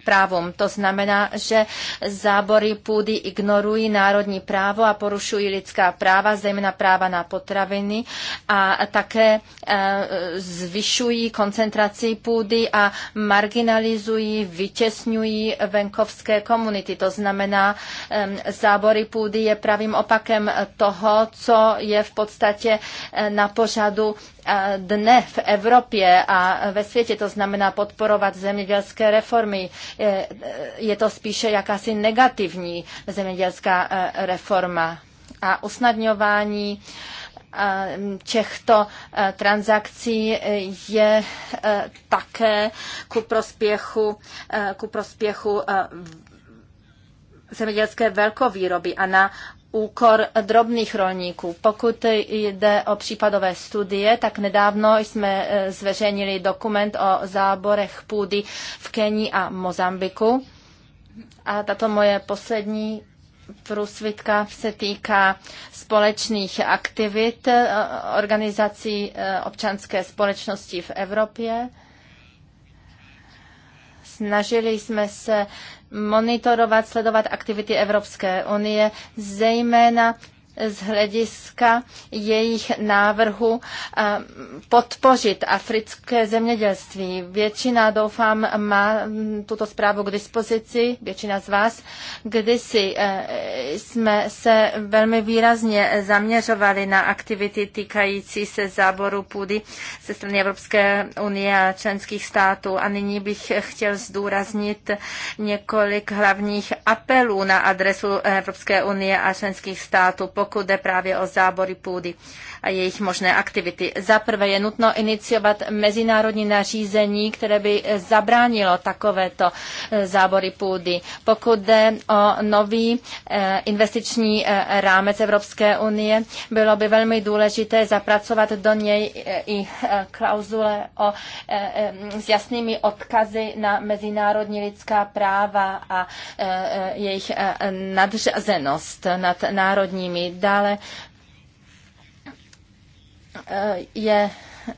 právom. To znamená, že zábory půdy ignorují národní právo a porušují lidská práva, zejména práva na potraviny a také eh, zvyšují koncentraci půdy a marginalizují, vytěsňují venkovské komunity. To znamená, eh, zábory půdy je pravým opakem toho, co je v podstatě eh, na pořadu dne v Evropě a ve světě, to znamená podporovat zemědělské reformy. Eh, je to spíše jakási negativní zemědělská eh, reforma a usnadňování eh, těchto transakcí je také ku prospěchu, ku prospěchu zemědělské velkovýroby a na úkor drobných rolníků. Pokud jde o případové studie, tak nedávno jsme e, zveřejnili dokument o záborech půdy v Kenii a Mozambiku. A tato moje poslední průsvitka se týká společných aktivit e, organizací e, občanské společnosti v Evropě. Snažili jsme se monitorovat, sledovat aktivity Evropské unie, zejména z hlediska jejich návrhu eh, podpořit africké zemědělství. Většina, doufám, má mm, tuto zprávu k dispozici, většina z vás. Kdysi eh, jsme se velmi výrazně zaměřovali na aktivity týkající se záboru půdy ze strany Evropské unie a členských států a nyní bych chtěl zdůraznit několik hlavních apelů na adresu Evropské unie a členských států, pokud pokud jde právě o zábory půdy a jejich možné aktivity. Za prvé je nutno iniciovat mezinárodní nařízení, které by zabránilo takovéto eh, zábory půdy. Pokud jde o nový eh, investiční eh, rámec Evropské unie, bylo by velmi důležité zapracovat do něj i klauzule o, s jasnými odkazy na mezinárodní lidská práva a jejich nadřazenost nad národními. Dále Eh, je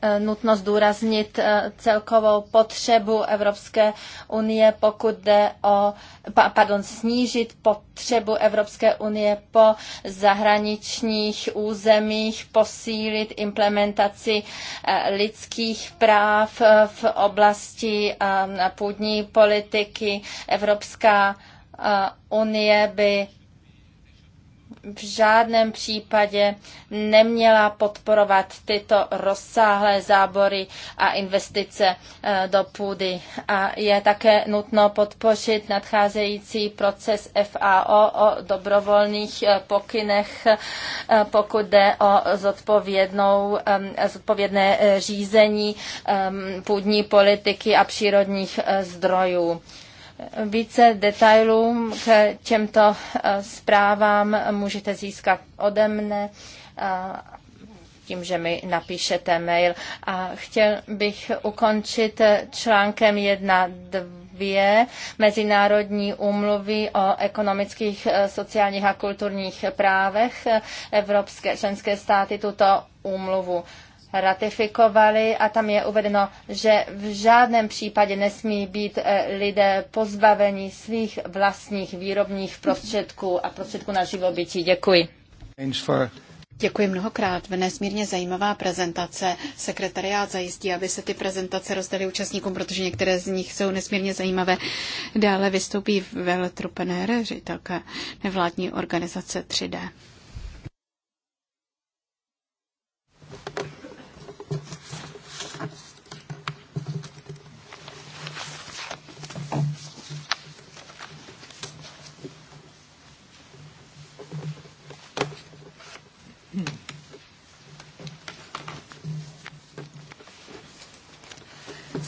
eh, nutno zdůraznit eh, celkovou potřebu Evropské unie, pokud jde o, pardon, snížit potřebu Evropské unie po zahraničních územích, posílit implementaci lidských práv v oblasti půdní politiky. Evropská unie by v žádném případě neměla podporovat tyto rozsáhlé zábory a investice eh, do půdy. A je také nutno podpořit nadcházející proces FAO o dobrovolných eh, pokynech, eh, pokud jde o zodpovědnou, zodpovědné řízení půdní politiky a přírodních zdrojů. Více detailů k těmto eh, zprávám můžete získat ode mne eh, tím, že mi napíšete mail. A chtěl bych ukončit článkem 1.2 Mezinárodní úmluvy o ekonomických, eh, sociálních a kulturních právech. Evropské členské státy tuto úmluvu ratifikovali a tam je uvedeno, že v žádném případě nesmí být eh, lidé pozbaveni svých vlastních výrobních prostředků a prostředků na živobytí. Děkuji. Děkuji mnohokrát. Nesmírně zajímavá prezentace. Sekretariát zajistí, aby se ty prezentace rozdaly účastníkům, protože některé z nich jsou nesmírně zajímavé. Dále vystoupí Veltrupenér, ředitelka nevládní organizace 3D.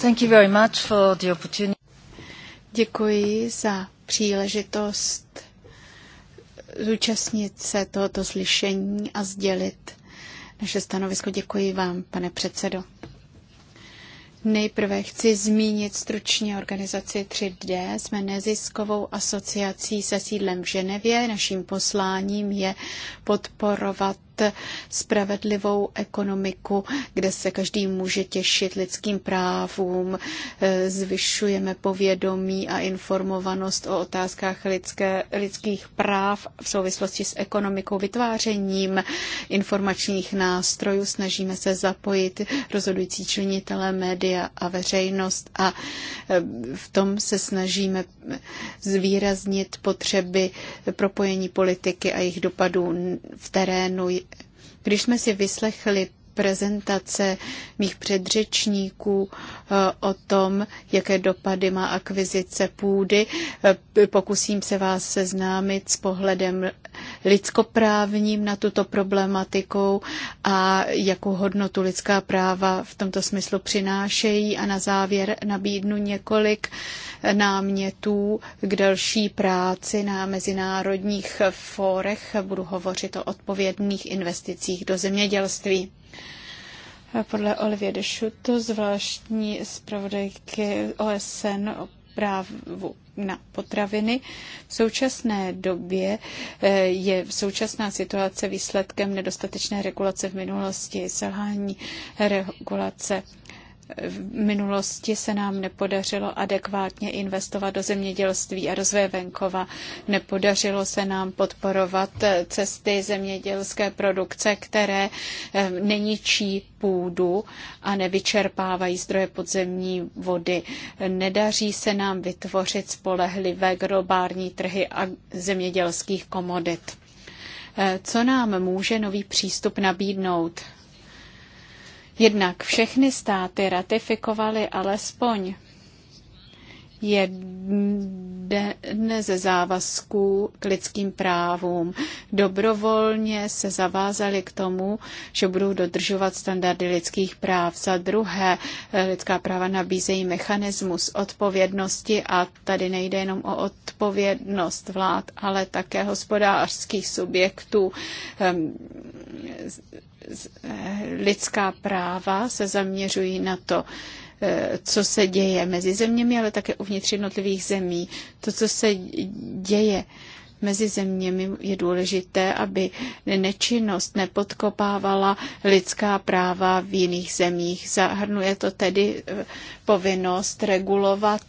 Thank you very much for the opportunity. Děkuji za příležitost zúčastnit se tohoto slyšení a sdělit naše stanovisko. Děkuji vám, pane předsedo. Nejprve chci zmínit stručně organizaci 3D. Jsme neziskovou asociací se sídlem v Ženevě. Naším posláním je podporovat spravedlivou ekonomiku, kde se každý může těšit lidským právům, eh, zvyšujeme povědomí a informovanost o otázkách lidské, lidských práv v souvislosti s ekonomikou, vytvářením informačních nástrojů, snažíme se zapojit rozhodující činitele, média a veřejnost a eh, v tom se snažíme zvýraznit potřeby propojení politiky a jejich dopadů v terénu když jsme si vyslechli prezentace mých předřečníků eh, o tom, jaké dopady má akvizice půdy. Eh, pokusím se vás seznámit s pohledem lidskoprávním na tuto problematiku a jakou hodnotu lidská práva v tomto smyslu přinášejí. A na závěr nabídnu několik námětů k další práci na mezinárodních fórech. Budu hovořit o odpovědných investicích do zemědělství. Podle Olivie de Schutt, zvláštní zpravodajky OSN právu na potraviny. V současné době eh, je současná situace výsledkem nedostatečné regulace v minulosti, selhání regulace v minulosti se nám nepodařilo adekvátně investovat do zemědělství a rozvoje venkova. Nepodařilo se nám podporovat eh, cesty zemědělské produkce, které eh, neničí půdu a nevyčerpávají zdroje podzemní vody. Nedaří se nám vytvořit spolehlivé globální trhy a zemědělských komodit. Eh, co nám může nový přístup nabídnout? Jednak všechny státy ratifikovaly alespoň jeden ze závazků k lidským právům. Dobrovolně se zavázali k tomu, že budou dodržovat standardy lidských práv. Za druhé, lidská práva nabízejí mechanismus odpovědnosti a tady nejde jenom o odpovědnost vlád, ale také hospodářských subjektů ehm, Eh, lidská práva se zaměřují na to, eh, co se děje mezi zeměmi, ale také uvnitř jednotlivých zemí. To, co se děje mezi zeměmi, je důležité, aby nečinnost nepodkopávala lidská práva v jiných zemích. Zahrnuje to tedy e, povinnost regulovat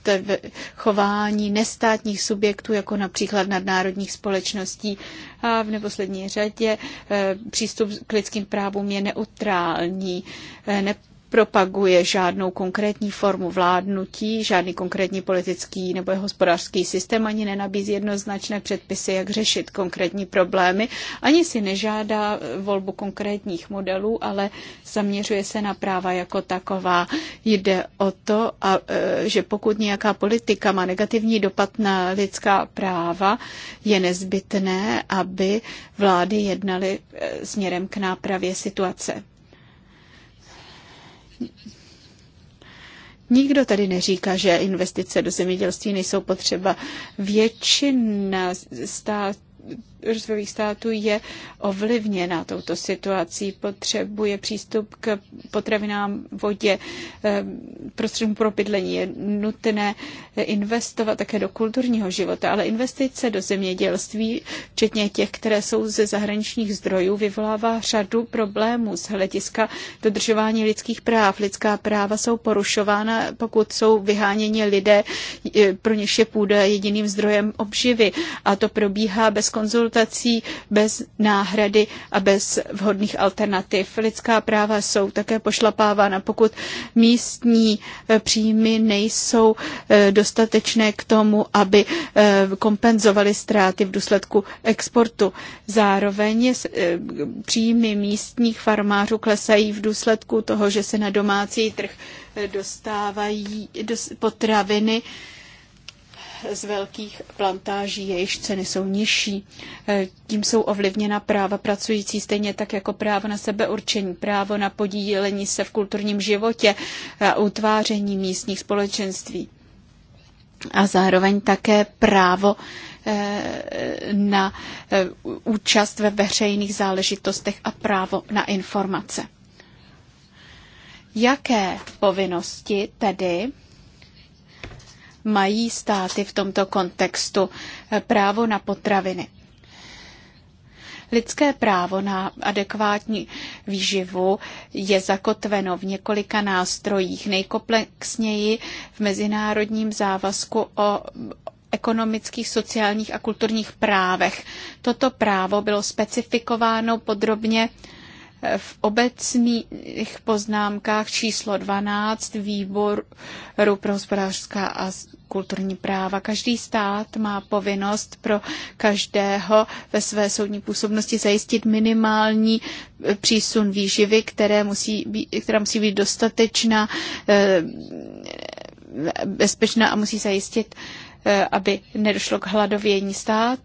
chování nestátních subjektů, jako například nadnárodních společností. A v neposlední řadě e, přístup k lidským právům je neutrální. E, ne nepropaguje žádnou konkrétní formu vládnutí, žádný konkrétní politický nebo hospodářský systém, ani nenabízí jednoznačné předpisy, jak řešit konkrétní problémy, ani si nežádá volbu konkrétních modelů, ale zaměřuje se na práva jako taková. Jde o to, a, e, že pokud nějaká politika má negativní dopad na lidská práva, je nezbytné, aby vlády jednaly e, směrem k nápravě situace. Nikdo tady neříká, že investice do zemědělství nejsou potřeba. Většina stát rozvojových států je ovlivněna touto situací. Potřebuje přístup k potravinám, vodě, ehm, prostředům pro bydlení. Je nutné investovat také do kulturního života, ale investice do zemědělství, včetně těch, které jsou ze zahraničních zdrojů, vyvolává řadu problémů z hlediska dodržování lidských práv. Lidská práva jsou porušována, pokud jsou vyháněni lidé, pro něž je půda jediným zdrojem obživy. A to probíhá bez konzultace eksploatací bez náhrady a bez vhodných alternativ. Lidská práva jsou také pošlapávána, pokud místní eh, příjmy nejsou eh, dostatečné k tomu, aby eh, kompenzovaly ztráty v důsledku exportu. Zároveň příjmy místních farmářů klesají v důsledku toho, že se na domácí trh dostávají potraviny, z velkých plantáží, jejichž ceny jsou nižší. E, tím jsou ovlivněna práva pracující stejně tak jako právo na sebeurčení, právo na podílení se v kulturním životě a utváření místních společenství. A zároveň také právo e, na e, účast ve veřejných záležitostech a právo na informace. Jaké povinnosti tedy mají státy v tomto kontextu? Eh, právo na potraviny. Lidské právo na adekvátní výživu je zakotveno v několika nástrojích, nejkomplexněji v mezinárodním závazku o ekonomických, sociálních a kulturních právech. Toto právo bylo specifikováno podrobně v obecných poznámkách číslo 12 výboru pro hospodářská a kulturní práva. Každý stát má povinnost pro každého ve své soudní působnosti zajistit minimální přísun výživy, které musí být, která musí být dostatečná, eh, bezpečná a musí zajistit eh, aby nedošlo k hladovění stát,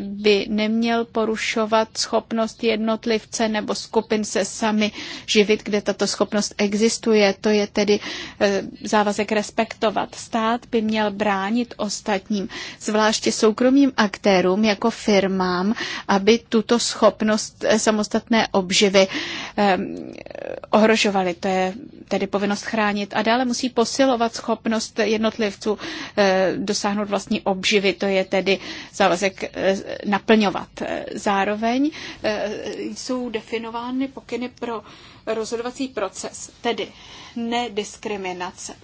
by neměl porušovat schopnost jednotlivce nebo skupin se sami živit, kde tato schopnost existuje. To je tedy eh, závazek respektovat. Stát by měl bránit ostatním, zvláště soukromým aktérům jako firmám, aby tuto schopnost eh, samostatné obživy eh, ohrožovaly. To je tedy povinnost chránit a dále musí posilovat schopnost jednotlivců eh, dosáhnout vlastní obživy, to je tedy závazek eh, naplňovat. Eh, zároveň jsou definovány pokyny pro rozhodovací proces, tedy nediskriminace,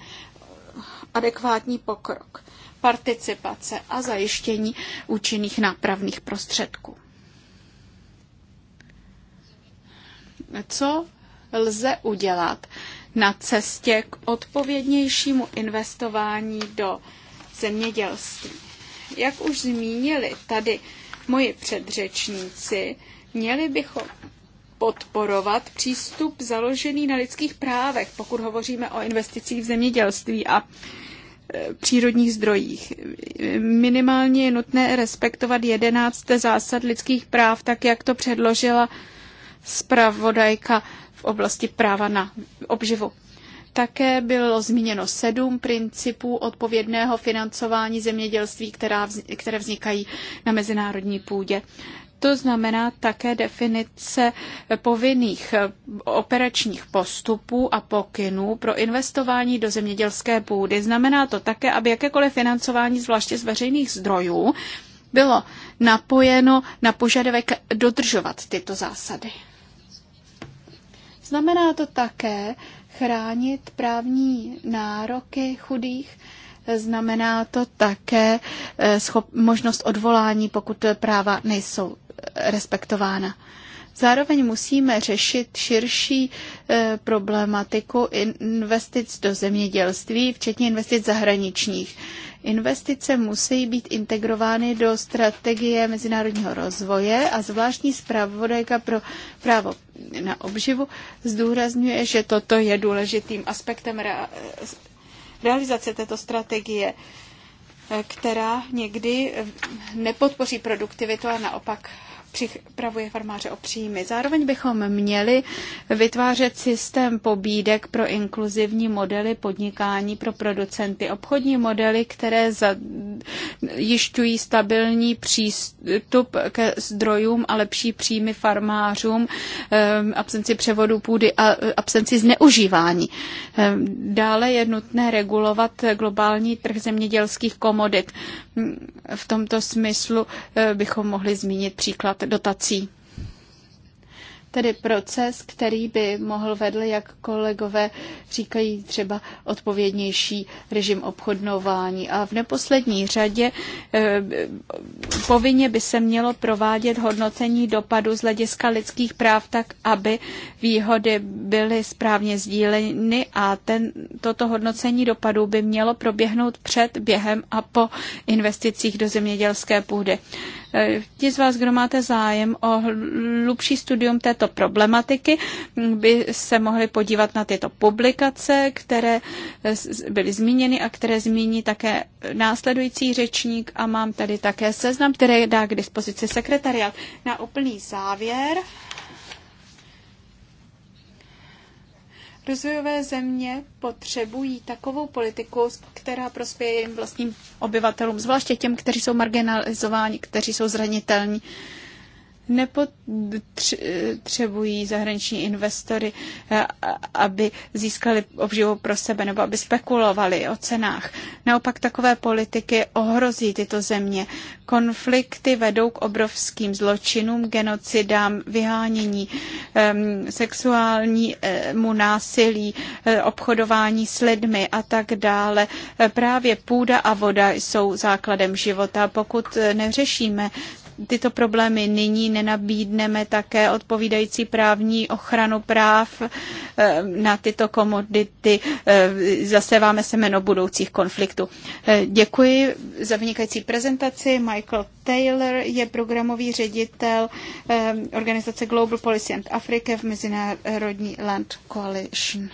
adekvátní pokrok, participace a zajištění účinných nápravných prostředků. Co lze udělat na cestě k odpovědnějšímu investování do zemědělství. Jak už zmínili tady moji předřečníci, měli bychom podporovat přístup založený na lidských právech, pokud hovoříme o investicích v zemědělství a e, přírodních zdrojích. Minimálně je nutné respektovat jedenácté zásad lidských práv, tak jak to předložila zpravodajka v oblasti práva na obživu. Také bylo zmíněno sedm principů odpovědného financování zemědělství, která, které vznikají na mezinárodní půdě. To znamená také definice povinných eh, operačních postupů a pokynů pro investování do zemědělské půdy. Znamená to také, aby jakékoliv financování, zvláště z veřejných zdrojů, bylo napojeno na požadavek dodržovat tyto zásady. Znamená to také chránit právní nároky chudých, znamená to také eh, možnost odvolání, pokud práva nejsou eh, respektována. Zároveň musíme řešit širší e, problematiku investic do zemědělství, včetně investic zahraničních. Investice musí být integrovány do strategie mezinárodního rozvoje a zvláštní zpravodajka pro právo na obživu zdůrazňuje, že toto je důležitým aspektem realizace této strategie eh, která někdy eh, nepodpoří produktivitu a naopak připravuje farmáře o příjmy. Zároveň bychom měli vytvářet systém pobídek pro inkluzivní modely podnikání pro producenty, obchodní modely, které zajišťují stabilní přístup ke zdrojům a lepší příjmy farmářům, ehm, absenci převodu půdy a absenci zneužívání. Ehm, dále je nutné regulovat globální trh zemědělských komodit. V tomto smyslu eh, bychom mohli zmínit příklad výplat dotací. Tedy proces, který by mohl vedl, jak kolegové říkají, třeba odpovědnější režim obchodnování. A v neposlední řadě eh, povinně by se mělo provádět hodnocení dopadu z hlediska lidských práv tak, aby výhody byly správně sdíleny a ten, toto hodnocení dopadu by mělo proběhnout před, během a po investicích do zemědělské půdy. Ti z vás, kdo máte zájem o hlubší studium této problematiky, by se mohli podívat na tyto publikace, které byly zmíněny a které zmíní také následující řečník a mám tady také seznam, který dá k dispozici sekretariat. Na úplný závěr Rozvojové země potřebují takovou politiku, která prospěje jejím vlastním obyvatelům, zvláště těm, kteří jsou marginalizováni, kteří jsou zranitelní nepotřebují zahraniční investory, eh, aby získali obživu pro sebe nebo aby spekulovali o cenách. Naopak takové politiky ohrozí tyto země. Konflikty vedou k obrovským zločinům, genocidám, vyhánění, sexuálnímu násilí, eh, obchodování s lidmi a tak dále. Eh, právě půda a voda jsou základem života. Pokud neřešíme tyto problémy nyní nenabídneme také odpovídající právní ochranu práv eh, na tyto komodity, eh, zaseváme semeno budoucích konfliktů. Eh, děkuji za vynikající prezentaci. Michael Taylor je programový ředitel organizace Global Policy and Africa v Mezinárodní Land Coalition.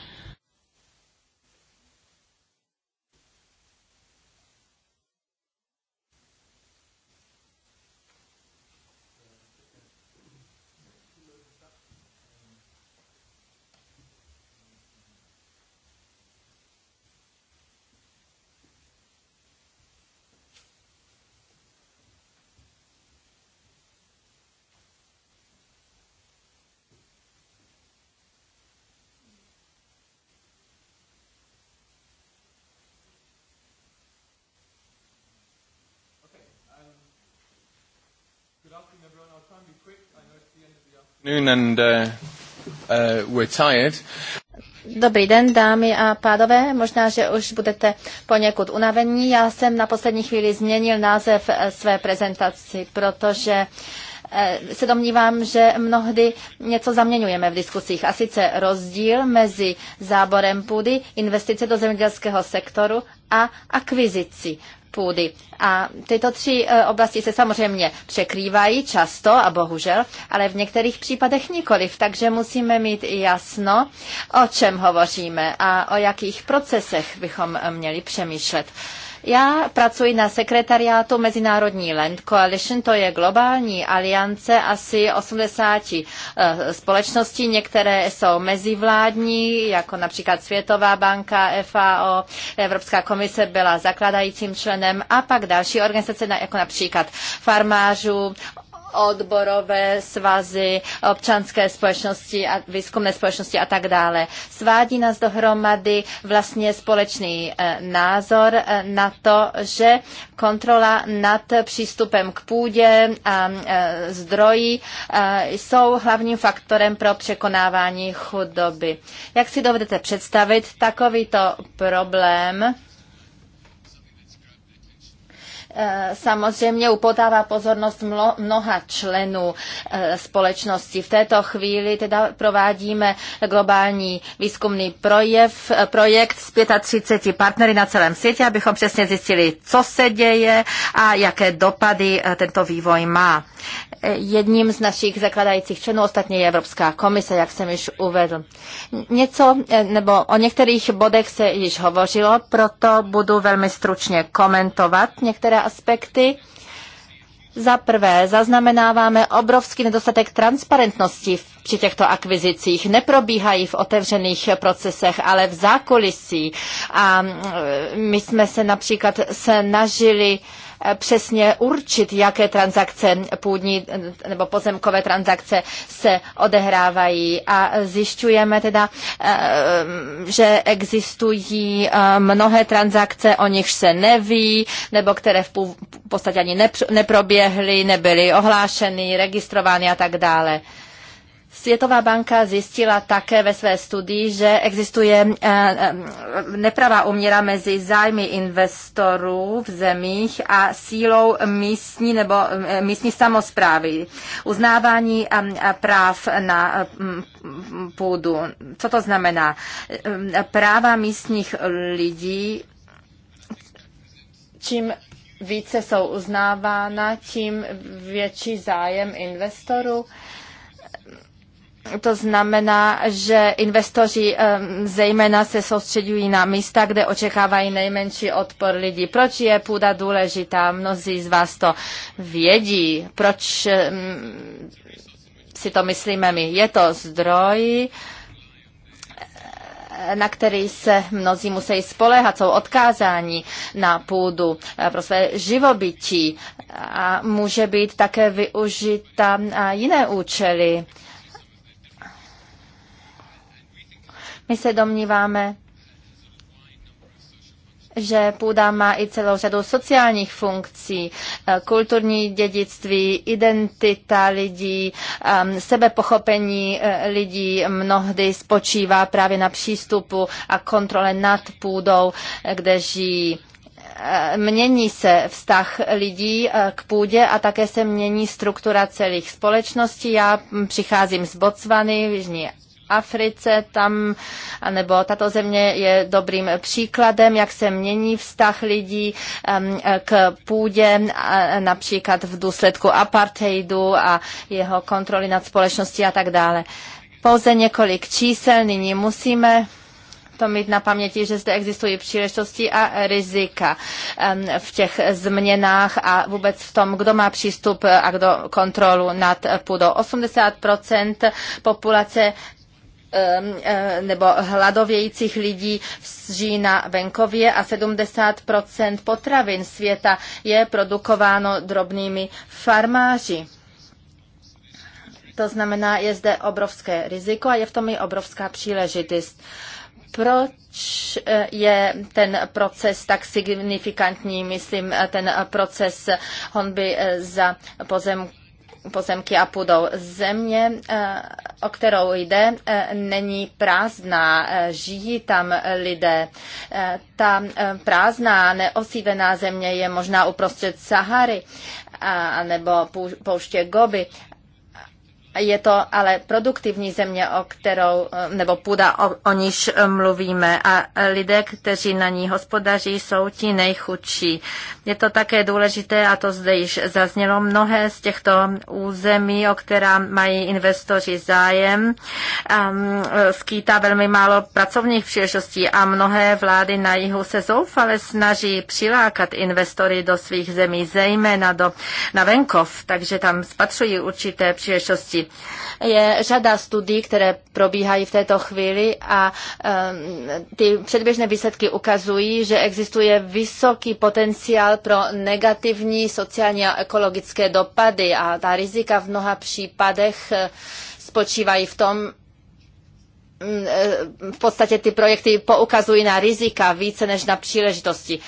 Uh, uh, Dobrý den, dámy a pádové. Možná, že už budete poněkud unavení. Já jsem na poslední chvíli změnil název eh, své prezentaci, protože eh, se domnívám, že mnohdy něco zaměňujeme v diskusích. A sice rozdíl mezi záborem půdy, investice do zemědělského sektoru a akvizici půdy. A tyto tři e, oblasti se samozřejmě překrývají často a bohužel, ale v některých případech nikoliv, takže musíme mít jasno, o čem hovoříme a o jakých procesech bychom měli přemýšlet. Já pracuji na sekretariátu Mezinárodní Land Coalition, to je globální aliance asi 80 eh, společností, některé jsou mezivládní, jako například Světová banka, FAO, Evropská komise byla zakladajícím členem a pak další organizace, jako například farmářů, odborové svazy, občanské společnosti a výzkumné společnosti a tak dále. Svádí nás dohromady vlastně společný eh, názor eh, na to, že kontrola nad přístupem k půdě a eh, zdroji jsou hlavním faktorem pro překonávání chudoby. Jak si dovedete představit, takovýto problém Eh, samozřejmě upotává pozornost mnoha členů eh, společnosti. V této chvíli teda provádíme globální výzkumný projev, eh, projekt s 35 partnery na celém světě, abychom přesně zjistili, co se děje a jaké dopady tento vývoj má. Jedním z našich zakladajících členů ostatně je Evropská komise, jak jsem již uvedl. Něco, nebo o některých bodech se již hovořilo, proto budu velmi stručně komentovat některé aspekty. Za prvé, zaznamenáváme obrovský nedostatek transparentnosti při těchto akvizicích. Neprobíhají v otevřených procesech, ale v zákulisí. A mm, my jsme se například snažili se Eh, přesně určit, jaké transakce půdní eh, nebo pozemkové transakce se odehrávají a zjišťujeme teda, eh, že existují mnohé transakce, o nichž se neví, nebo které v podstatě ani neproběhly, nebyly ohlášeny, registrovány a tak dále. Světová banka zjistila také ve své studii, že existuje eh, eh, nepravá uměra mezi zájmy investorů v zemích a sílou místní nebo eh, místní samozprávy. Uznávání práv na půdu. Co to znamená? Práva místních lidí, čím více jsou uznávána, tím větší zájem investorů. To znamená, že investoři zejména se soustředují na místa, kde očekávají nejmenší odpor lidí. Proč je půda důležitá? Mnozí z vás to vědí. Proč si to myslíme my? Je to zdroj, eh, na který se mnozí musí spolehat, jsou odkázání na půdu eh, pro své živobytí a může být také využita jiné účely My se domníváme, že půda má i celou řadu sociálních funkcí, eh, kulturní dědictví, identita lidí, ehm, sebepochopení eh, lidí mnohdy spočívá právě na přístupu a kontrole nad půdou, eh, kde žijí mění se vztah lidí k půdě a také se mění struktura celých společností. Já přicházím z Botswany v Jižní Africe, tam, nebo tato země je dobrým příkladem, jak se mění vztah lidí k půdě, například v důsledku apartheidu a jeho kontroly nad společností a tak dále. Pouze několik čísel, nyní musíme to mít na paměti, že zde existují příležitosti a rizika v těch změnách a vůbec v tom, kdo má přístup a kdo kontrolu nad půdou. 80 populace Um, eh, nebo hladovějících lidí žijí na venkově a 70 potravin světa je produkováno drobnými farmáři. To znamená, je zde obrovské riziko a je v tom i obrovská příležitost. Proč eh, je ten proces tak signifikantní, myslím, eh, ten proces honby za pozemku? pozemky a půdou. Země, eh, o kterou jde, eh, není prázdná, eh, žijí tam lidé. Ta prázdná, neosívená země je možná uprostřed Sahary nebo pouště Goby je to ale produktivní země, o kterou, nebo půda, o, o níž mluvíme a lidé, kteří na ní hospodaří, jsou ti nejchudší. Je to také důležité, a to zde již zaznělo, mnohé z těchto území, o která mají investoři zájem, um, skýtá velmi málo pracovních příležitostí a mnohé vlády na jihu se zoufale snaží přilákat investory do svých zemí, zejména do, na venkov, takže tam spatřují určité příležitosti. Je řada studií, které probíhají v této chvíli a ty předběžné výsledky ukazují, že existuje vysoký potenciál pro negativní sociální a ekologické dopady a ta rizika v mnoha případech eh, spočívají v tom, mm, eh, v podstatě ty projekty poukazují na rizika více než na příležitosti.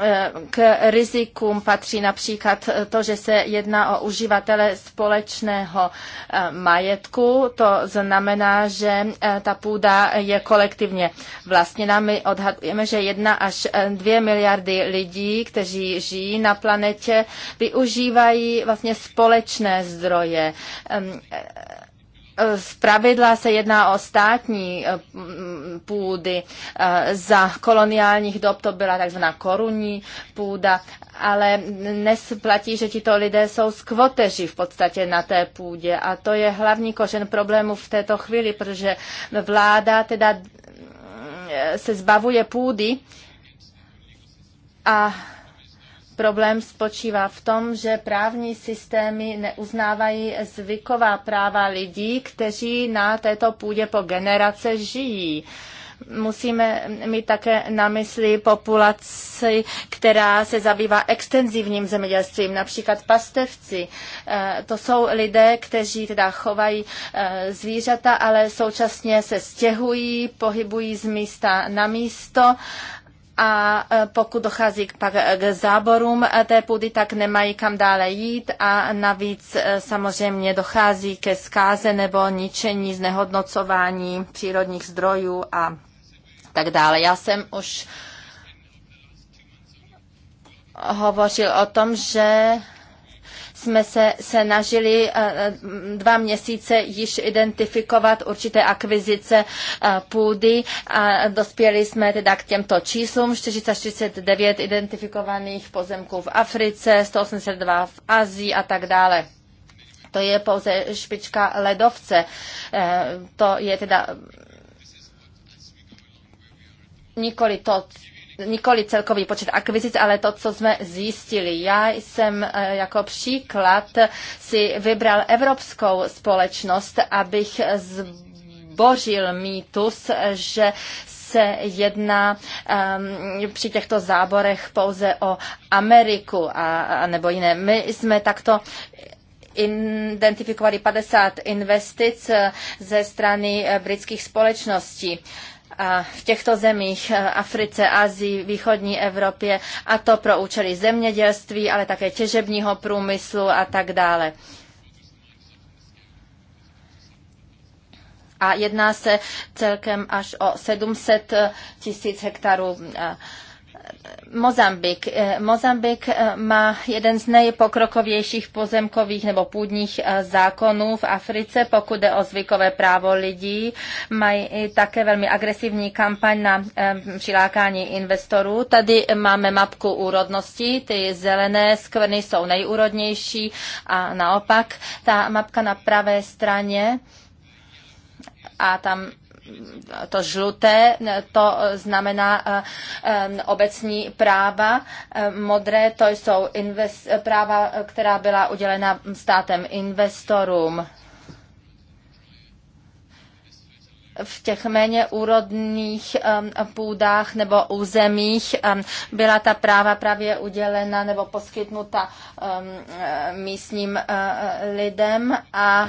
Eh, k rizikům patří například to, že se jedná o uživatele společného eh, majetku. To znamená, že eh, ta půda je kolektivně vlastněna. My odhadujeme, že jedna až dvě miliardy lidí, kteří žijí na planetě, využívají vlastně společné zdroje z pravidla se jedná o státní eh, půdy. Eh, za koloniálních dob to byla takzvaná korunní půda, ale dnes platí, že tito lidé jsou skvoteři v podstatě na té půdě a to je hlavní kořen problému v této chvíli, protože vláda teda eh, se zbavuje půdy a Problém spočívá v tom, že právní systémy neuznávají zvyková práva lidí, kteří na této půdě po generace žijí musíme mít také na mysli populaci, která se zabývá extenzivním zemědělstvím, například pastevci. Eh, to jsou lidé, kteří teda chovají eh, zvířata, ale současně se stěhují, pohybují z místa na místo a e, pokud dochází k, pak e, k záborům e, té půdy, tak nemají kam dále jít a navíc samozřejmě dochází ke zkáze nebo ničení, znehodnocování přírodních zdrojů a tak dále. Já jsem už hovořil o tom, že jsme se snažili eh, eh, dva měsíce již identifikovat určité akvizice eh, půdy a dospěli jsme teda k těmto číslům 449 identifikovaných pozemků v Africe, 182 v Azii a tak dále. To je pouze špička ledovce. To je teda nikoli to, nikoli celkový počet akvizic, ale to, co jsme zjistili. Já jsem eh, jako příklad si vybral evropskou společnost, abych zbořil mýtus, že se jedná um, při těchto záborech pouze o Ameriku a, a nebo jiné. My jsme takto identifikovali 50 investic eh, ze strany eh, britských společností. Uh, v těchto zemích e, Africe, Azii, východní Evropě a to pro účely zemědělství, ale také těžebního průmyslu a tak dále. A jedná se celkem až o 700 tisíc hektarů e, Mozambik. Eh, Mozambik eh, má jeden z nejpokrokovějších pozemkových nebo půdních eh, zákonů v Africe, pokud jde o zvykové právo lidí. Mají také velmi agresivní kampaň na přilákání investorů. Tady máme mapku úrodnosti, ty zelené skvrny jsou nejúrodnější a naopak ta mapka na pravé straně a tam to žluté, to znamená eh, eh, obecní práva, eh, modré to jsou invest, práva, která byla udělena státem investorům v těch méně úrodných půdách nebo územích byla ta práva právě udělena nebo poskytnuta eh, místním eh, eh, lidem a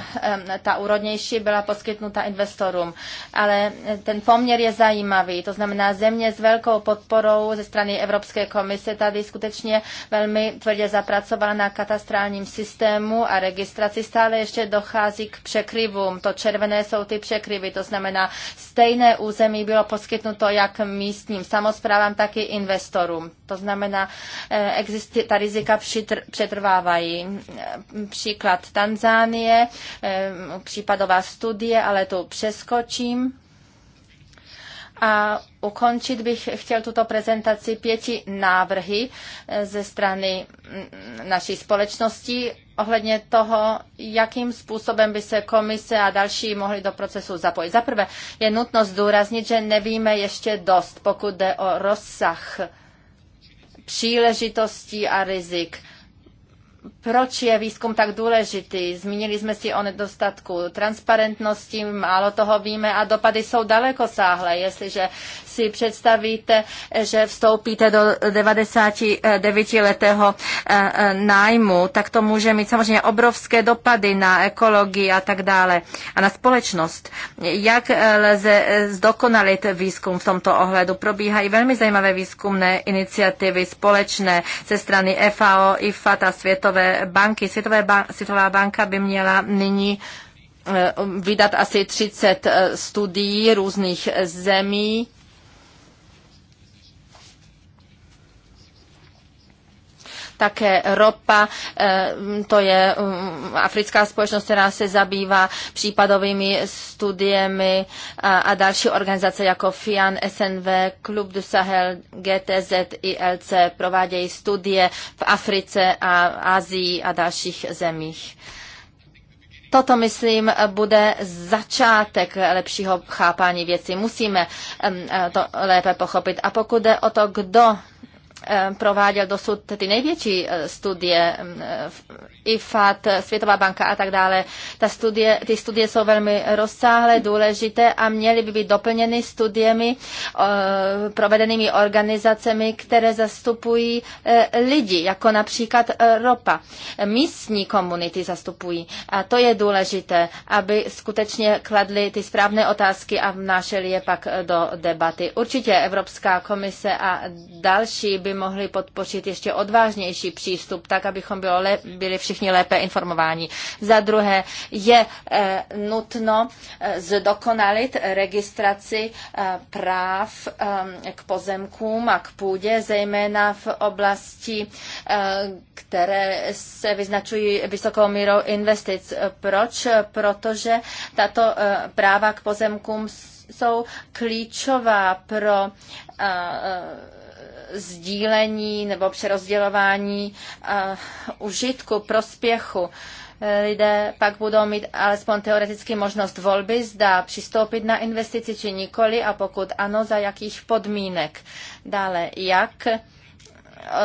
ta úrodnější byla poskytnuta investorům. Ale ten poměr je zajímavý, to znamená země s velkou podporou ze strany Evropské komise tady skutečně velmi tvrdě zapracovala na katastrálním systému a registraci stále ještě dochází k překryvům. To červené jsou ty překryvy, to znamená na stejné území bylo poskytnuto jak místním samozprávám, tak i investorům. To znamená, eh, existi- ta rizika přitr- přetrvávají. Příklad Tanzánie, eh, případová studie, ale tu přeskočím. A ukončit bych chtěl tuto prezentaci pěti návrhy eh, ze strany mm, naší společnosti ohledně toho, jakým způsobem by se komise a další mohli do procesu zapojit. Za prvé je nutno zdůraznit, že nevíme ještě dost, pokud jde o rozsah příležitostí a rizik proč je výzkum tak důležitý? Zmínili jsme si o nedostatku transparentnosti, málo toho víme a dopady jsou daleko sáhlé. Jestliže si představíte, že vstoupíte do 99-letého eh, eh, nájmu, tak to může mít samozřejmě obrovské dopady na ekologii a tak dále a na společnost. Jak eh, lze zdokonalit výzkum v tomto ohledu? Probíhají velmi zajímavé výzkumné iniciativy společné ze strany FAO, IFAT a Světové Světové banky. Světové ba- Světová banka by měla nyní eh, vydat asi 30 eh, studií různých zemí také ropa, eh, to je mm, africká společnost, která se zabývá případovými studiemi a další organizace jako FIAN, SNV, Klub du Sahel, GTZ, ILC provádějí studie v Africe a Asii a dalších zemích. Toto, myslím, bude začátek lepšího chápání věcí. Musíme mm, eh, to lépe pochopit. A pokud jde o to, kdo Eh, prováděl dosud ty největší eh, studie, mm, eh, IFAT, Světová banka a tak dále. Ta studie, ty studie jsou velmi rozsáhlé, důležité a měly by být doplněny studiemi provedenými organizacemi, které zastupují lidi, jako například ropa. Místní komunity zastupují a to je důležité, aby skutečně kladly ty správné otázky a vnášeli je pak do debaty. Určitě Evropská komise a další by by mohli podpořit ještě odvážnější přístup, tak abychom bylo le- byli všichni lépe informováni. Za druhé je e, nutno e, zdokonalit registraci e, práv e, k pozemkům a k půdě, zejména v oblasti, e, které se vyznačují vysokou mírou investic. Proč? Protože tato e, práva k pozemkům jsou klíčová pro uh sdílení nebo přerozdělování eh, užitku, prospěchu. Eh, lidé pak budou mít alespoň teoreticky možnost volby, zda přistoupit na investici či nikoli a pokud ano, za jakých podmínek. Dále, jak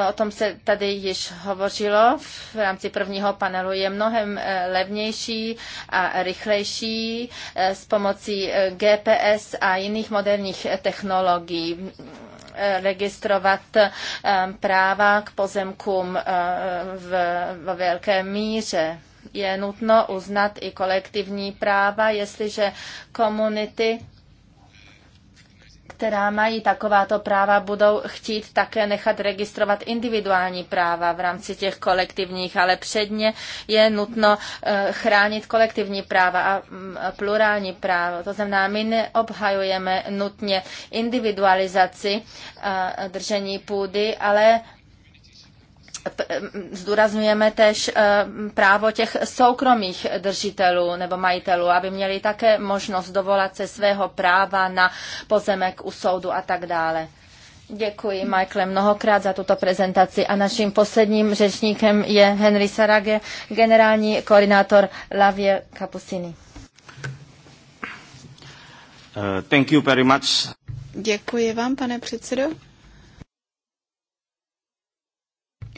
o tom se tady již hovořilo v rámci prvního panelu, je mnohem eh, levnější a rychlejší s pomocí GPS a jiných moderních technologií. Eh, registrovat eh, práva k pozemkům eh, v velké míře je nutno uznat i kolektivní práva, jestliže komunity která mají takováto práva, budou chtít také nechat registrovat individuální práva v rámci těch kolektivních, ale předně je nutno eh, chránit kolektivní práva a mm, plurální práva. To znamená, my neobhajujeme nutně individualizaci eh, držení půdy, ale zdůrazňujeme tež e, právo těch soukromých držitelů nebo majitelů, aby měli také možnost dovolat se svého práva na pozemek u soudu a tak dále. Děkuji, Michael, mnohokrát za tuto prezentaci. A naším posledním řečníkem je Henry Sarage, generální koordinátor Lavie Kapusiny. Uh, thank you very much. Děkuji vám, pane předsedo.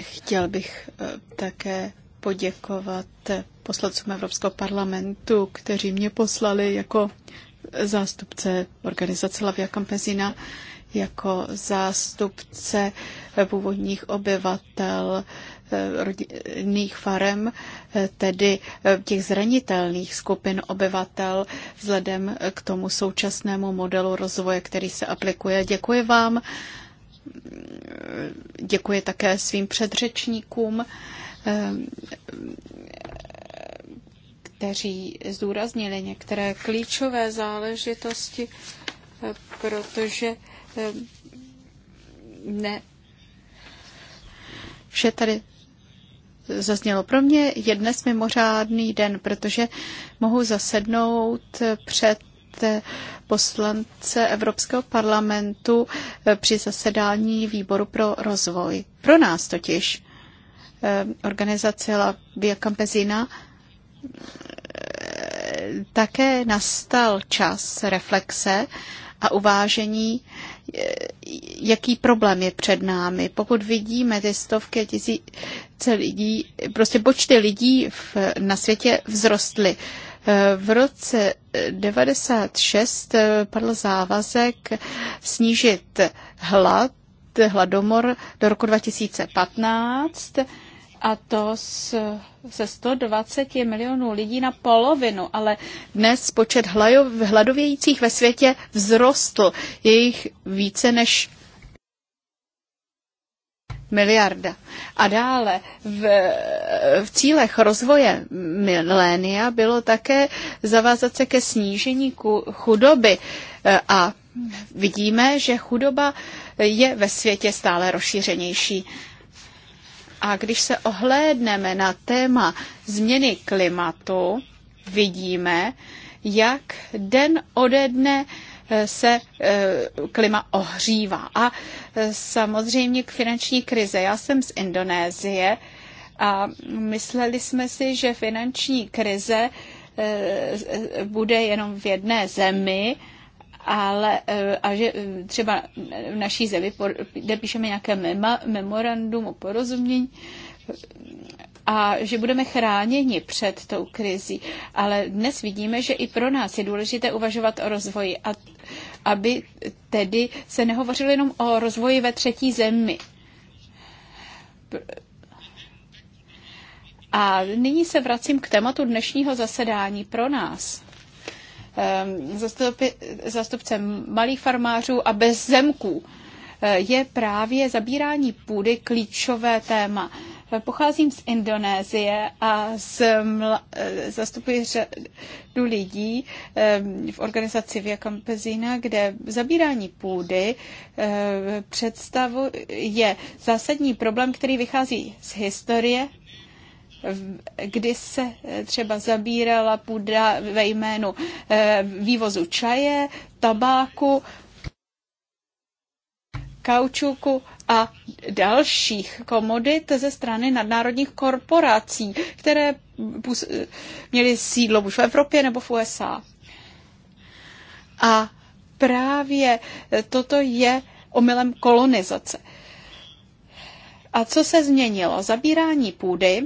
Chtěl bych eh, také poděkovat poslancům Evropského parlamentu, kteří mě poslali jako zástupce organizace Lavia Campesina, jako zástupce eh, původních obyvatel eh, rodinných farem, tedy těch zranitelných skupin obyvatel vzhledem k tomu současnému modelu rozvoje, který se aplikuje. Děkuji vám Děkuji také svým předřečníkům, kteří zdůraznili některé klíčové záležitosti, protože ne vše tady zaznělo. Pro mě je dnes mimořádný den, protože mohu zasednout před poslance Evropského parlamentu eh, při zasedání výboru pro rozvoj. Pro nás totiž eh, organizace La Via Campesina eh, také nastal čas reflexe a uvážení, jaký problém je před námi. Pokud vidíme ty stovky tisíce lidí, prostě počty lidí v, na světě vzrostly. Eh, v roce 96 eh, eh, padl závazek snížit hlad, hladomor do roku 2015 a to z, ze 120 milionů lidí na polovinu, ale dnes počet hladovějících ve světě vzrostl. Je jich více než miliarda. A dále v, v cílech rozvoje milénia bylo také zavázat se ke snížení chudoby e, a vidíme, že chudoba je ve světě stále rozšířenější. A když se ohlédneme na téma změny klimatu, vidíme, jak den ode dne se eh, klima ohřívá. A eh, samozřejmě k finanční krize. Já jsem z Indonésie a mysleli jsme si, že finanční krize eh, bude jenom v jedné zemi, ale a že třeba v naší zemi píšeme nějaké mema, memorandum o porozumění a že budeme chráněni před tou krizí. Ale dnes vidíme, že i pro nás je důležité uvažovat o rozvoji. A aby tedy se nehovořilo jenom o rozvoji ve třetí zemi. A nyní se vracím k tématu dnešního zasedání pro nás. Ehm, zastupi, zastupcem malých farmářů a bez zemků eh, je právě zabírání půdy klíčové téma. Pocházím z Indonésie a z, eh, zastupuji řadu lidí eh, v organizaci Via Campesina, kde zabírání půdy eh, představuje je zásadní problém, který vychází z historie kdy se třeba zabírala půda ve jménu vývozu čaje, tabáku kaučuku a dalších komodit ze strany nadnárodních korporací, které měly sídlo buď v Evropě nebo v USA. A právě toto je omylem kolonizace. A co se změnilo? Zabírání půdy.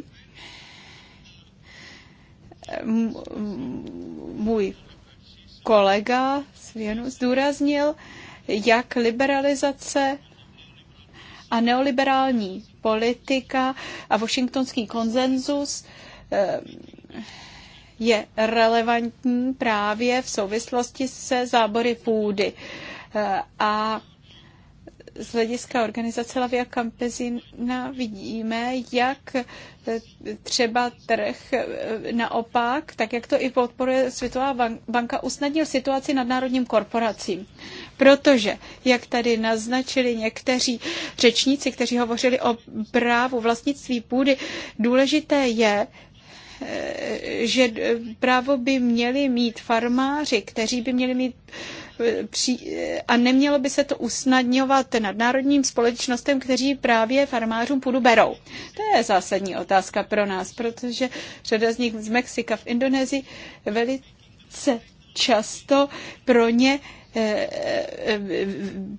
Můj kolega Svěnu zdůraznil, jak liberalizace a neoliberální politika a washingtonský konsenzus eh, je relevantní právě v souvislosti se zábory půdy. Eh, a z hlediska organizace Lavia Campesina vidíme, jak eh, třeba trh eh, naopak, tak jak to i podporuje Světová banka, usnadnil situaci nadnárodním korporacím. Protože, jak tady naznačili někteří řečníci, kteří hovořili o právu vlastnictví půdy, důležité je, eh, že právo by měli mít farmáři, kteří by měli mít a nemělo by se to usnadňovat nadnárodním společnostem, kteří právě farmářům půdu berou. To je zásadní otázka pro nás, protože řada z nich z Mexika v Indonésii velice často pro ně eh, eh,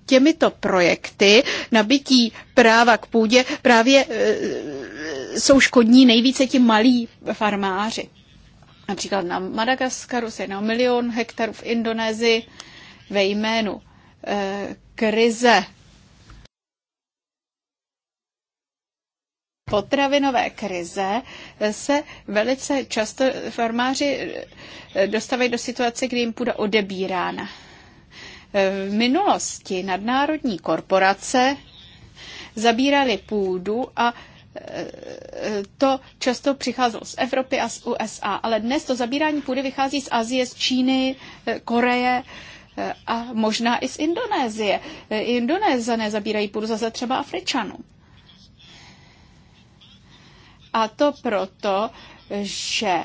těmito projekty nabití práva k půdě právě eh, jsou škodní nejvíce ti malí farmáři. Například na Madagaskaru se na milion hektarů v Indonésii ve jménu eh, krize potravinové krize eh, se velice často farmáři eh, dostávají do situace, kdy jim půda odebírána. V minulosti nadnárodní korporace zabíraly půdu a to často přicházelo z Evropy a z USA, ale dnes to zabírání půdy vychází z Asie, z Číny, Koreje, a možná i z Indonésie. Indonézané zabírají půdu zase třeba Afričanů. A to proto, že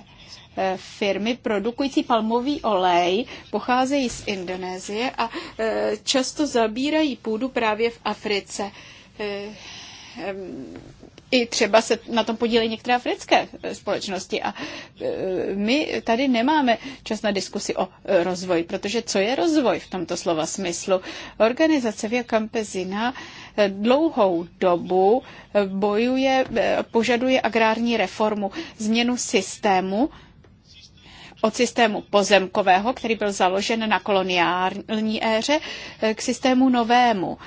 e, firmy produkující palmový olej pocházejí z Indonésie a e, často zabírají půdu právě v Africe e, i třeba se na tom podílejí některé africké eh, společnosti. A eh, my tady nemáme čas na diskusi o eh, rozvoji, protože co je rozvoj v tomto slova smyslu? Organizace Via Campesina dlouhou dobu bojuje, požaduje agrární reformu, změnu systému, od systému pozemkového, který byl založen na koloniální éře, k systému novému.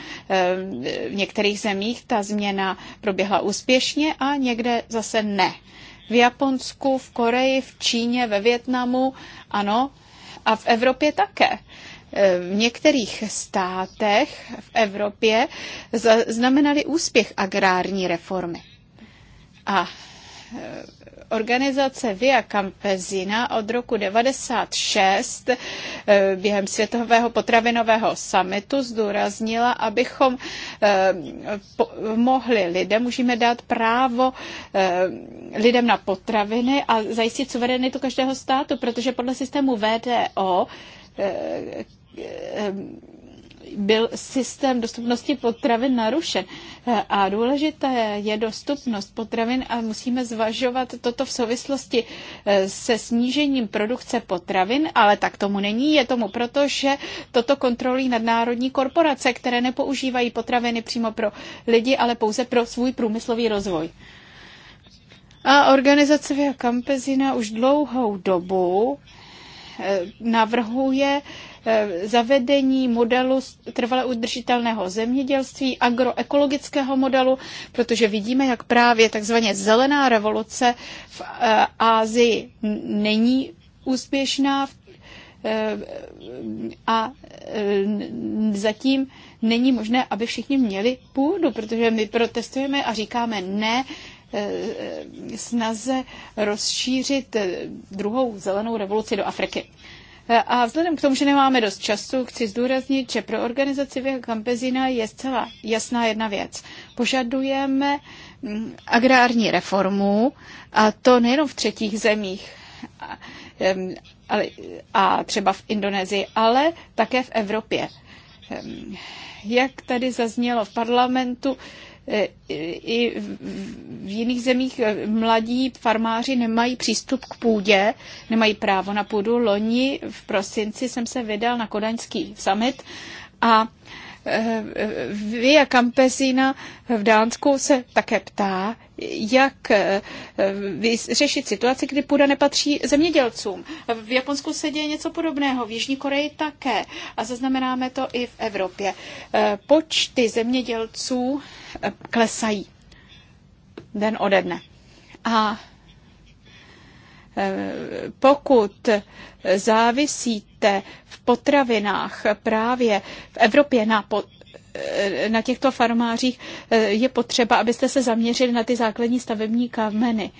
V některých zemích ta změna proběhla úspěšně a někde zase ne. V Japonsku, v Koreji, v Číně, ve Větnamu, ano, a v Evropě také. V některých státech v Evropě znamenaly úspěch agrární reformy. A Organizace Via Campesina od roku 96 eh, během Světového potravinového summitu zdůraznila, abychom eh, mohli lidem, můžeme dát právo eh, lidem na potraviny a zajistit suverenitu každého státu, protože podle systému VDO byl systém dostupnosti potravin narušen. A důležité je dostupnost potravin a musíme zvažovat toto v souvislosti eh, se snížením produkce potravin, ale tak tomu není. Je tomu proto, že toto kontrolují nadnárodní korporace, které nepoužívají potraviny přímo pro lidi, ale pouze pro svůj průmyslový rozvoj. A organizace Via Campesina už dlouhou dobu navrhuje eh, zavedení modelu trvale udržitelného zemědělství, agroekologického modelu, protože vidíme, jak právě takzvaně zelená revoluce v eh, Ázii není úspěšná eh, a zatím není možné, aby všichni měli půdu, protože my protestujeme a říkáme ne Eh, snaze rozšířit eh, druhou zelenou revoluci do Afriky. Eh, a vzhledem k tomu, že nemáme dost času, chci zdůraznit, že pro organizaci Via Campesina je zcela jasná jedna věc. Požadujeme mm, agrární reformu, a to nejenom v třetích zemích, a třeba v Indonésii, ale také v Evropě. Jak tady zaznělo v parlamentu, E, i v jiných zemích e, mladí farmáři nemají přístup k půdě, nemají právo na půdu. Loni v prosinci jsem se vydal na kodaňský summit a e, Via Campesina v Dánsku se také ptá, jak eh, eh, řešit situaci, kdy půda nepatří zemědělcům. V Japonsku se děje něco podobného, v Jižní Koreji také a zaznamenáme to i v Evropě. Eh, počty zemědělců klesají den ode dne. A pokud závisíte v potravinách právě v Evropě na na těchto farmářích eh, je potřeba, abyste se zaměřili na ty základní stavební kameny.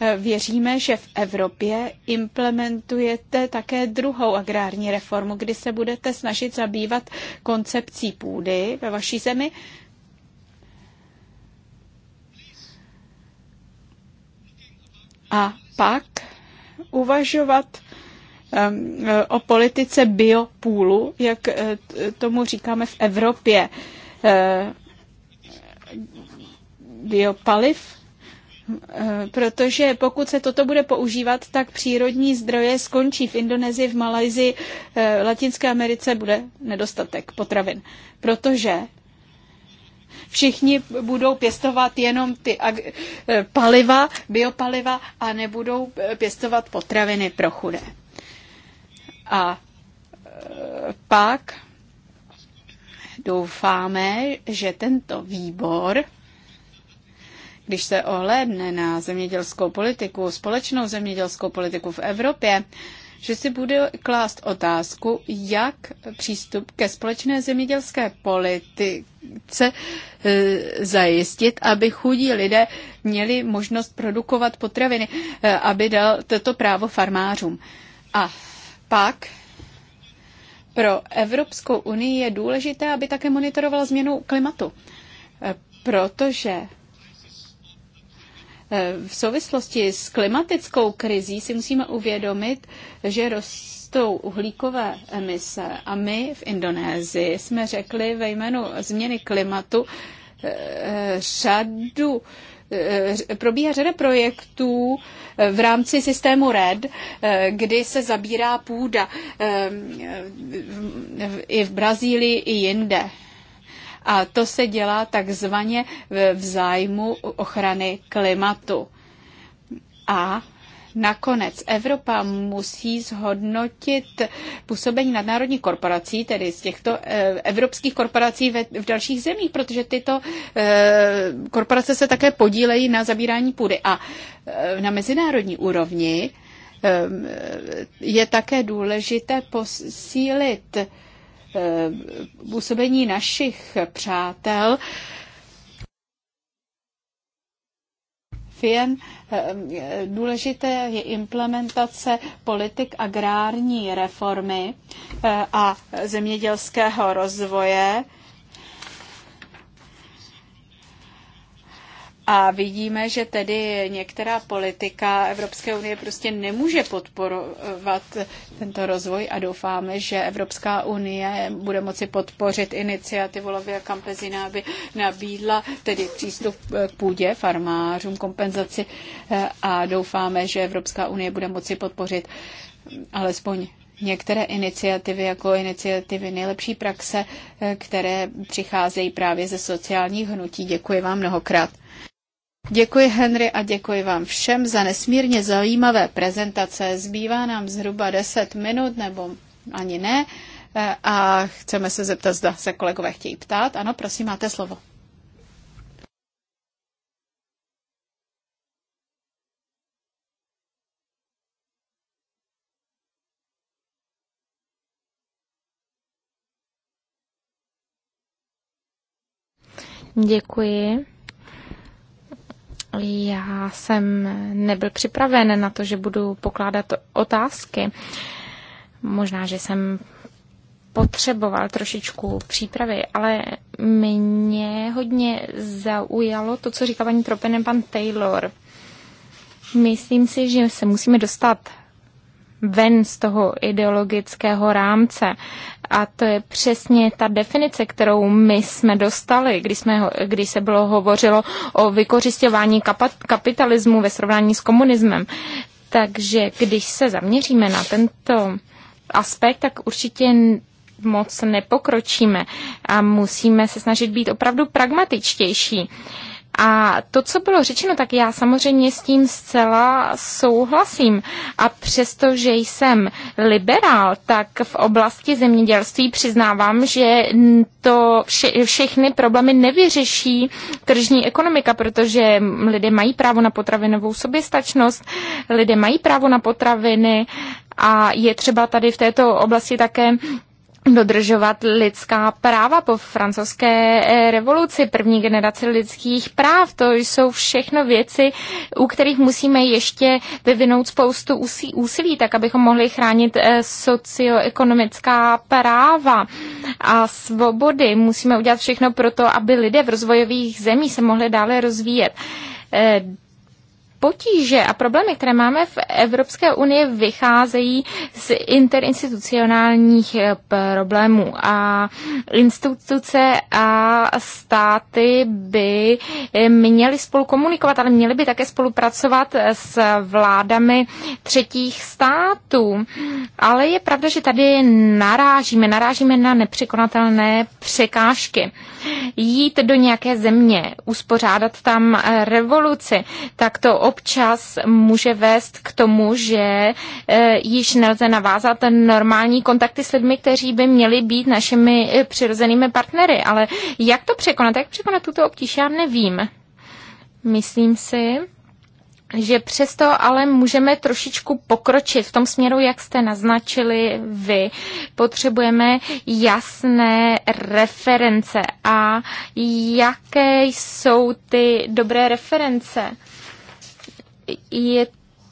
Eh, věříme, že v Evropě implementujete také druhou agrární reformu, kdy se budete snažit zabývat koncepcí půdy ve vaší zemi. A pak uvažovat o politice biopůlu, jak eh, tomu říkáme v Evropě. Eh, biopaliv, eh, protože pokud se toto bude používat, tak přírodní zdroje skončí v Indonésii, v Malajzii, v Latinské Americe bude nedostatek potravin. Protože všichni budou pěstovat jenom ty paliva, biopaliva a nebudou pěstovat potraviny pro chudé. A e, pak doufáme, že tento výbor, když se ohlédne na zemědělskou politiku, společnou zemědělskou politiku v Evropě, že si bude klást otázku, jak přístup ke společné zemědělské politice e, zajistit, aby chudí lidé měli možnost produkovat potraviny, e, aby dal toto právo farmářům. A pak pro Evropskou unii je důležité, aby také monitorovala změnu klimatu, eh, protože eh, v souvislosti s klimatickou krizí si musíme uvědomit, že rostou uhlíkové emise a my v Indonésii jsme řekli ve jménu změny klimatu eh, řadu Eh, probíhá řada projektů eh, v rámci systému RED, eh, kdy se zabírá půda i v Brazílii, i jinde. A to se dělá takzvaně v zájmu ochrany klimatu. A Nakonec Evropa musí zhodnotit působení nadnárodních korporací, tedy z těchto eh, evropských korporací v dalších zemích, protože tyto eh, korporace se také podílejí na zabírání půdy. A eh, na mezinárodní úrovni je také důležité posílit působení našich přátel FIEN. Eh, důležité je implementace politik agrární reformy eh, a zemědělského rozvoje A vidíme, že tedy některá politika Evropské unie prostě nemůže podporovat tento rozvoj a doufáme, že Evropská unie bude moci podpořit iniciativu Lavia Campesina, aby nabídla tedy přístup k půdě farmářům, kompenzaci eh, a doufáme, že Evropská unie bude moci podpořit alespoň některé iniciativy, jako iniciativy nejlepší praxe, eh, které přicházejí právě ze sociálních hnutí. Děkuji vám mnohokrát. Děkuji Henry a děkuji vám všem za nesmírně zajímavé prezentace. Zbývá nám zhruba 10 minut nebo ani ne eh, a chceme se zeptat, zda se kolegové chtějí ptát. Ano, prosím, máte slovo. Děkuji. Já jsem nebyl připraven na to, že budu pokládat otázky. Možná, že jsem potřeboval trošičku přípravy, ale mě hodně zaujalo to, co říká paní Tropenem pan Taylor. Myslím si, že se musíme dostat ven z toho ideologického rámce. A to je přesně ta definice, kterou my jsme dostali, když, jsme, když se bylo hovořilo o vykořišťování kapitalismu ve srovnání s komunismem. Takže když se zaměříme na tento aspekt, tak určitě moc nepokročíme a musíme se snažit být opravdu pragmatičtější. Uh, a to, co bylo řečeno, tak já samozřejmě s tím zcela souhlasím. A přesto, že jsem liberál, tak v oblasti zemědělství přiznávám, že to vše, všechny problémy nevyřeší tržní ekonomika, protože lidé mají právo na potravinovou soběstačnost, lidé mají právo na potraviny a je třeba tady v této oblasti také dodržovat lidská práva po francouzské eh, revoluci, první generaci lidských práv. To jsou všechno věci, u kterých musíme ještě vyvinout spoustu úsilí, tak abychom mohli chránit eh, socioekonomická práva a svobody. Musíme udělat všechno pro to, aby lidé v rozvojových zemích se mohli dále rozvíjet. Eh, potíže a problémy, které máme v Evropské unii, vycházejí z interinstitucionálních eh, problémů a instituce a státy by eh, měly spolu komunikovat, ale měly by také spolupracovat eh, s vládami třetích států. Ale je pravda, že tady narážíme, narážíme na nepřekonatelné překážky. Jít do nějaké země, uspořádat tam revoluci, tak to občas může vést k tomu, že eh, již nelze navázat normální kontakty s lidmi, kteří by měli být našimi eh, přirozenými partnery. Ale jak to překonat? Jak překonat tuto obtíž? Já nevím. Myslím si, že přesto ale můžeme trošičku pokročit v tom směru, jak jste naznačili vy. Potřebujeme jasné reference. A jaké jsou ty dobré reference? je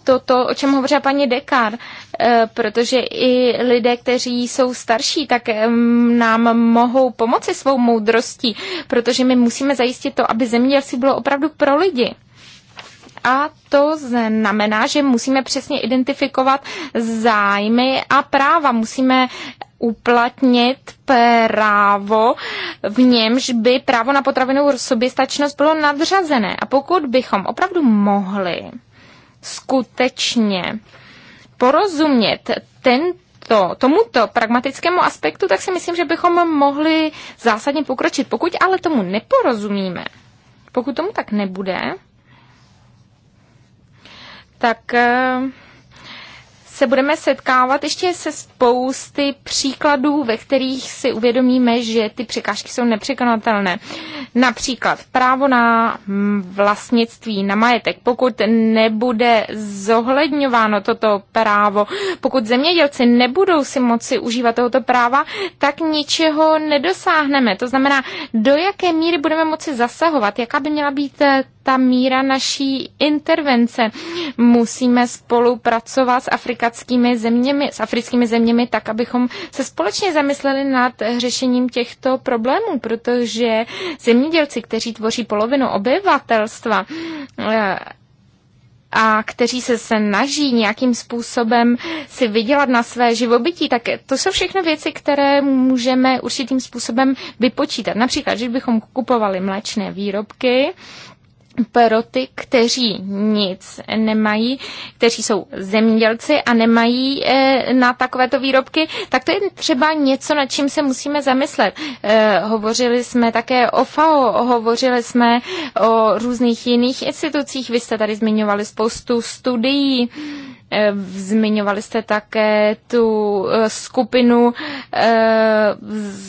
to, to, o čem hovořila paní Dekar, eh, protože i lidé, kteří jsou starší, tak nám mohou pomoci svou moudrostí, protože my musíme zajistit to, aby zemědělství bylo opravdu pro lidi. A to znamená, že musíme přesně identifikovat zájmy a práva. Musíme uplatnit právo, v němž by právo na potravinovou soběstačnost bylo nadřazené. A pokud bychom opravdu mohli skutečně porozumět tento, tomuto pragmatickému aspektu, tak si myslím, že bychom mohli zásadně pokročit. Pokud ale tomu neporozumíme, pokud tomu tak nebude, tak eh, se budeme setkávat ještě se spousty příkladů, ve kterých si uvědomíme, že ty překážky jsou nepřekonatelné. Například právo na mm, vlastnictví, na majetek. Pokud nebude zohledňováno toto právo, pokud zemědělci nebudou si moci užívat tohoto práva, tak ničeho nedosáhneme. To znamená, do jaké míry budeme moci zasahovat, jaká by měla být ta míra naší intervence. Musíme spolupracovat s africkými zeměmi, s africkými zeměmi tak, abychom se společně zamysleli nad řešením těchto problémů, protože zemědělci, kteří tvoří polovinu obyvatelstva, eh, a kteří se snaží nějakým způsobem si vydělat na své živobytí, tak to jsou všechno věci, které můžeme určitým způsobem vypočítat. Například, že bychom kupovali mléčné výrobky, pro ty, kteří nic nemají, kteří jsou zemědělci a nemají eh, na takovéto výrobky, tak to je třeba něco, nad čím se musíme zamyslet. Eh, hovořili jsme také o FAO, hovořili jsme o různých jiných institucích, vy jste tady zmiňovali spoustu studií, Eh, zmiňovali jste také tu eh, skupinu eh,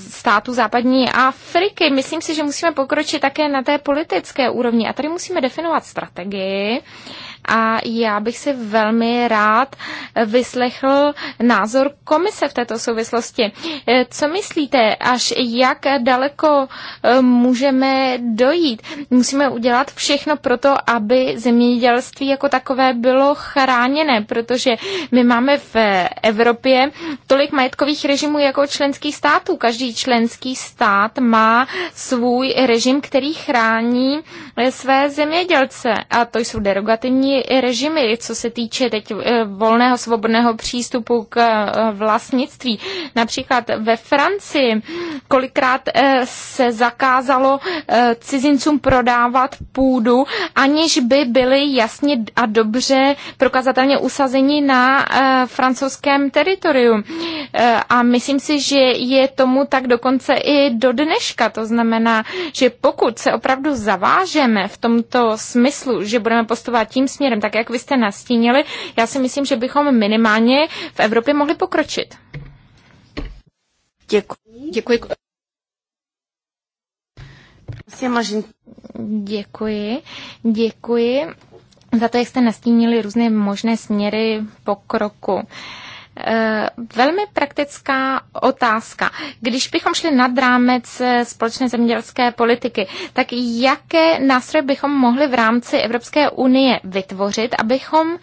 států západní Afriky. Myslím si, že musíme pokročit také na té politické úrovni a tady musíme definovat strategii, a já bych si velmi rád vyslechl názor komise v této souvislosti. E, co myslíte, až jak daleko e, můžeme dojít? Musíme udělat všechno pro to, aby zemědělství jako takové bylo chráněné, protože my máme v Evropě tolik majetkových režimů jako členských států. Každý členský stát má svůj režim, který chrání e, své zemědělce. A to jsou derogativní režimy, co se týče teď eh, volného svobodného přístupu k eh, vlastnictví. Například ve Francii kolikrát eh, se zakázalo cizincům prodávat půdu, aniž by byli jasně a dobře prokazatelně usazeni na francouzském teritoriu. A myslím si, že je tomu tak dokonce i do dneška. To znamená, že pokud se opravdu zavážeme v tomto smyslu, že budeme postupovat tím směrem, směrem, tak jak vy jste nastínili, já si myslím, že bychom minimálně v Evropě mohli pokročit. Děkuji. Děkuji. Vlastně Děkuji. Děkuji za to, jak jste nastínili různé možné směry pokroku. Eh, velmi praktická otázka. Když bychom šli nad rámec eh, společné zemědělské politiky, tak jaké nástroje bychom mohli v rámci Evropské unie vytvořit, abychom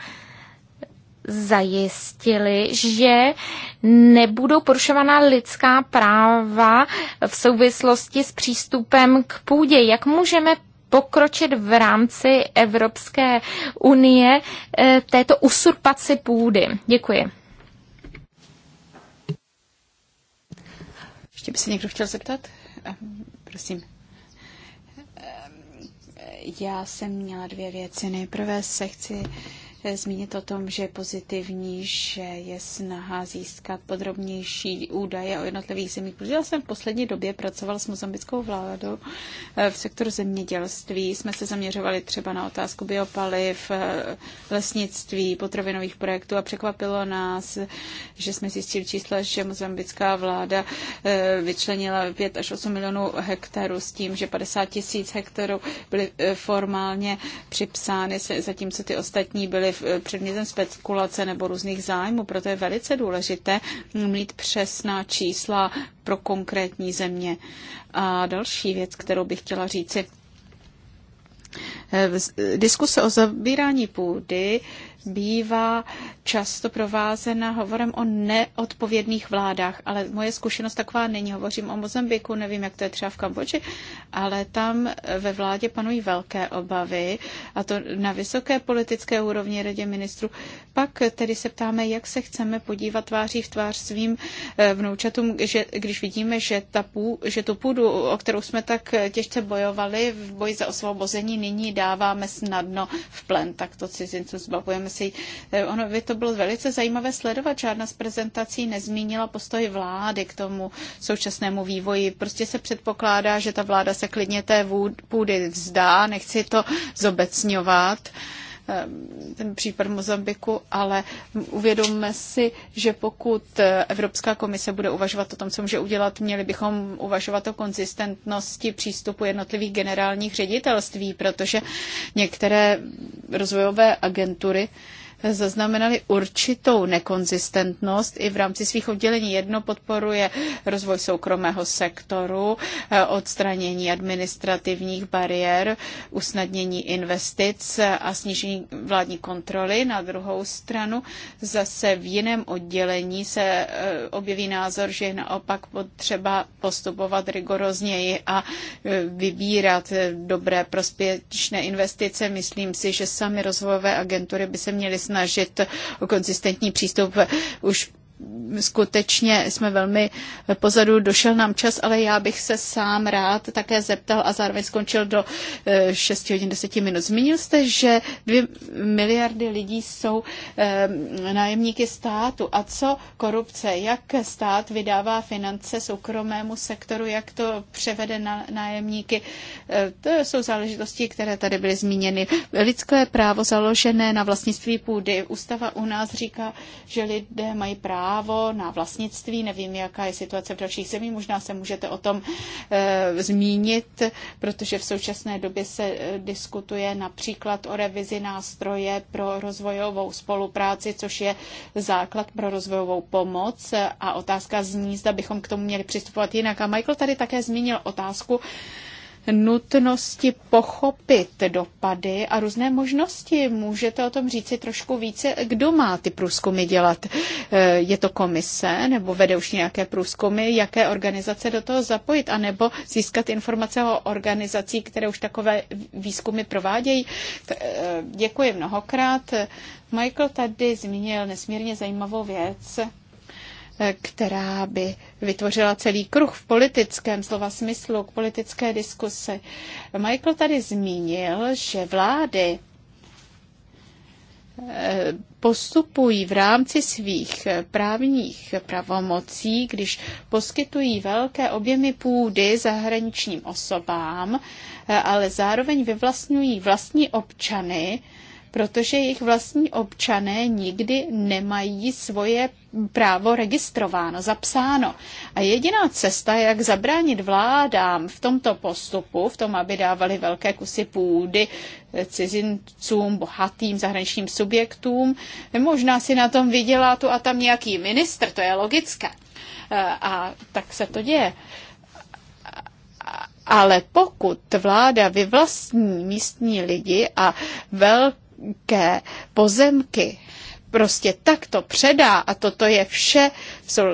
zajistili, že nebudou porušována lidská práva v souvislosti s přístupem k půdě. Jak můžeme pokročit v rámci Evropské unie eh, této usurpaci půdy? Děkuji. Ještě by se někdo chtěl zeptat? Ehm, prosím. Ehm, já jsem měla dvě věci. Nejprve se chci zmínit o tom, že je pozitivní, že je snaha získat podrobnější údaje o jednotlivých zemích, protože já jsem v poslední době pracoval s mozambickou vládou eh, v sektoru zemědělství. Jsme se zaměřovali třeba na otázku biopaliv, eh, lesnictví, potravinových projektů a překvapilo nás, že jsme zjistili čísla, že mozambická vláda eh, vyčlenila 5 až 8 milionů hektarů s tím, že 50 tisíc hektarů byly formálně připsány, zatímco ty ostatní byly jakýmkoliv eh, předmětem spekulace nebo různých zájmů. Proto je velice důležité mít přesná čísla pro konkrétní země. A další věc, kterou bych chtěla říci, eh, eh, diskuse o zabírání půdy bývá často provázena hovorem o neodpovědných vládách, ale moje zkušenost taková není. Hovořím o Mozambiku, nevím, jak to je třeba v Kambodži, ale tam ve vládě panují velké obavy a to na vysoké politické úrovni radě ministrů. Pak tedy se ptáme, jak se chceme podívat tváří v tvář svým eh, vnoučatům, že, když vidíme, že, ta pů, že tu půdu, o kterou jsme tak těžce bojovali v boji za osvobození, nyní dáváme snadno v plen, tak to cizincům zbavujeme souhlasí. Eh, ono by to bylo velice zajímavé sledovat. Žádná z prezentací nezmínila postoj vlády k tomu současnému vývoji. Prostě se předpokládá, že ta vláda se klidně té půdy vzdá, nechci to zobecňovat. Uh, Eh, ten případ Mozambiku, ale uvědomme si, že pokud eh, Evropská komise bude uvažovat o tom, co může udělat, měli bychom uvažovat o konzistentnosti přístupu jednotlivých generálních ředitelství, protože některé rozvojové agentury zaznamenali určitou nekonzistentnost i v rámci svých oddělení. Jedno podporuje rozvoj soukromého sektoru, eh, odstranění administrativních bariér, usnadnění investic a snížení vládní kontroly. Na druhou stranu zase v jiném oddělení se eh, objeví názor, že je naopak potřeba postupovat rigorozněji a eh, vybírat dobré prospěšné investice. Myslím si, že sami rozvojové agentury by se měly snažit snažit o konzistentní přístup už skutečně jsme velmi pozadu, došel nám čas, ale já bych se sám rád také zeptal a zároveň skončil do 6 eh, hodin 10 minut. Zmínil jste, že 2 miliardy lidí jsou eh, nájemníky státu. A co korupce? Jak stát vydává finance soukromému sektoru? Jak to převede na nájemníky? Eh, to jsou záležitosti, které tady byly zmíněny. Lidské právo založené na vlastnictví půdy. Ústava u nás říká, že lidé mají právo právo na vlastnictví. Nevím, jaká je situace v dalších zemích. Možná se můžete o tom e, zmínit, protože v současné době se eh, diskutuje například o revizi nástroje pro rozvojovou spolupráci, což je základ pro rozvojovou pomoc. A otázka zní, zda bychom k tomu měli přistupovat jinak. A Michael tady také zmínil otázku, nutnosti pochopit dopady a různé možnosti. Můžete o tom říci trošku více, kdo má ty průzkumy dělat? Eh, je to komise nebo vede už nějaké průzkumy, jaké organizace do toho zapojit, anebo získat informace o organizací, které už takové výzkumy provádějí. Eh, děkuji mnohokrát. Michael tady zmínil nesmírně zajímavou věc, eh, která by vytvořila celý kruh v politickém slova smyslu k politické diskusi. Michael tady zmínil, že vlády eh, postupují v rámci svých právních pravomocí, když poskytují velké objemy půdy zahraničním osobám, eh, ale zároveň vyvlastňují vlastní občany, protože jejich vlastní občané nikdy nemají svoje právo registrováno, zapsáno. A jediná cesta, jak zabránit vládám v tomto postupu, v tom, aby dávali velké kusy půdy cizincům, bohatým zahraničním subjektům, možná si na tom vydělá tu a tam nějaký ministr, to je logické. A tak se to děje. Ale pokud vláda vyvlastní místní lidi a velké velké pozemky prostě tak to předá a toto je vše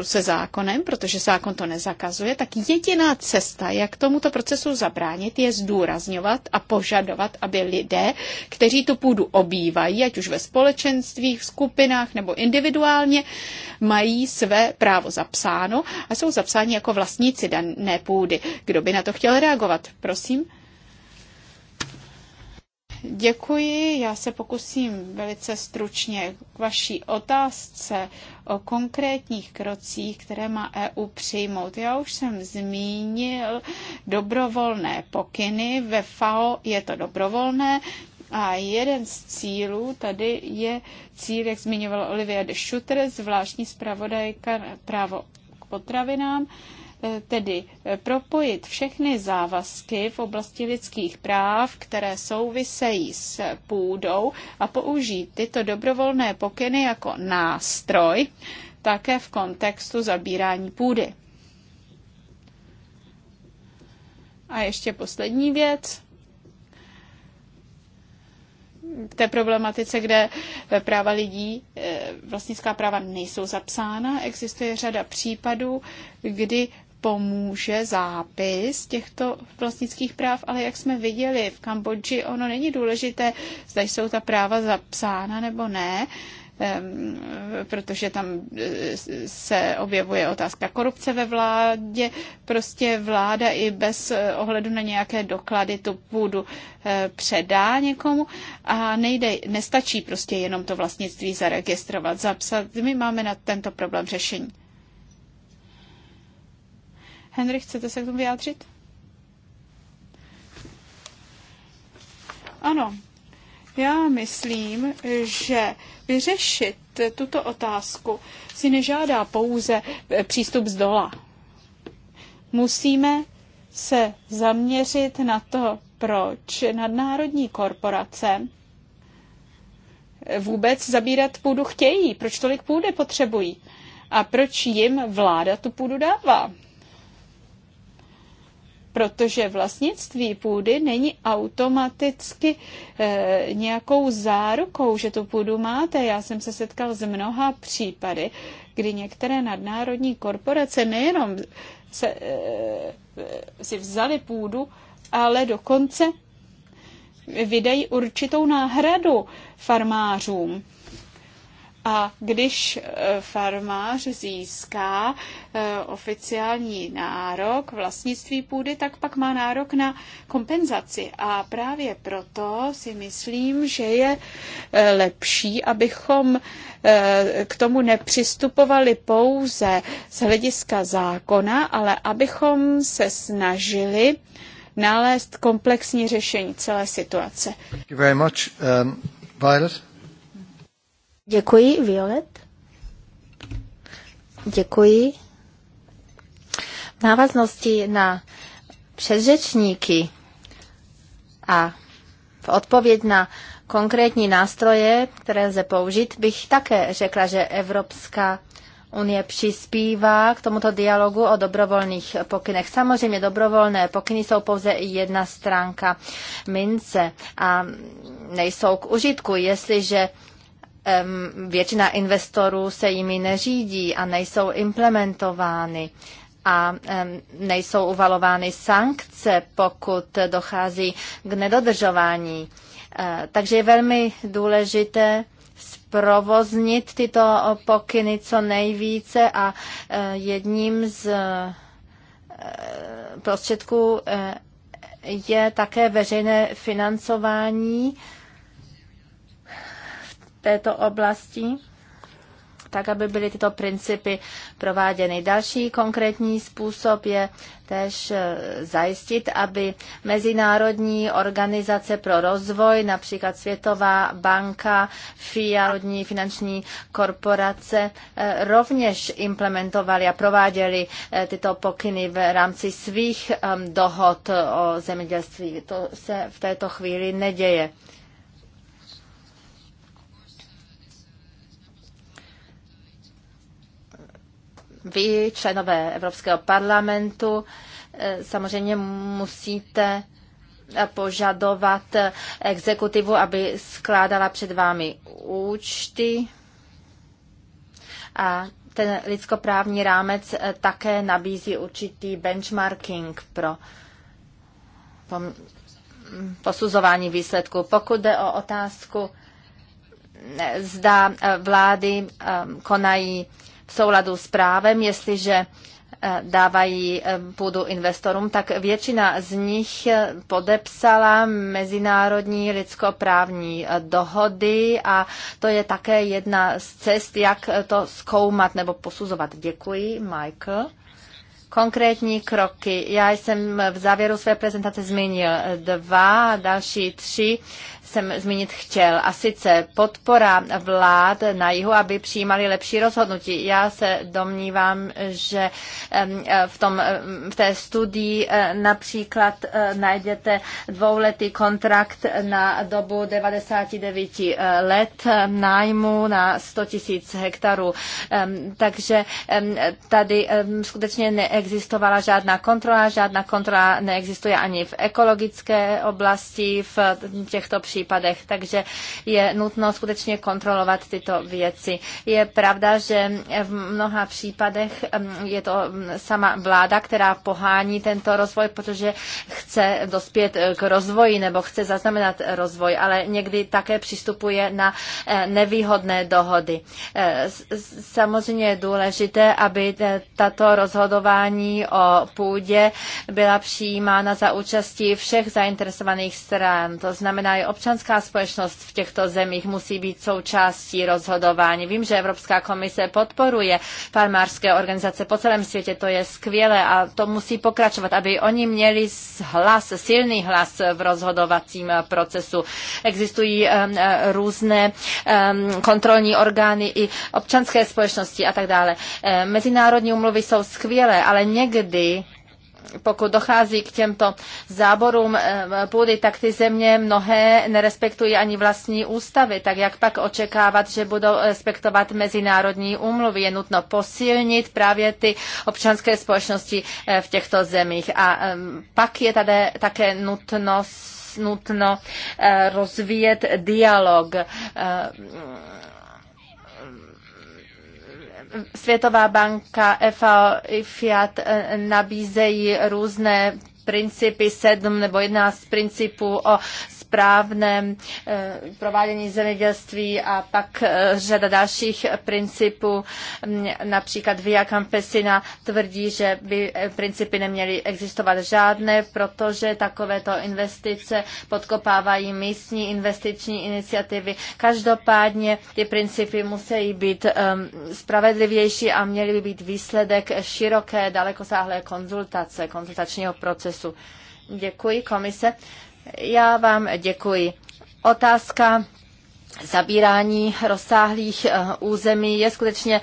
se zákonem, protože zákon to nezakazuje, tak jediná cesta, jak tomuto procesu zabránit, je zdůrazňovat a požadovat, aby lidé, kteří tu půdu obývají, ať už ve společenstvích, skupinách nebo individuálně, mají své právo zapsáno a jsou zapsáni jako vlastníci dané půdy. Kdo by na to chtěl reagovat? Prosím. Děkuji, já se pokusím velice stručně k vaší otázce o konkrétních krocích, které má EU přijmout. Já už jsem zmínil dobrovolné pokyny, ve FAO je to dobrovolné, a jeden z cílů tady je cíl, jak zmiňovala Olivia de Schutter, zvláštní zpravodajka právo k potravinám, Eh, tedy eh, propojit všechny závazky v oblasti lidských práv, které souvisejí s půdou a použít tyto dobrovolné pokyny jako nástroj také v kontextu zabírání půdy. A ještě poslední věc k té problematice, kde práva lidí, eh, vlastnická práva nejsou zapsána. Existuje řada případů, kdy pomůže zápis těchto vlastnických práv, ale jak jsme viděli v Kambodži, ono není důležité, zda jsou ta práva zapsána nebo ne, protože tam eh, se objevuje otázka korupce ve vládě. Prostě vláda i bez eh, ohledu na nějaké doklady tu půdu eh, předá někomu a nejde, nestačí prostě jenom to vlastnictví zaregistrovat, zapsat. My máme na tento problém řešení. Henry, chcete se k tomu vyjádřit? Ano, já myslím, že vyřešit tuto otázku si nežádá pouze přístup z dola. Musíme se zaměřit na to, proč nadnárodní korporace vůbec zabírat půdu chtějí, proč tolik půdy potřebují a proč jim vláda tu půdu dává protože vlastnictví půdy není automaticky e, nějakou zárukou, že tu půdu máte. Já jsem se setkal s mnoha případy, kdy některé nadnárodní korporace nejenom se, e, si vzali půdu, ale dokonce vydají určitou náhradu farmářům. A když eh, farmář získá eh, oficiální nárok vlastnictví půdy, tak pak má nárok na kompenzaci. A právě proto si myslím, že je eh, lepší, abychom k tomu nepřistupovali pouze z hlediska zákona, ale abychom se snažili nalézt komplexní řešení celé situace. Thank you very much. Um, Violet? Děkuji, Violet. Děkuji. V návaznosti na předřečníky a v odpověď na konkrétní nástroje, které lze použít, bych také řekla, že Evropská Unie přispívá k tomuto dialogu o dobrovolných pokynech. Samozřejmě dobrovolné pokyny jsou pouze jedna stránka mince a nejsou k užitku, jestliže většina investorů se jimi neřídí a nejsou implementovány a nejsou uvalovány sankce, pokud dochází k nedodržování. E, takže je velmi důležité zprovoznit tyto pokyny co nejvíce a e, jedním z e, prostředků je také veřejné financování této oblasti, tak aby byly tyto principy prováděny. Další konkrétní způsob je též e, zajistit, aby mezinárodní organizace pro rozvoj, například Světová banka, FIA, finanční korporace, e, rovněž implementovaly a prováděly e, tyto pokyny v rámci svých dohod o zemědělství. To se v této chvíli neděje. vy, členové Evropského parlamentu, eh, samozřejmě musíte požadovat exekutivu, aby skládala před vámi účty a ten lidskoprávní rámec eh, také nabízí určitý benchmarking pro posuzování výsledku. Pokud jde o otázku, eh, zda vlády konají v souladu s právem, jestliže eh, dávají eh, půdu investorům, tak většina z nich eh, podepsala mezinárodní lidskoprávní dohody a to je také jedna z cest, jak to zkoumat nebo posuzovat. Děkuji, Michael. Konkrétní kroky. Já jsem v závěru své prezentace zmínil dva, další tři jsem zmínit chtěl, a sice podpora vlád na jihu, aby přijímali lepší rozhodnutí. Já se domnívám, že v, tom, v té studii eh, například eh, najdete dvouletý kontrakt na dobu 99 eh, let nájmu na 100 tisíc hektarů. Takže tady skutečně neexistovala žádná kontrola, žádná kontrola neexistuje ani v ekologické oblasti, v těchto příkladech případech, takže je nutno skutečně kontrolovat tyto věci. Je pravda, že v mnoha případech je to sama vláda, která pohání tento rozvoj, protože chce dospět eh, k rozvoji nebo chce zaznamenat rozvoj, ale někdy také přistupuje na eh, nevýhodné dohody. Eh, samozřejmě je důležité, aby tato rozhodování o půdě byla přijímána za účastí všech zainteresovaných stran, to znamená i občanů občanská společnost v těchto zemích musí být součástí rozhodování. Vím, že Evropská komise podporuje farmářské organizace po celém světě, to je skvělé a to musí pokračovat, aby oni měli hlas, silný hlas v rozhodovacím procesu. Existují eh, eh, různé eh, kontrolní orgány i občanské společnosti a tak dále. Mezinárodní umluvy jsou skvělé, ale někdy pokud dochází k těmto záborům eh, půdy, tak ty země mnohé nerespektují ani vlastní ústavy. Tak jak pak očekávat, že budou respektovat mezinárodní úmluvy? Je nutno posilnit právě ty občanské společnosti eh, v těchto zemích. A ehm, pak je tady také nutnost nutno eh, rozvíjet dialog Světová banka, e FAO i Fiat eh, nabízejí různé principy, sedm nebo z principů o správném eh, provádění zemědělství a pak eh, řada dalších principů, mm, například Via Campesina tvrdí, že by eh, principy neměly existovat žádné, protože takovéto investice podkopávají místní investiční iniciativy. Každopádně ty principy musí být spravedlivější a měly by být výsledek široké, dalekosáhlé konzultace, konzultačního procesu. Děkuji komise. Já vám děkuji. Otázka zabírání rozsáhlých eh, území je skutečně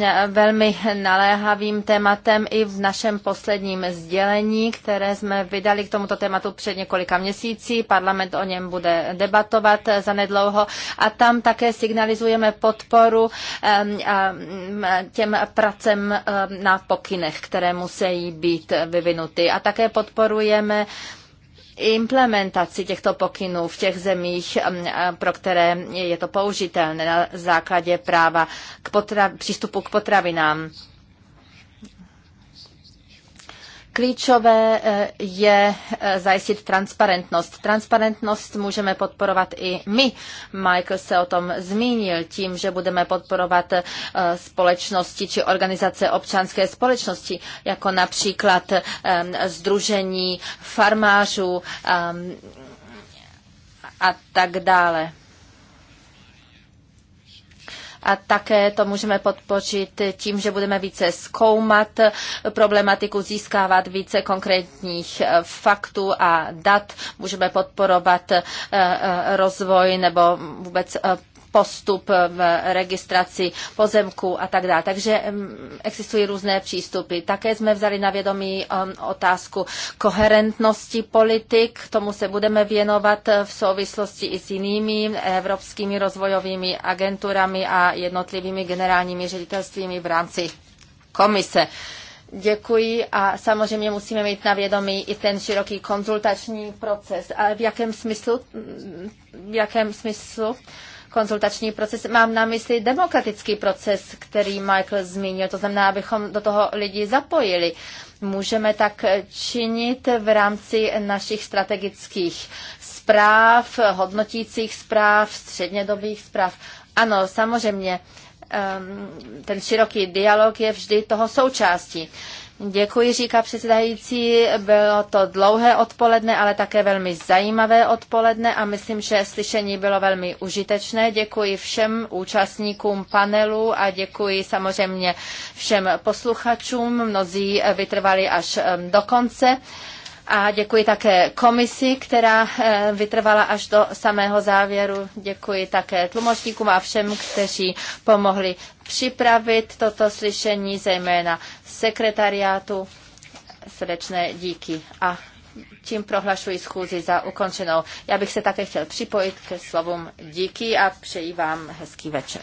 eh, velmi naléhavým tématem i v našem posledním sdělení, které jsme vydali k tomuto tématu před několika měsící. Parlament o něm bude debatovat eh, zanedlouho a tam také signalizujeme podporu mm, těm pracem na pokynech, které musí být vyvinuty. A také podporujeme implementaci těchto pokynů v těch zemích, pro které je to použitelné na základě práva k potra- přístupu k potravinám. Klíčové eh, je eh, zajistit transparentnost. Transparentnost můžeme podporovat i my. Michael se o tom zmínil tím, že budeme podporovat eh, společnosti či organizace občanské společnosti, jako například Združení farmářů a tak dále a také to můžeme podpořit tím, že budeme více zkoumat problematiku, získávat více konkrétních eh, faktů a dat. Můžeme podporovat eh, eh, rozvoj nebo vůbec postup v registraci pozemků a tak dále. Takže mm, existují různé přístupy. Také jsme vzali na vědomí um, otázku koherentnosti politik. Tomu se budeme věnovat v souvislosti i s jinými evropskými rozvojovými agenturami a jednotlivými generálními ředitelstvími v rámci komise. Děkuji a samozřejmě musíme mít na vědomí i ten široký konzultační proces. A v jakém smyslu? V jakém smyslu? konzultační proces. Mám na mysli demokratický proces, který Michael zmínil, to znamená, abychom do toho lidi zapojili. Můžeme tak činit v rámci našich strategických zpráv, hodnotících zpráv, střednědobých zpráv. Ano, samozřejmě, ehm, ten široký dialog je vždy toho součástí. Děkuji, říká předsedající. Bylo to dlouhé odpoledne, ale také velmi zajímavé odpoledne a myslím, že slyšení bylo velmi užitečné. Děkuji všem účastníkům panelu a děkuji samozřejmě všem posluchačům. Mnozí vytrvali až do konce. A děkuji také komisi, která eh, vytrvala až do samého závěru. Děkuji také tlumočníkům a všem, kteří pomohli připravit toto slyšení, zejména sekretariátu. Srdečné díky. A tím prohlašuji schůzi za ukončenou. Já bych se také chtěl připojit ke slovům díky a přeji vám hezký večer.